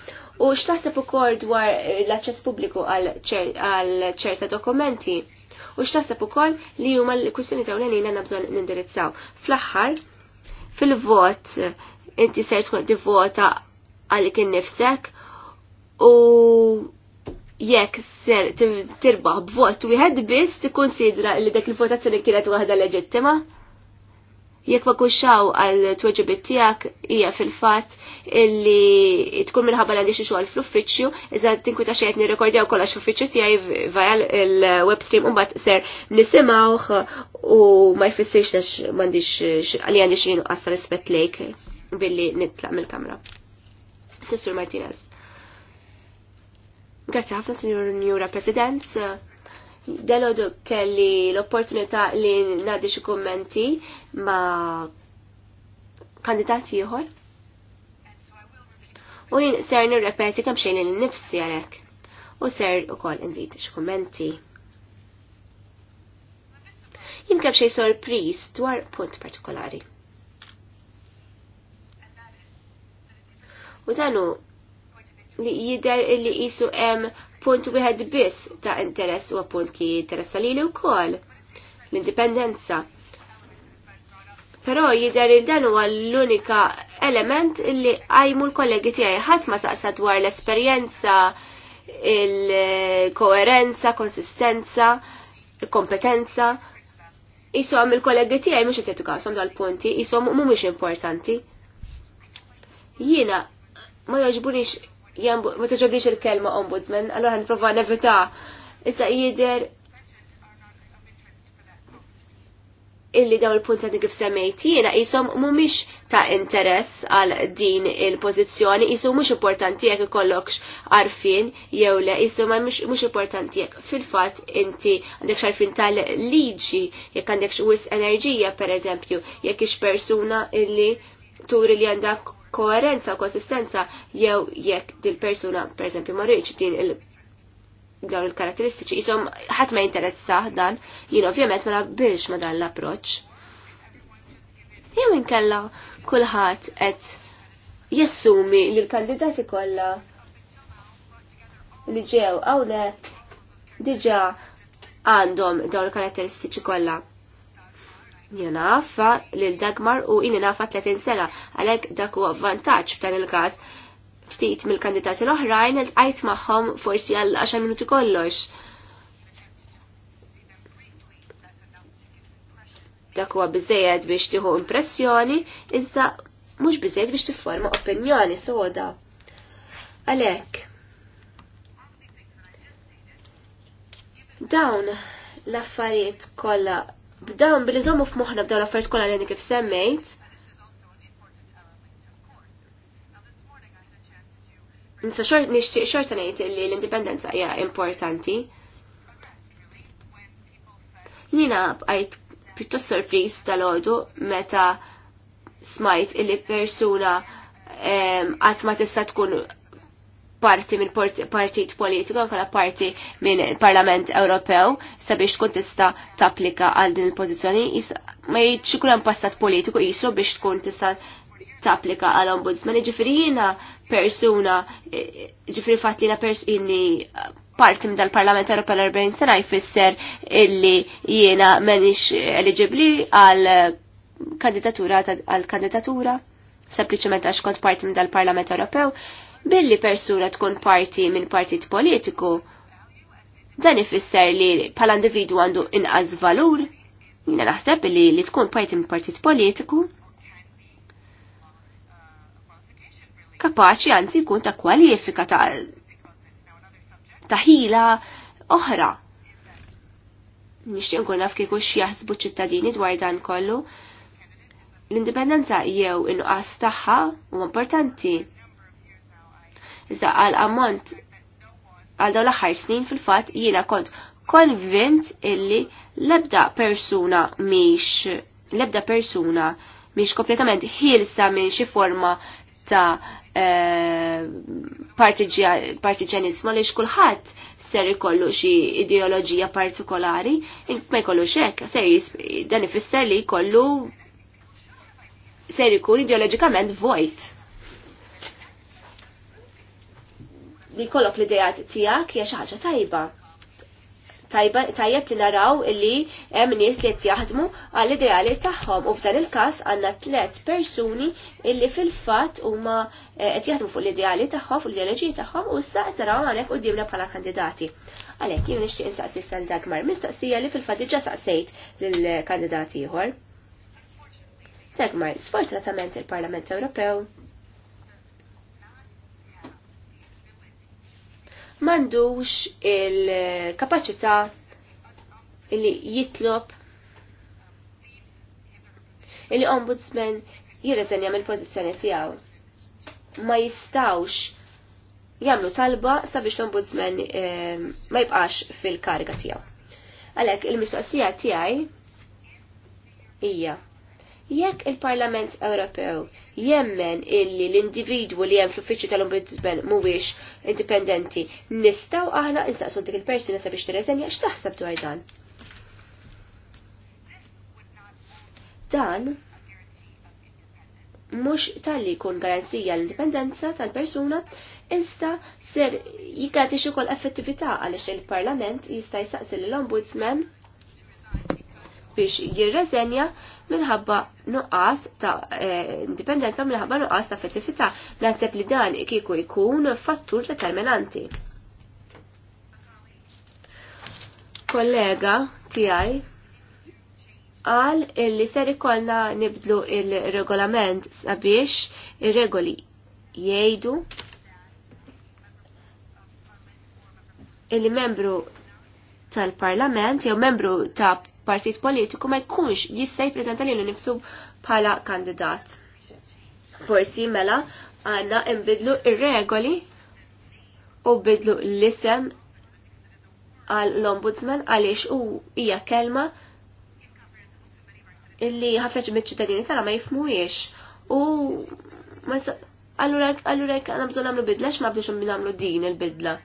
U x'taħseb ukoll dwar l-aċċess pubbliku għal ċerta dokumenti? u x'taħseb ukoll li huma l-kwistjoni ta' li għandna bżonn nindirizzaw. Fl-aħħar, fil-vot inti ser tkun tivvota għalik innifsek u jekk ser tirbaħ b'vot wieħed biss tikkunsidra li dak il-votazzjoni kienet waħda leġittima? Jekk ma kuxxaw għal tweġibit tiegħek hija fil-fatt illi tkun minħabba għandi xi xogħol fl-uffiċċju, iżda ta' xejn nirrekordjaw kollha x'uffiċċju tiegħi via il webstream u mbagħad ser nisimgħuh u ma jfissirx għax m'għandix li għandi xi nuqqas rispett lejk billi nitlaq mill-kamra. Sistur Martinez. Grazie ħafna, Signor Njura President delodu kelli l-opportunità li nadi xi kummenti ma kandidati ieħor u jien ser nirrepeti kemm xejn innifsi nifsi għalhekk. U ser ukoll inżid x'kummenti. Jien kemm xejn sorpriż dwar punt partikolari. U danu li jider li jisu hemm punt wieħed biss ta' interess u punt li jinteressa lili wkoll l-indipendenza Però jidher li dan huwa l-unika element li għajmu l-kollegi tiegħi ħadd ma saqsa dwar l-esperjenza, il-koerenza, konsistenza, il-kompetenza. Isom il-kollegi tiegħi mhux qed kasom dal-punti, isom mhumiex importanti. Jiena ma joġbunix ma toġobniex il-kelma ombudsman, allora nipprova nevita. Issa jidher illi daw il-punta li kif semmejti jiena qishom mhumiex ta' interess għal din il-pożizzjoni, jisom mhux importanti jekk ikollokx għarfien jew le, qisu ma mhux importanti jekk fil-fatt inti għandek xarfien tal-liġi, jekk għandek xwis enerġija pereżempju, jekk ix persuna illi turi li għandha koerenza u konsistenza jew jekk dil-persuna pereżempju ma rridx din il- dawn il-karatteristiċi jisom ħadd ma jinteressa dan jien ovvjament ma naqbilx ma dan l-approċċ. Jew inkella kulħadd qed jessumi li l-kandidati kollha li ġew hawnhekk diġà għandhom dawn il-karatteristiċi kollha. Jien nafa lil Dagmar u jien nafa 30 sena għalhekk dak huwa vantaġġ f'dan il-każ ftit mill-kandidati l-oħrajn tqajt magħhom forsi għal 10 minuti kollox. Dak huwa biżejjed biex tieħu impressjoni, iżda mhux biżejjed biex tifforma opinjoni soda. Għalhekk. Dawn l-affarijiet kollha b'dawn bil-iżommu f'moħħna b'dawn l-affarijiet kollha li kif semmejt, Nisa xort nixtieq xorta ngħid li l-indipendenza hija importanti. Jiena bqajt pjuttost sorpriz tal ħodu meta smajt illi persuna qatt ma tista' tkun parti minn partit politiku anke parti minn Parlament Ewropew sabiex tkun tista' taplika għal din il-pożizzjoni ma jgħidx ikun hemm passat politiku qisu biex tkun tista' tapplika għal-ombudsman. Ġifiri jina persuna, e, ġifiri fatt li la uh, parti minn dal-Parlament Ewropew l-40 sena jfisser illi jiena m'għandix eligibli għal uh, kandidatura għal kandidatura sempliċement għax kont parti minn dal-Parlament Ewropew billi persuna tkun parti minn partit politiku dan ifisser li pala individu għandu inqas valur jiena naħseb li li tkun parti minn partit politiku kapaċi għanzi jkun ta' kwalifika ta' taħila oħra. Nixtieq nkun naf kieku x'jaħsbu ċittadini dwar dan kollu. L-indipendenza jew inqas tagħha huwa importanti. Iżda għal ammont għal dawn l-aħħar snin fil-fatt jiena kont konvint illi l-ebda persuna miex l-ebda persuna miex kompletament ħilsa minn xi forma ta' Eh, partiġanizmu li xkulħat ser ikollu xi ideoloġija partikolari, ma jkollux hekk, ser dan ifisser li jkollu ser ikun ideoloġikament vojt. Li kollok l-idejat tiegħek hija xi ħaġa tajba tajjeb li naraw illi hemm nies li qed jaħdmu għall ideali tagħhom u f'dan il-każ għandna tliet persuni illi fil-fatt huma eh, qed jaħdmu fuq l-ideali tagħhom, fuq l-ideoloġiji tagħhom u issa qed naraw għalhekk qudiemna bħala kandidati. Għalhekk jien nixtieq insaqsi Sal Dagmar, mistoqsija li fil-fatt diġà saqsejt lill-kandidati ieħor. Dagmar, sfortunatament il-Parlament Ewropew mandux il-kapacità li jitlob il-ombudsman jirreżenja mill-pozizjoni tiegħu. Ma jistawx jagħmlu talba sabiex l-ombudsman eh, ma jibqax fil-kariga tiegħu. Għalhekk il-mistoqsija tiegħi hija Jekk il-Parlament Ewropew jemmen illi l-individwu li hemm fl-uffiċċju tal-Ombudsman mhuwiex indipendenti, nistgħu aħna insaqsu dik il-persuna sabiex tirreżenja x'taħseb dwar dan. Dan mhux tal-li jkun garanzija l-indipendenza tal-persuna, issa ser jikati xukol effettività għaliex il-Parlament jista' jsaqsi l-Ombudsman biex jirreżenja minħabba nuqqas ta' eh, indipendenza minħabba nuqqas ta' effettività. Naħseb li dan kieku jkun fattur determinanti. Kollega tiegħi qal li ser ikollna nibdlu il-regolament sabiex ir-regoli jgħidu il-membru tal-parlament jew membru ta' partit politiku ma jkunx jista' jippreżenta lilu nifsu bħala kandidat. Forsi mela għandna imbidlu ir-regoli u bidlu l-isem għall-ombudsman għaliex u hija kelma illi ħafna ċittadini tara ma jifmuhiex u allura allura bżonn nagħmlu bidla x'ma bdux nagħmlu din il-bidla.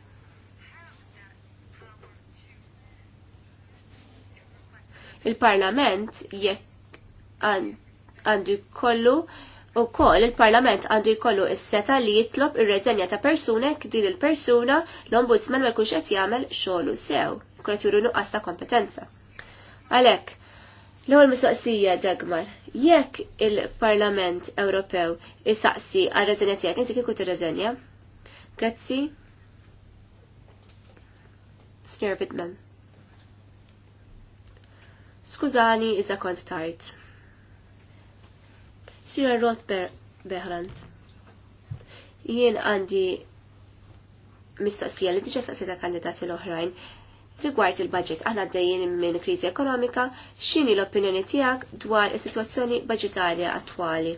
Il-Parlament jekk għandu kollu U koll il-Parlament għandu jkollu is-seta li jitlob ir-reżenja ta' persuna din il-persuna l-Ombudsman ma jkunx qed jagħmel xogħlu sew, kont juru nuqqas ta' kompetenza. Għalhekk, l-ewwel mistoqsija Dagmar, jekk il-Parlament Ewropew isaqsi għar-reżenja tiegħek inti kieku tirreżenja? Grazzi. Sr. Vidman. Skużani, iżda kont tard. Sira Rotber Behrant. Jien għandi mistoqsija li diġa saqsita kandidati l-oħrajn rigward il-budget aħna għaddejjin minn kriżi ekonomika, x'inhi l-opinjoni tiegħek dwar is-sitwazzjoni budgetarja attwali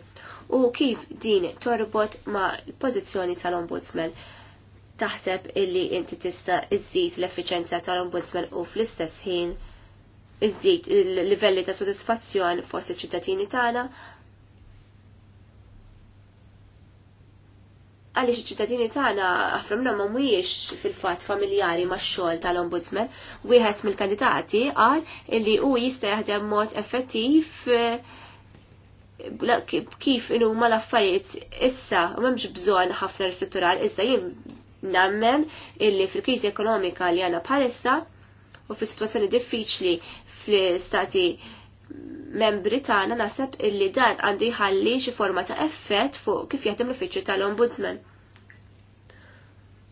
u kif din torbot ma' l-pożizzjoni tal-Ombudsman. Taħseb illi inti tista' iżżid l-effiċenza tal-Ombudsman u fl-istess ħin iżżid il-livelli ta' sodisfazzjon fost iċ-ċittadini tagħna għaliex iċ-ċittadini tagħna ħafna ma mhuwiex fil-fatt familjari max-xogħol tal-Ombudsman, wieħed mill-kandidati qal li hu jista' jaħdem mod effettiv eh, kif inu ma l-affarijiet issa m'hemmx bżonn ħafna ristrutturar iżda jien nammen illi fil-kriżi ekonomika li għandna bħalissa u fis situazzjoni diffiċli fl-istati membri tagħna naħseb illi dan għandu jħalli xi forma ta' effett fuq kif jaħdem l-uffiċċju tal-Ombudsman.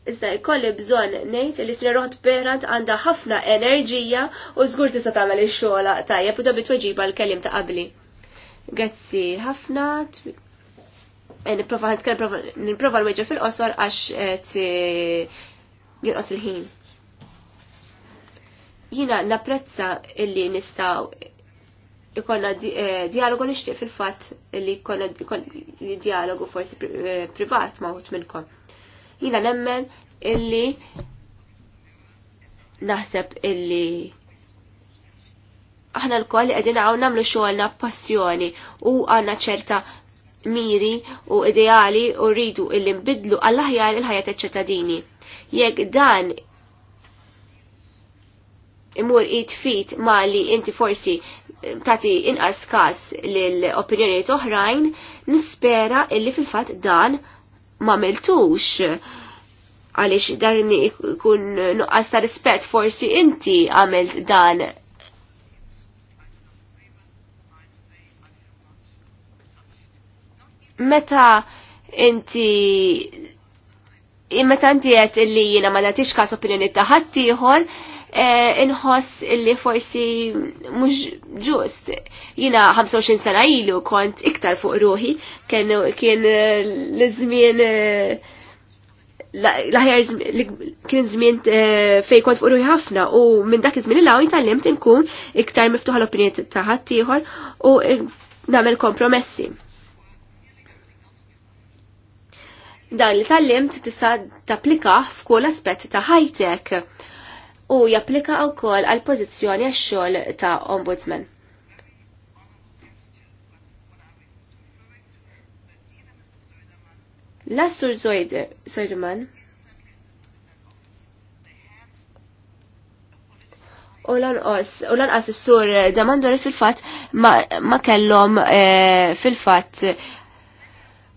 Iżda jkolli bżonn ngħid li sri Rod Berant għandha ħafna enerġija u żgur tista' tagħmel ix-xogħol tajjeb u dobbi tweġiba l-kelim ta' qabli. Grazzi ħafna. Eh, nipprova nipprova l-weġġa fil-qosor għax eh, jinqos il-ħin. Jina napprezza illi nistaw ikonna eh, dialogu nixtieq fil-fatt li ikonna dialogu forsi eh, privat ma' għut minnkom. Jina nemmen illi naħseb illi aħna l-koll għedin għaw namlu xoħalna passjoni u għanna ċerta miri u ideali u rridu illi nbidlu għall-ħjar il ħajat ċittadini. dan imur it fit ma li inti forsi eh, tati inqas kas l opinjoni oħrajn, nispera illi fil-fat dan ma meltux għalix dan ikun nuqqas ta' rispett forsi inti għamilt dan meta inti meta inti qed illi jiena ma nagħtix każ opinjoni ta' ħaddieħor, Eh, inħoss illi forsi mhux ġust. Jina 25 sena ilu kont iktar fuq ruħi, kien l-żmien eh, l-ħajar kien żmien eh, fej kont fuq ruħi ħafna u minn dak iż-żmien il-għaw intallimt inkun iktar miftuħ l-opinjoni ta' u nagħmel kompromessi. Dan li tal-limt tista' tapplika f'kull aspett ta' ħajtek u japplika wkoll għal pożizzjoni għax-xogħol ta' ombudsman. Lassur Zoidman u lanqas is-sur Damandores fil-fatt ma kellhom eh, fil-fatt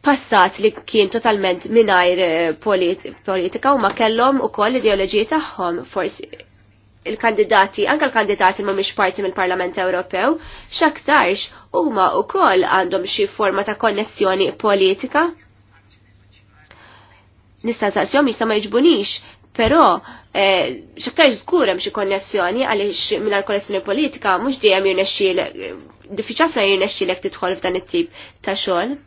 passat li kien totalment minajr eh, politika u ma kellhom ukoll ideoloġiji tagħhom forsi il-kandidati, anka l-kandidati ma miex parti mill-Parlament Ewropew, xaktarx huma wkoll għandhom xi forma ta' konnessjoni politika. Nista' saqsjom jista' ma jġbunix, però eh, xaktar żgur hemm xi konnessjoni għaliex mingħajr konnessjoni politika mhux dejjem jirnexxiel diffiċafna jirnexxielek tidħol f'dan it-tip ta' xogħol.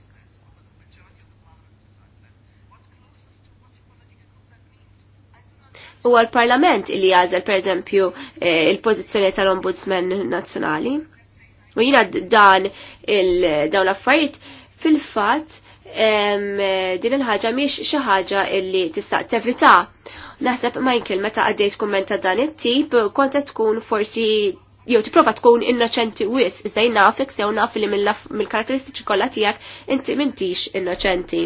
u għal-parlament li jazel per eżempju eh, il-pozizjoni tal-ombudsman nazzjonali. U jina dan il-dawn affarijiet fil-fat din il-ħaġa miex xi ħaġa li tista' tevita. Naħseb jinkil meta għaddejt kummenta dan it-tip kont tkun forsi jew tipprova tkun innoċenti wis, iżda jnafek sew naf li mill-karakteristiċi kollha tiegħek inti mintix innoċenti.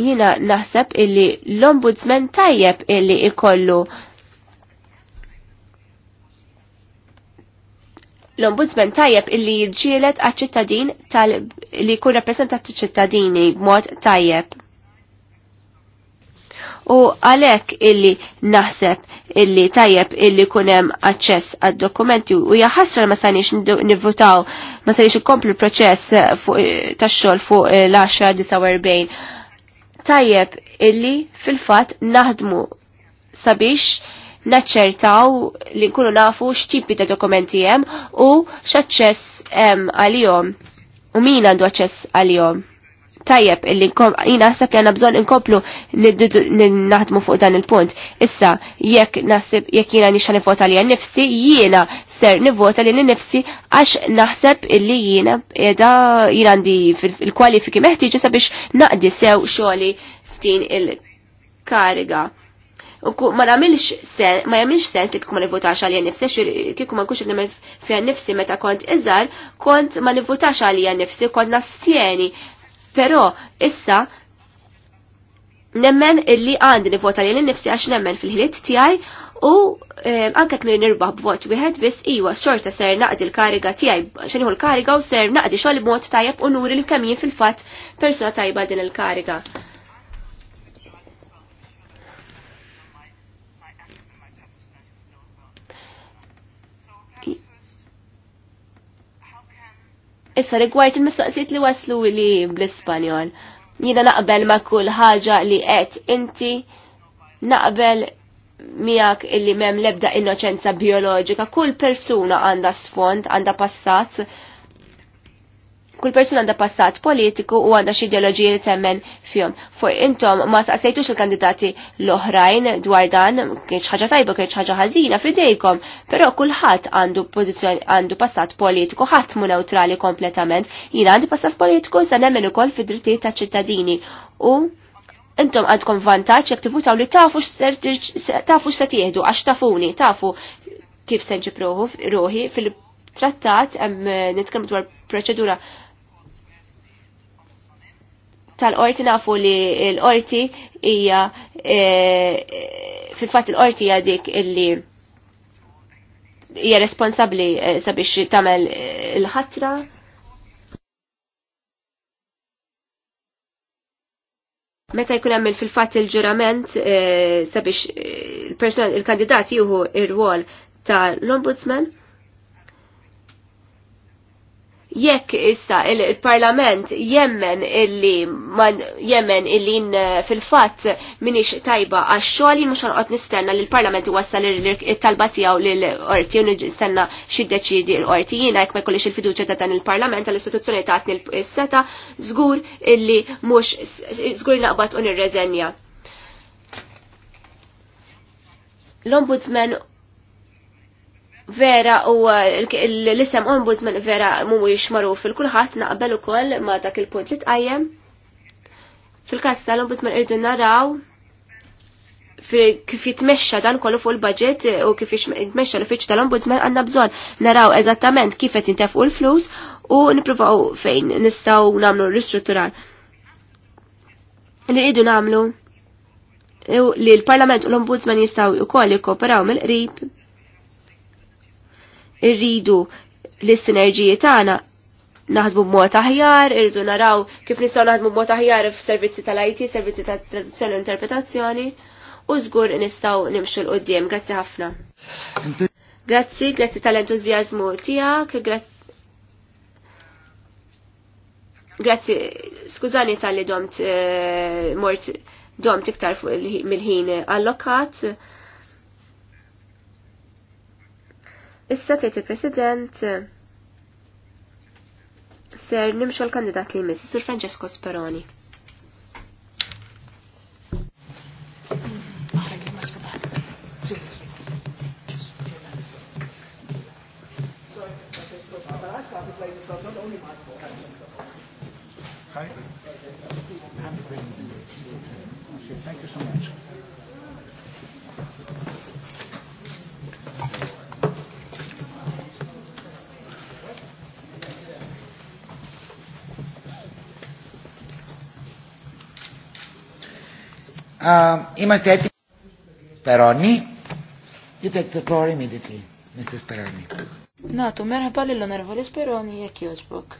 jina naħseb illi l-ombudsman tajjeb illi ikollu l-ombudsman tajjeb illi jġielet għal-ċittadin li jkun rappresentat ċittadini b'mod tajjeb. U għalek illi naħseb illi tajjeb illi kunem aċċess għad dokumenti u jaħasra ma sanix nivvutaw ma sanix ikomplu proċess tax-xogħol fuq eh, l-10 tajjeb illi fil-fat naħdmu sabiex naċċertaw li nkunu nafu x'tipi ta' dokumenti hemm u x'aċċess hemm għalihom u min għandu aċċess għalihom tajjeb illi jina li jana bżon inkomplu naħdmu fuq dan il-punt. Issa, jekk naħseb jekk jina nixan nifota li nifsi, jiena ser nivota li nifsi għax naħseb illi jiena edha jina għandi il-kwalifiki ġisa sabiex naqdi sew xogħli ftin il-kariga. U ma namilx sen, ma jamilx sen li kik ma nivotax għalija nifsi, kik ma nkunx nemmel fija nifsi meta kont iżar, kont ma nivvotax għalija nifsi, kont nastjeni Però issa nemmen illi għandi nivota li nifsi għax nemmen fil-ħiliet tiegħi u eh, anke kien nirbaħ b'vot wieħed biss iwa xorta ser naqdi l-kariga tiegħi x'inhu l-kariga u ser naqdi xogħol b'mod tajjeb u nuri li kemm fil-fatt persuna tajba din il-kariga. Issa rigward il-mistoqsijiet li waslu li bl-Ispanjol. Jiena naqbel ma' kull ħaġa li qed inti naqbel miegħek illi m'hemm l-ebda innoċenza bioloġika, kull persuna għandha sfond, għandha passat, Kull persuna għandha passat politiku u għandha xi ideoloġiji li temmen fihom. For intom ma saqsejtux il-kandidati l-oħrajn dwar dan, kienx ħaġa tajba, kienx ħaġa ħażina fidejkom, però kulħadd għandu pożizzjoni għandu passat politiku, ħadd mu neutrali kompletament. Jiena għandi passat politiku se nemmen ukoll fid-drittijiet taċ-ċittadini u intom għandkom vantaġġ jekk tivutaw li tafu x-se tieħdu, għax tafuni, tafu kif senġi ruħi fil-trattat, nitkellmu dwar proċedura tal-qorti nafu li l-qorti hija e, fil-fatt l-qorti hija dik illi hija responsabbli e, sabiex tagħmel e, il-ħatra. Meta jkun hemm fil-fatt il-ġurament sabiex il-kandidat jieħu ir-rwol tal-ombudsman jekk issa il-parlament jemmen illi man jemmen illi eh, fil-fatt minix tajba għax xogħol jien mhux nistenna li l-parlament iwassal il-talba tiegħu lill-qorti u nistenna xi ddeċidi l-qorti jiena jekk ma jkollix il-fiduċja ta' dan il-parlament għall istituzzjoni għatni l-seta żgur illi mhux żgur naqbad u nirreżenja. L-ombudsman vera u eh, l-isem ombudsman vera mhuwiex jixmaru fil kulħadd naqbel ukoll ma' dak il-punt li tqajjem. Fil-każ tal-ombudsman irdu naraw kif jitmexxa dan kollu fuq il-budget u kif jitmexxa l-uffiċċju tal-ombudsman għandna bżonn naraw eżattament kif qed jintefqu l-flus u nippruvaw fejn nistgħu nagħmlu ristrutturar. Nirridu nagħmlu li l-Parlament u l-Ombudsman jistgħu wkoll jikkooperaw mill-qrib irridu l sinerġiji tagħna naħdmu b'mod aħjar, irridu naraw kif nistgħu naħdmu b'mod aħjar f'servizzi tal-IT, servizzi ta' traduzzjoni u interpretazzjoni, u żgur nistgħu nimxu l-qudiem. Grazzi ħafna. Grazzi, grazzi tal-entużjażmu tiegħek, grazzi, skużani tal-li domt eh, mort domt iktar mill-ħin allokat. Issa tgħid il-President ser nimxu l-kandidat li jmiss, Sur Francesco Speroni. Thank you so much. Είμαστε έτοιμοι. Περώνει. You take the floor immediately, Mr. Speroni. Na, tu merħba l-onorevoli Speroni jek joġbok.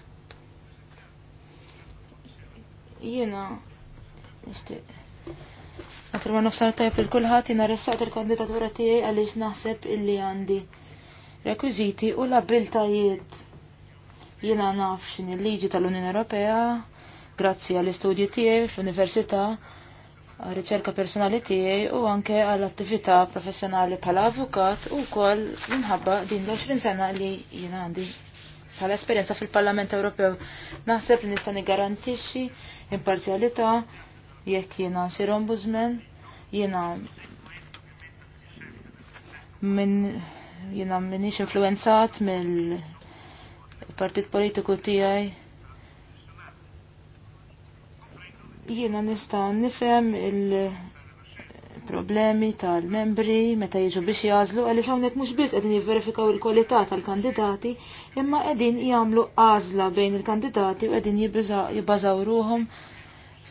Jena, nishtiq. Għatur ma nofsar tajb li kullħat jena ressaqt il-kandidatura tijaj għalix naħseb illi għandi rekwiziti u l-abiltajiet. Jena naf xin il-liġi tal-Unjoni Ewropea, grazzi għall istudju tijaj fl-Università, riċerka personali tiegħi u anke għall attività professjonali bħala avukat u kol minħabba din l-20 sena li jien għandi tal esperjenza fil-Parlament Ewropew. Naħseb li nista' garantixi imparzjalità jekk jiena sir ombudsman, jiena min jiena minix influenzat mill-partit politiku tiegħi Jiena nista' nifhem il-problemi tal-membri meta jiġu biex jażlu għaliex hawnhekk mhux biss qegħdin jivverifikaw il-kwalità tal-kandidati imma qegħdin jagħmlu għażla bejn il-kandidati u qegħdin jibbażaw ruhom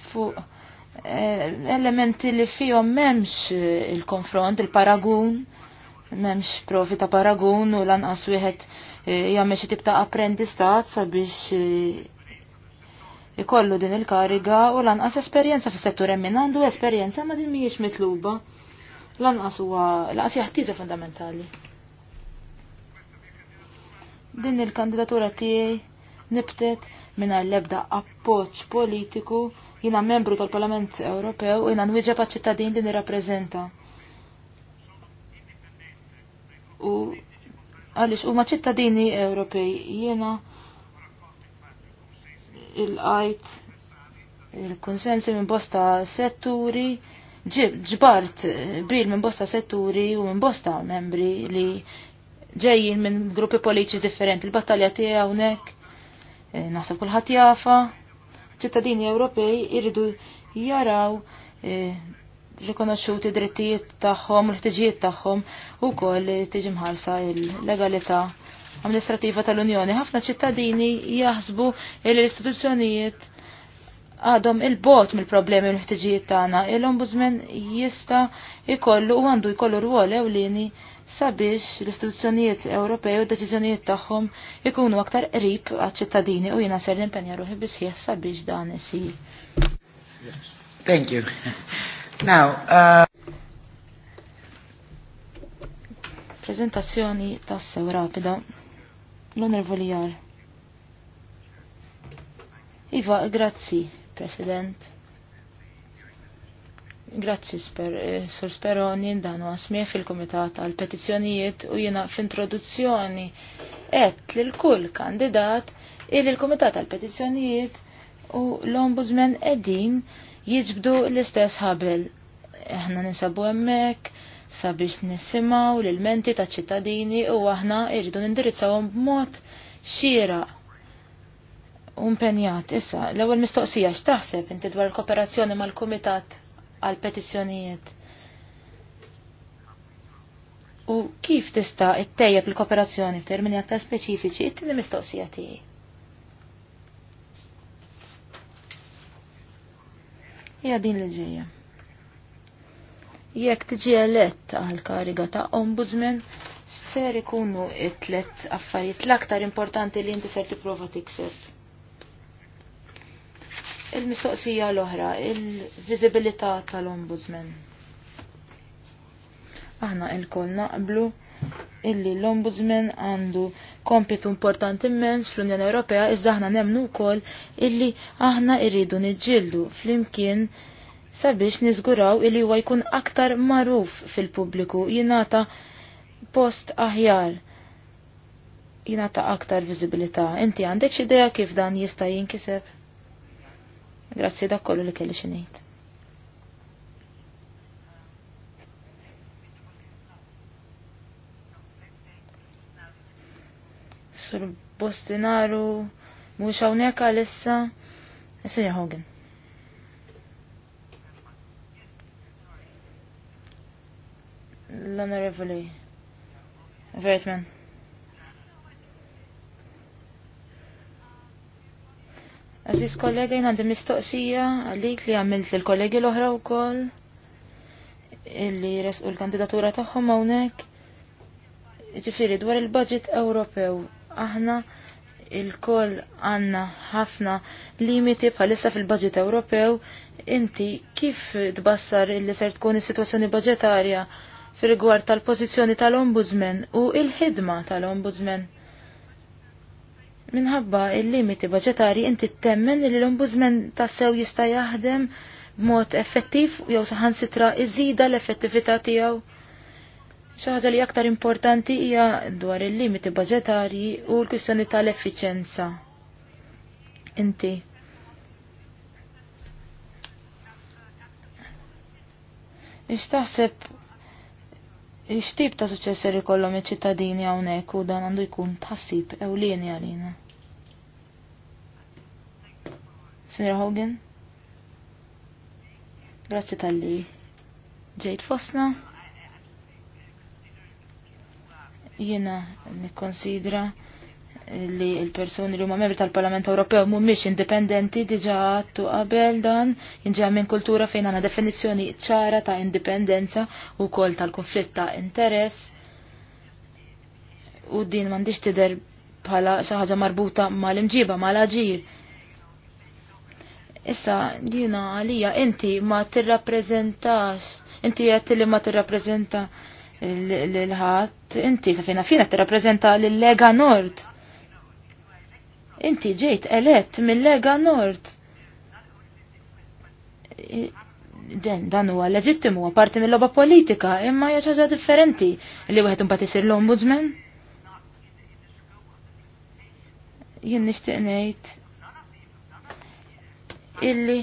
fuq eh, elementi li fihom m'hemmx il-konfront, il-paragun, m'hemmx profi ta' paragun u lanqas wieħed eh, jagħmel xi tip ta' apprendistat sabiex eh, ikollu din il-kariga u lanqas esperjenza fis-settur hemm għandu esperjenza ma din mhijiex mitluba. Lanqas huwa lanqas jaħtieġa fundamentali. Din il-kandidatura tiegħi nibtet mingħajr l-ebda appoġġ politiku jiena membru tal-Parlament Ewropew u jiena nwieġeb għaċ-ċittadin li nirrappreżenta. U għaliex huma ċittadini Ewropej jiena il-għajt il-konsensi minn bosta setturi ġbart bil minn bosta setturi u minn bosta membri li ġejjin minn gruppi politiċi differenti. Il-battalja tiegħu hawnhekk eh, naħseb kulħadd jafa. ċittadini Ewropej irridu jaraw eh, rikonoxxuti drittijiet tagħhom, l-ħtiġijiet tagħhom ukoll tiġi mħarsa l-legalità amministrativa tal-Unjoni. Ħafna ċittadini jaħsbu li l-istituzzjonijiet għadhom il-bot mill-problemi u l-ħtiġijiet tagħna. Il-Ombudsman jista' jkollu u għandu jkollu rwol ewlieni sabiex l-istituzzjonijiet Ewropej u d-deċiżjonijiet tagħhom ikunu aktar qrib għaċ-ċittadini u jiena ser nimpenja ruħi bisħieħ sabiex dan isir. Thank you. Now, uh... Prezentazzjoni tas-sew rapida. L-Onorevoli Jar. Iva, grazzi, President. Grazzi, sper, eh, Sur Speroni, nindanu għasmie fil-Komitat għal petizzjonijiet u jena fil introduzzjoni et li l-kull kandidat il l-Komitat għal petizzjonijiet u l-Ombudsman edin jiġbdu l-istess ħabel. Eħna ninsabu emmek, sabiex nisimaw l-menti ta' ċittadini u aħna irridu nindirizzawhom b'mod xira umpenjat. Issa, l-ewwel mistoqsija x'taħseb inti dwar l-kooperazzjoni mal-Kumitat għal petizzjonijiet. U kif tista' ittejjeb il-kooperazzjoni f'termini aktar speċifiċi it-tieni mistoqsija tiegħi. Ja din l ġejja. Jekk tiġi elett għal kariga ta' ombudsman, ser ikunu it-tlet affarijiet l-aktar importanti li inti ser tipprova tikseb. Il-mistoqsija l-oħra, il-viżibilità tal-ombudsman. Aħna il naqblu illi l-ombudsman għandu kompitu importanti immens fl-Unjoni Ewropea iżda aħna nemnu wkoll illi aħna irridu niġġieldu flimkien imkien sabiex niżguraw illi huwa jkun aktar magħruf fil-pubbliku jingħata post aħjar jingħata aktar viżibilità. Inti għandek xi idea kif dan jista' jinkiseb? Grazzi dak kollu li kelli xinejt. Sur Bostinaru mhux hawnhekk għalissa. Sinja Hogan. L-Onorevoli Vertman. Aziz kollega jina għandi mistoqsija għalik li għamilt l-kollegi l-oħra u koll illi resqu l-kandidatura tagħhom hawnhekk. ġifiri dwar il-budget Ewropew aħna il-koll għanna ħafna limiti bħalissa fil-budget Ewropew inti kif tbassar illi ser tkun is-sitwazzjoni budgetarja fil-rigward tal-pozizjoni tal-ombudsman u il-ħidma tal-ombudsman. Minħabba il-limiti budgetari inti temmen li l-ombudsman tassew jista' jaħdem b'mod effettiv jew saħansitra iżida l-effettività tiegħu. Xi ħaġa li aktar importanti hija dwar il-limiti budgetari u l-kwistjoni tal-effiċenza. Inti. Ix taħseb x'tip ta' suċċess ser iċ-ċittadini hawnhekk u dan għandu jkun tħassib ewlieni għalina. Senior Hogan? Grazzi tal-li ġejt fosna. Jiena nikkonsidra li l-persuni li huma membri tal-Parlament Ewropew mhumiex indipendenti diġà għattu qabel dan jinġeha minn kultura fejn għandna definizzjoni ċara ta' indipendenza u kol tal-konflitt ta' interess u din m'għandix tidher bħala xi ħaġa marbuta mal-imġiba mal-aġir. Issa jiena għalija inti ma tirrappreżentax inti qed li ma tirrappreżenta l-ħadd inti sa fejna fina tirrappreżenta l-Lega Nord Inti ġejt elett mill-Lega Nord. Den, dan huwa leġittimu, parti mill-loba politika, imma hija ħaġa differenti li wieħed imbagħad isir l-ombudsman. Jien nixtieq ngħid illi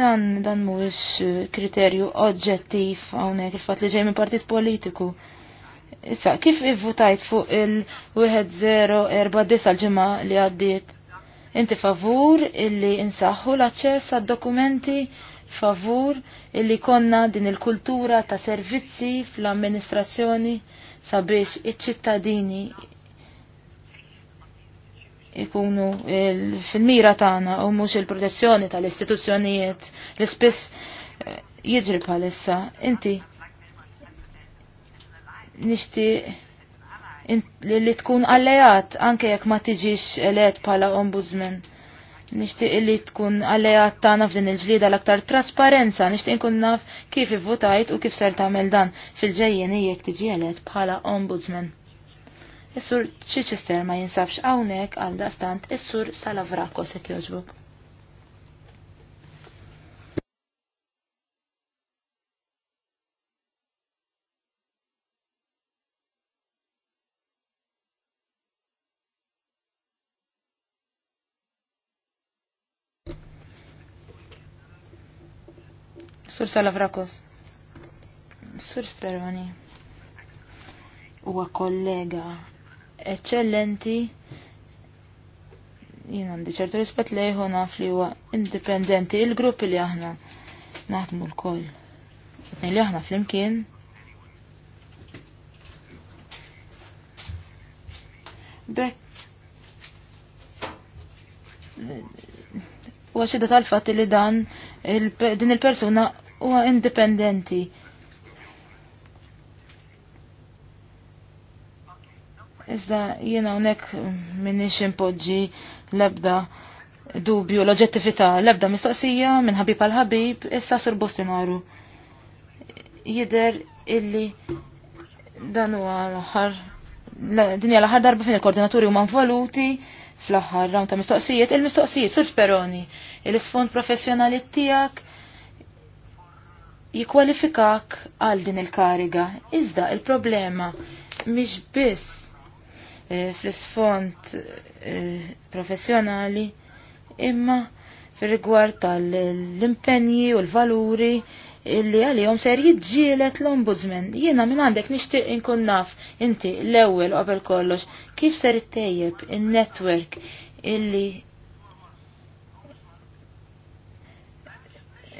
dan dan mhuwiex kriterju oġġettiv hawnhekk il-fatt li ġej minn partit politiku. Issa, kif ivvutajt fuq il-1049 l-ġimma li għaddiet? Inti favur illi insaħħu l-aċċess għad dokumenti favur illi konna din il-kultura ta' servizzi fl-amministrazzjoni sabiex iċ-ċittadini ikunu fil-mira tagħna u mhux il-protezzjoni tal-istituzzjonijiet li spiss eh, jiġri bħalissa. Inti nixtieq li tkun allejat anke jekk ma tiġix elet bħala ombudsman. Nixtieq li tkun allejat naf f'din il-ġlida l-aktar trasparenza, nixtieq nkun naf kif votajt u kif ser tagħmel dan fil-ġejjien jekk tiġi elet bħala ombudsman. Is-sur Chichester ma jinsabx hawnhekk għal dastant is-sur Salavrako se jogħġbok. Sur Salavrakos. Sur Speroni. Huwa kollega eccellenti jien għandi ċertu rispett lejhu naf li huwa indipendenti il-grupp li aħna naħdmu l-koll. Li aħna flimkien Bek u għaxida tal-fat li dan din il-persuna huwa indipendenti. Iżda jena hawnhekk minni impoġġi l-ebda dubju l-oġettività l-ebda mistoqsija minn ħabib għal ħabib issa sur Bostinaru. Jider illi dan huwa l-aħħar dinja l-aħħar darba fin il-koordinaturi huma involuti. voluti fl-aħħar rawn ta' mistoqsijiet, il-mistoqsijiet sur speroni, il-isfond professjonali tiegħek jikwalifikak għal din il-kariga. Iżda il-problema mhix biss eh, fl-isfond eh, professjonali imma fir rigward tal-impenji u l-valuri illi għalihom ser jiġġielet l-ombudsman. Jiena minn għandek nixtieq inkun naf inti l-ewwel qabel kollox kif ser ittejjeb in-netwerk illi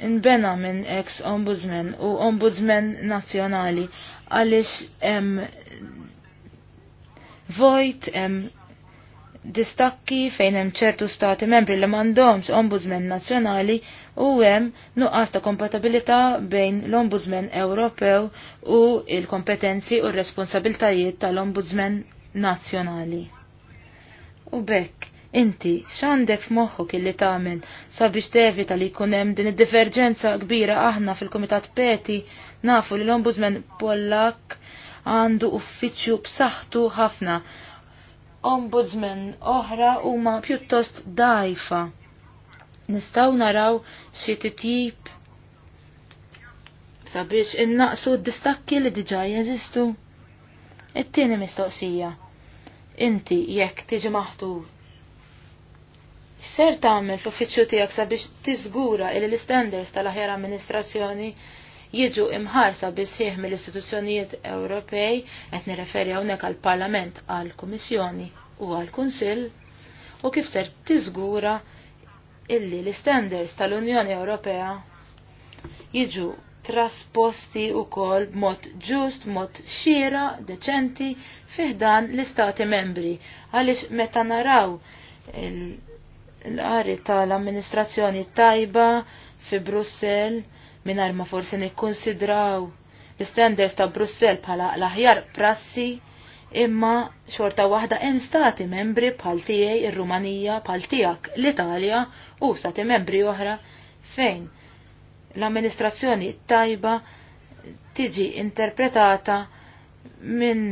nbena minn ex ombudsman u ombudsman nazzjonali għaliex hemm vojt hemm distakki fejn hemm ċertu stati membri li m'għandhomx ombudsman nazzjonali u hemm nuqqas ta' kompatibilità bejn l-Ombudsman Ewropew u il-kompetenzi u r-responsabiltajiet tal-Ombudsman nazzjonali. U bekk, inti x'għandek f'moħħok illi tagħmel sabiex tevita li jkun hemm din id-diverġenza kbira aħna fil-Kumitat Peti nafu li l-Ombudsman Pollak għandu uffiċċju b'saħħtu ħafna ombudsman oħra huma pjuttost dajfa nistaw naraw xi titjib sabiex innaqsu d-distakki li diġa jeżistu. It-tieni mistoqsija. Inti jekk tiġi maħtur. Ser tagħmel fl-uffiċċju tiegħek sabiex tiżgura li l-istandards tal-aħjar amministrazzjoni jiġu imħarsa sħiħ mill-istituzzjonijiet Ewropej qed nirreferi hawnhekk għall-Parlament għall-Kummissjoni u għall-Kunsill u kif ser tiżgura illi l-standards tal-Unjoni Ewropea jiġu trasposti u kol mod ġust, mod xira, deċenti, fiħdan l-istati membri. Għalix meta naraw l-għari tal-amministrazzjoni tajba fi Brussel, minar ma forsi nikkonsidraw l-standards ta' Brussel bħala l-aħjar prassi, imma xorta waħda hemm stati membri bħal tiegħi ir-Rumanija bħal tiegħek l-Italja u stati membri oħra fejn l-amministrazzjoni tajba tiġi interpretata minn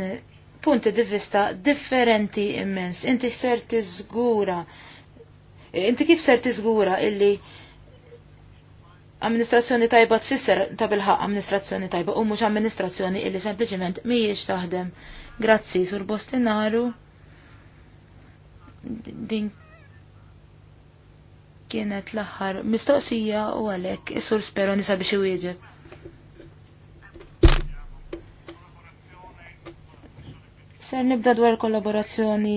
punti di vista differenti immens. Inti ser tiżgura inti kif ser tiżgura illi amministrazzjoni tajba tfisser ta' bilħaq amministrazzjoni tajba u mhux amministrazzjoni illi sempliċement mhijiex taħdem Grazzi, sur Bostinaru. Din kienet l-aħħar mistoqsija u għalhekk is-sur spero nisa biex iwieġeb. Ser nibda dwar kollaborazzjoni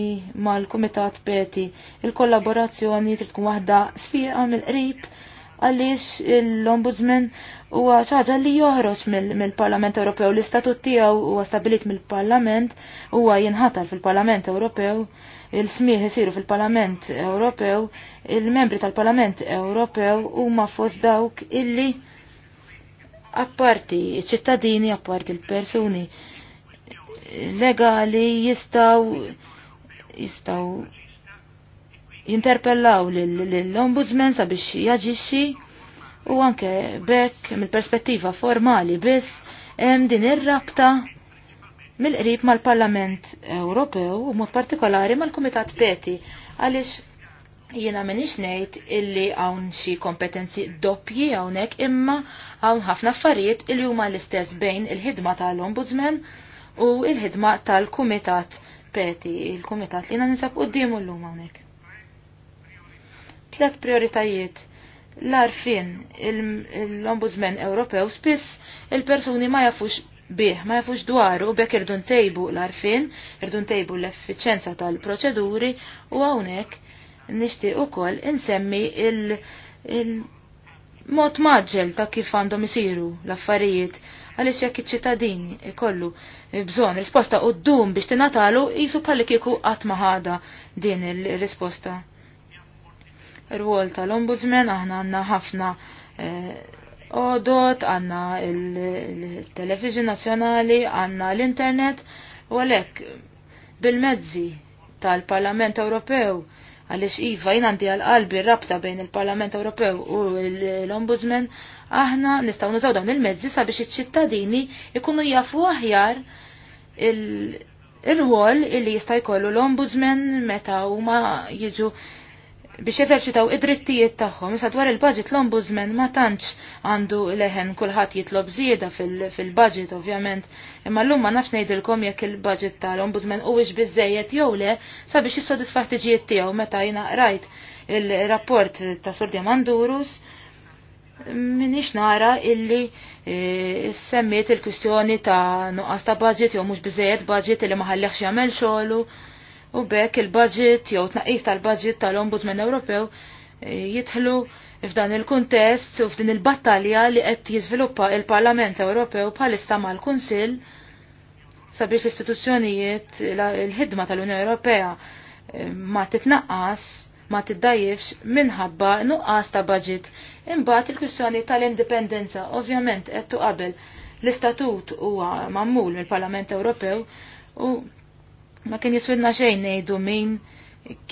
mal-Kumitat Peti. Il-kollaborazzjoni trid tkun waħda sfiqa mill-qrib għaliex l-Ombudsman huwa xaġa li joħroġ mill-Parlament Ewropew, l-istatut tiegħu huwa stabilit mill-Parlament, huwa jinħatar fil-Parlament Ewropew, il-smieħ isiru fil-Parlament Ewropew, il-membri tal-Parlament Ewropew huma fost dawk illi apparti ċittadini, apparti l-persuni legali jistaw jistaw jinterpellaw l-ombudsman sabiex jaġixxi u anke bekk mill-perspettiva formali biss hemm din ir-rabta mill-qrib mal-Parlament Ewropew u mod partikolari mal-Kumitat Peti għaliex jiena m'iniex ngħid illi hawn xi kompetenzi doppji hawnhekk imma hawn ħafna affarijiet illi huma l-istess bejn il-ħidma tal-Ombudsman u il-ħidma tal-Kumitat Peti, il-Kumitat li jiena nisab qudiemu llum hawnhekk. Tlet prioritajiet l-arfin l-Ombudsman Ewropew spiss il-persuni ma jafux bih, ma jafux dwaru u irdun irdu ntejbu l-arfin, irdun ntejbu l-effiċenza tal-proċeduri u hawnhekk nixtieq ukoll insemmi il-, il maġġel ta' kif għandhom isiru l-affarijiet għaliex jekk iċ-ċittadini ikollu bżonn risposta u biex tingħatalu qisu bħalli kieku qatt ma ħada din il-risposta r-wol tal-ombudsman, aħna għanna ħafna eh, odot, għanna il-television nazjonali, għanna l-internet, u għalek bil-mezzi tal-Parlament Ewropew għalix Iva jina għandi għal-qalbi rabta bejn il-Parlament Ewropew u l-Ombudsman, aħna nistaw nużaw dawn il-mezzi sabiex iċ-ċittadini ikunu jafu aħjar il-rwol il illi jista' jkollu l-Ombudsman meta huma jiġu biex jeżerċitaw id-drittijiet tagħhom. sa dwar il-budget l-ombudsman ma tantx għandu leħen kulħadd jitlob żieda fil-budget fil ovvjament, imma llum ma nafx ngħidilkom jekk il-budget tal-ombudsman huwiex biżejjed jew le sabiex jissodisfa' ħtiġijiet tiegħu meta jiena rajt il-rapport ta' Sur Diamandurus minix nara illi e, semmiet il-kustjoni ta' nuqqas ta' budget jew mhux biżejjed budget illi ma ħallehx jagħmel xogħlu u bekk il-budget jew tnaqqis tal-budget tal-Ombudsman Ewropew eh, jitħlu f'dan il-kuntest u f'din il-battalja li qed jiżviluppa il-Parlament Ewropew bħalissa mal-Kunsill sabiex l-istituzzjonijiet il-ħidma tal-Unjoni Ewropea eh, ma titnaqqas ma tiddajjifx minħabba nuqqas ta' budget. Imbagħad il-kwistjoni tal-indipendenza ovvjament qed tuqabel l-istatut huwa mammul mill-Parlament Ewropew u Ma kien jiswidna xejn ngħidu min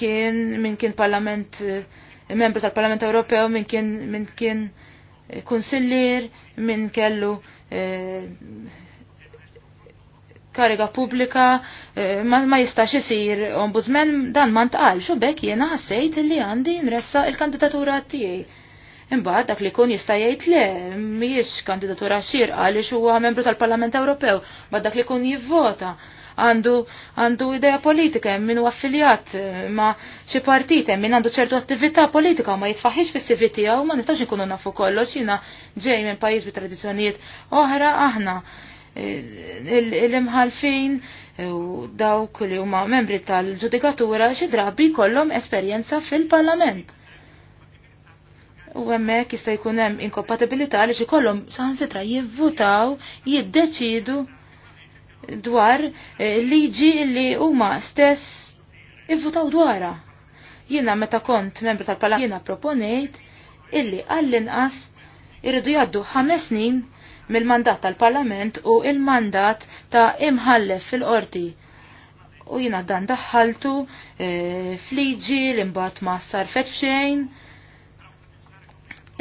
kien min kien parlament eh, membru tal-Parlament Ewropew min kien min kien eh, kunsillir min kellu eh, kariga pubblika ma, jistax isir ombudsman dan ma ntqal xo bekk jiena ħassejt li għandi nressa il-kandidatura tiegħi. Imbagħad dak li kun jista' jgħid le mhijiex kandidatura xirqa għaliex huwa membru tal-Parlament Ewropew, ma dak li kun jivvota għandu għandu idea politika, hemm min u affiljat eh, ma xi partit, hemm min għandu ċertu attività politika ma jitfaħiex fis-CV tiegħu ma nistgħux inkunu nafu kollox jiena ġej minn pajjiż bi tradizzjonijiet oħra aħna eh, l-imħalfin eh, u dawk li huma membri tal-ġudikatura xi drabi kollhom esperjenza fil-Parlament u hemmhekk jista' jkun hemm inkompatibilità li xi kollhom saħansitra jivvutaw jiddeċidu dwar eh, liġi li huma stess invutaw dwarha. Jiena meta kont membru tal-Parlament jiena proponejt illi għall-inqas irridu jgħaddu ħames snin mill-mandat tal-Parlament u il-mandat ta' imħallef fil-qorti. U jiena dan daħħaltu e, fliġi l-imbat ma sarfet f'xejn.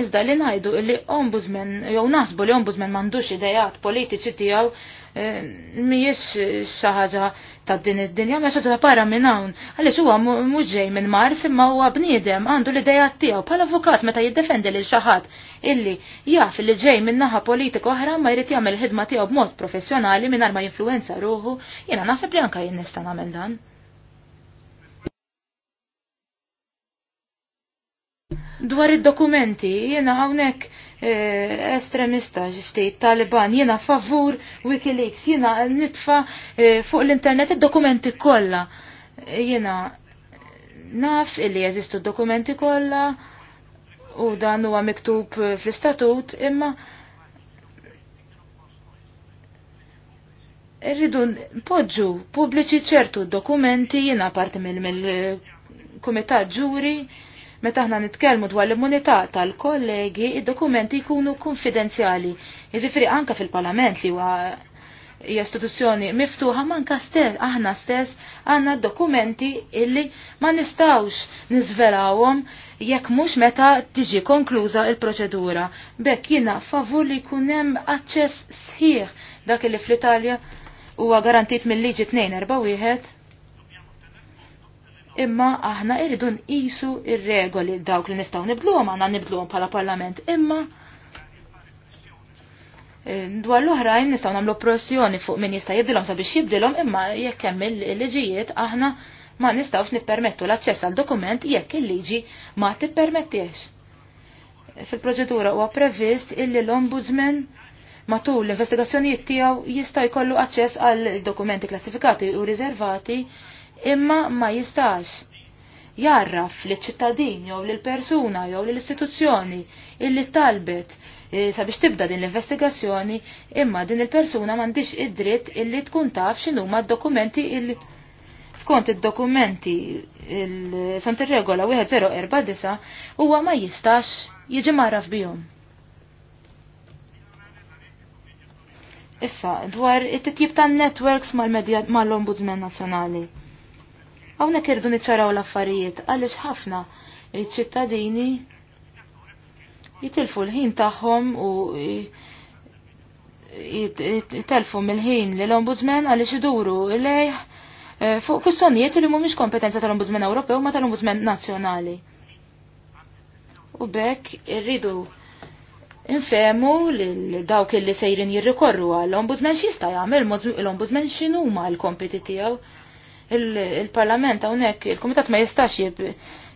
Iżda li najdu illi ombudsman, jew nasbu li ombudsman mandux idejat politiċi tijaw Eh, mhijiex xaħġa ħaġa ta' din id-dinja, ma xaħġa ta' para minn hawn. Għaliex huwa mhux ġej minn Mars imma huwa bniedem għandu l-idea tiegħu bħala avukat meta jiddefendi lil xi ħadd illi jaf li ġej minn naħa politiku oħra ma jrid jagħmel ħidma tiegħu b'mod professjonali mingħajr ma jinfluwenza ruħu, jiena naħseb li anke jien nista' nagħmel dan. Dwar id-dokumenti, jiena hawnhekk Eh, estremista ġifti Taliban, jiena favur Wikileaks, jiena nitfa eh, fuq l-internet id-dokumenti kollha. Eh, jiena naf illi jeżistu d-dokumenti kollha u dan huwa miktub fl-istatut imma Irridu poġġu pubbliċi ċertu dokumenti jiena parti mill-kumitat ġuri Meta aħna nitkellmu dwar l-immunità tal-kollegi, id-dokumenti jkunu konfidenzjali. Jiġifieri anke fil-Parlament li huwa istituzzjoni miftuħa manka stess aħna stess għandna dokumenti illi ma nistawx nizvelawhom jekk mhux meta tiġi konkluża il-proċedura. Bekk jiena favur li jkun hemm aċċess sħiħ dak li fl-Italja huwa garantit mill-liġi 241 imma aħna irridu nqisu ir-regoli dawk li nistgħu nibdluhom għandna nibdluhom bħala parlament imma eh, dwar l-oħrajn nistgħu nagħmlu pressjoni fuq min jista' jibdilhom sabiex jibdilhom imma jekk hemm il-liġijiet aħna ma nistgħux nippermettu l-aċċess għal dokument jekk il-liġi ma tippermettiex. Fil-proċedura huwa previst illi l-ombudsman matul l-investigazzjonijiet tiegħu jista' jkollu aċċess għal dokumenti klassifikati u riservati imma ma jistax jarraf li ċittadin jew li l-persuna jew li l-istituzzjoni illi talbet e, sabiex tibda din l-investigazzjoni imma din il-persuna m'għandix id-dritt illi tkun taf x'inhuma d-dokumenti illi skont id-dokumenti sant ir-regola 1049 huwa ma jistax jiġi marraf bihom. Issa, dwar it-titjib tan-networks mal-Ombudsman mal Nazzjonali. Hawnhekk irdu niċċaraw l-affarijiet għaliex ħafna iċ-ċittadini jitilfu l-ħin tagħhom u jitilfu mill-ħin li l-ombudsman għaliex iduru lej eh, fuq kwistjonijiet li mhumiex kompetenza tal-Ombudsman Ewropew ma tal-Ombudsman Nazzjonali. U bekk irridu infemu lil dawk li sejrin jirrikorru għall-Ombudsman x'jista' jagħmel l-Ombudsman x'inhuma l-kompeti tiegħu il-Parlament hawnhekk il-Kumitat ma jistax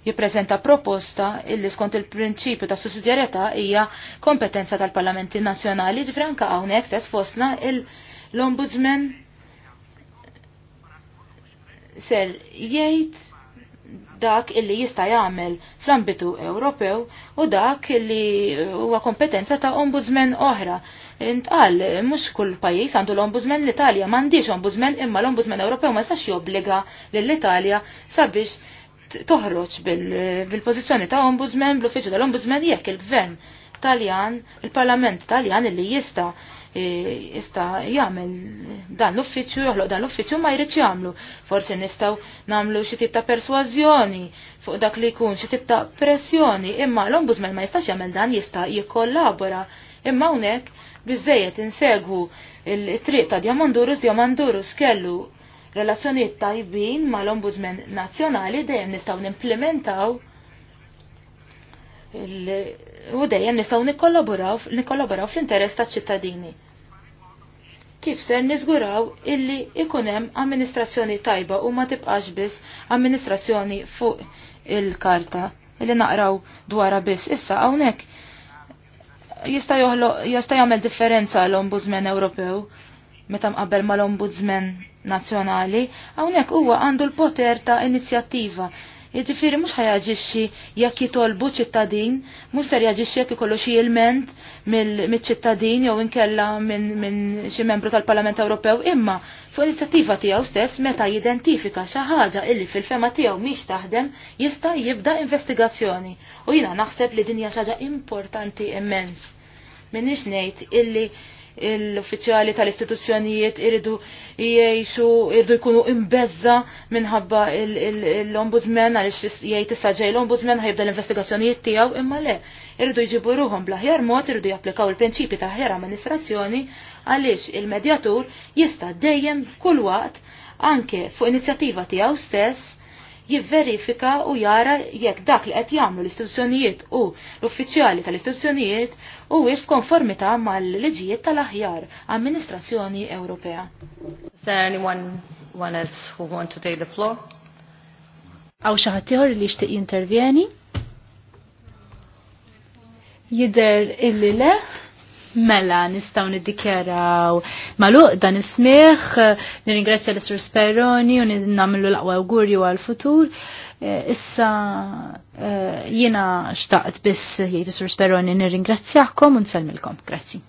jippreżenta proposta illi skont il-prinċipju ta' sussidjarjetà hija kompetenza tal-Parlamenti Nazzjonali, ġifranka għonek hawnhekk stess fosna l-Ombudsman ser jgħid dak illi jista' jagħmel fl-ambitu Ewropew u dak illi huwa kompetenza ta' ombudsman oħra intqal mhux kull pajjiż għandu l-Ombudsman l-Italja m'għandix Ombudsman imma l-Ombudsman Ewropew ma jistax jobbliga lill-Italja sabiex toħroġ bil-pożizzjoni ta' Ombudsman bl-uffiċċju tal-Ombudsman jekk il-Gvern Taljan, il-Parlament Taljan li jista' e, jista jagħmel dan l-uffiċċju joħloq dan l-uffiċċju ma jridx jagħmlu. Forsi nistgħu nagħmlu xi tip ta' persważjoni fuq dak li jkun xi tip ta' pressjoni, imma l-ombudsman ma jistax jagħmel dan jista' jikkollabora. Imma hawnhekk bizzejet insegwu il-triq ta' Diamandurus, Diamandurus kellu relazzjoniet tajbin mal-Ombudsman Nazzjonali dejjem nistgħu nimplementaw u dejjem nistgħu nikkollaboraw fl-interess taċ-ċittadini. Kif ser niżguraw illi ikun hemm amministrazzjoni tajba u ma tibqax biss amministrazzjoni fuq il-karta illi naqraw dwar biss issa hawnhekk jista' joħlo jista' jagħmel differenza l-Ombudsman Ewropew meta mqabbel mal-Ombudsman nazzjonali, hawnhekk huwa għandu l-poter ta' inizjattiva. Jiġifieri mhux ħajaġixxi jekk jitolbu ċittadin, mhux ser jaġixxi jekk ikollu xi ilment mill-ċittadin jew inkella minn xi membru tal-Parlament Ewropew, imma fuq inizjattiva tiegħu stess meta jidentifika xi ħaġa illi fil-fema tiegħu mhix taħdem jista' jibda investigazzjoni u jiena naħseb li din hija xi ħaġa importanti immens. Minix ngħid illi l-uffiċjali tal-istituzzjonijiet iridu jgħixu, iridu jkunu imbezza minħabba l-ombudsman għaliex jgħid issa ġej l-ombudsman ħajibda l-investigazzjonijiet tiegħu imma le. Iridu jġibu ruhom bl-aħjar mod, iridu japplikaw il-prinċipi ta' ħjar amministrazzjoni għaliex il-medjatur jista' dejjem f'kull waqt anke fuq inizjattiva tiegħu stess jivverifika u jara jekk dak li qed jagħmlu l-istituzzjonijiet u l-uffiċjali tal-istituzzjonijiet huwiex f'konformità mal-liġijiet tal-aħjar amministrazzjoni Ewropea. Is there anyone one else who want to take the floor? Għaw xaħatiħor li jixtieq jintervjeni? Jidher illi le? Mela, nistaw niddikjaraw maluq dan ismiħ, nirringrazzja l-Sur Speroni u namlu l-aqwa augurju għal-futur. Eh, issa eh, jiena xtaqt biss jgħid Sur Speroni nirringrazzjakom u nsellmilkom. Grazzi.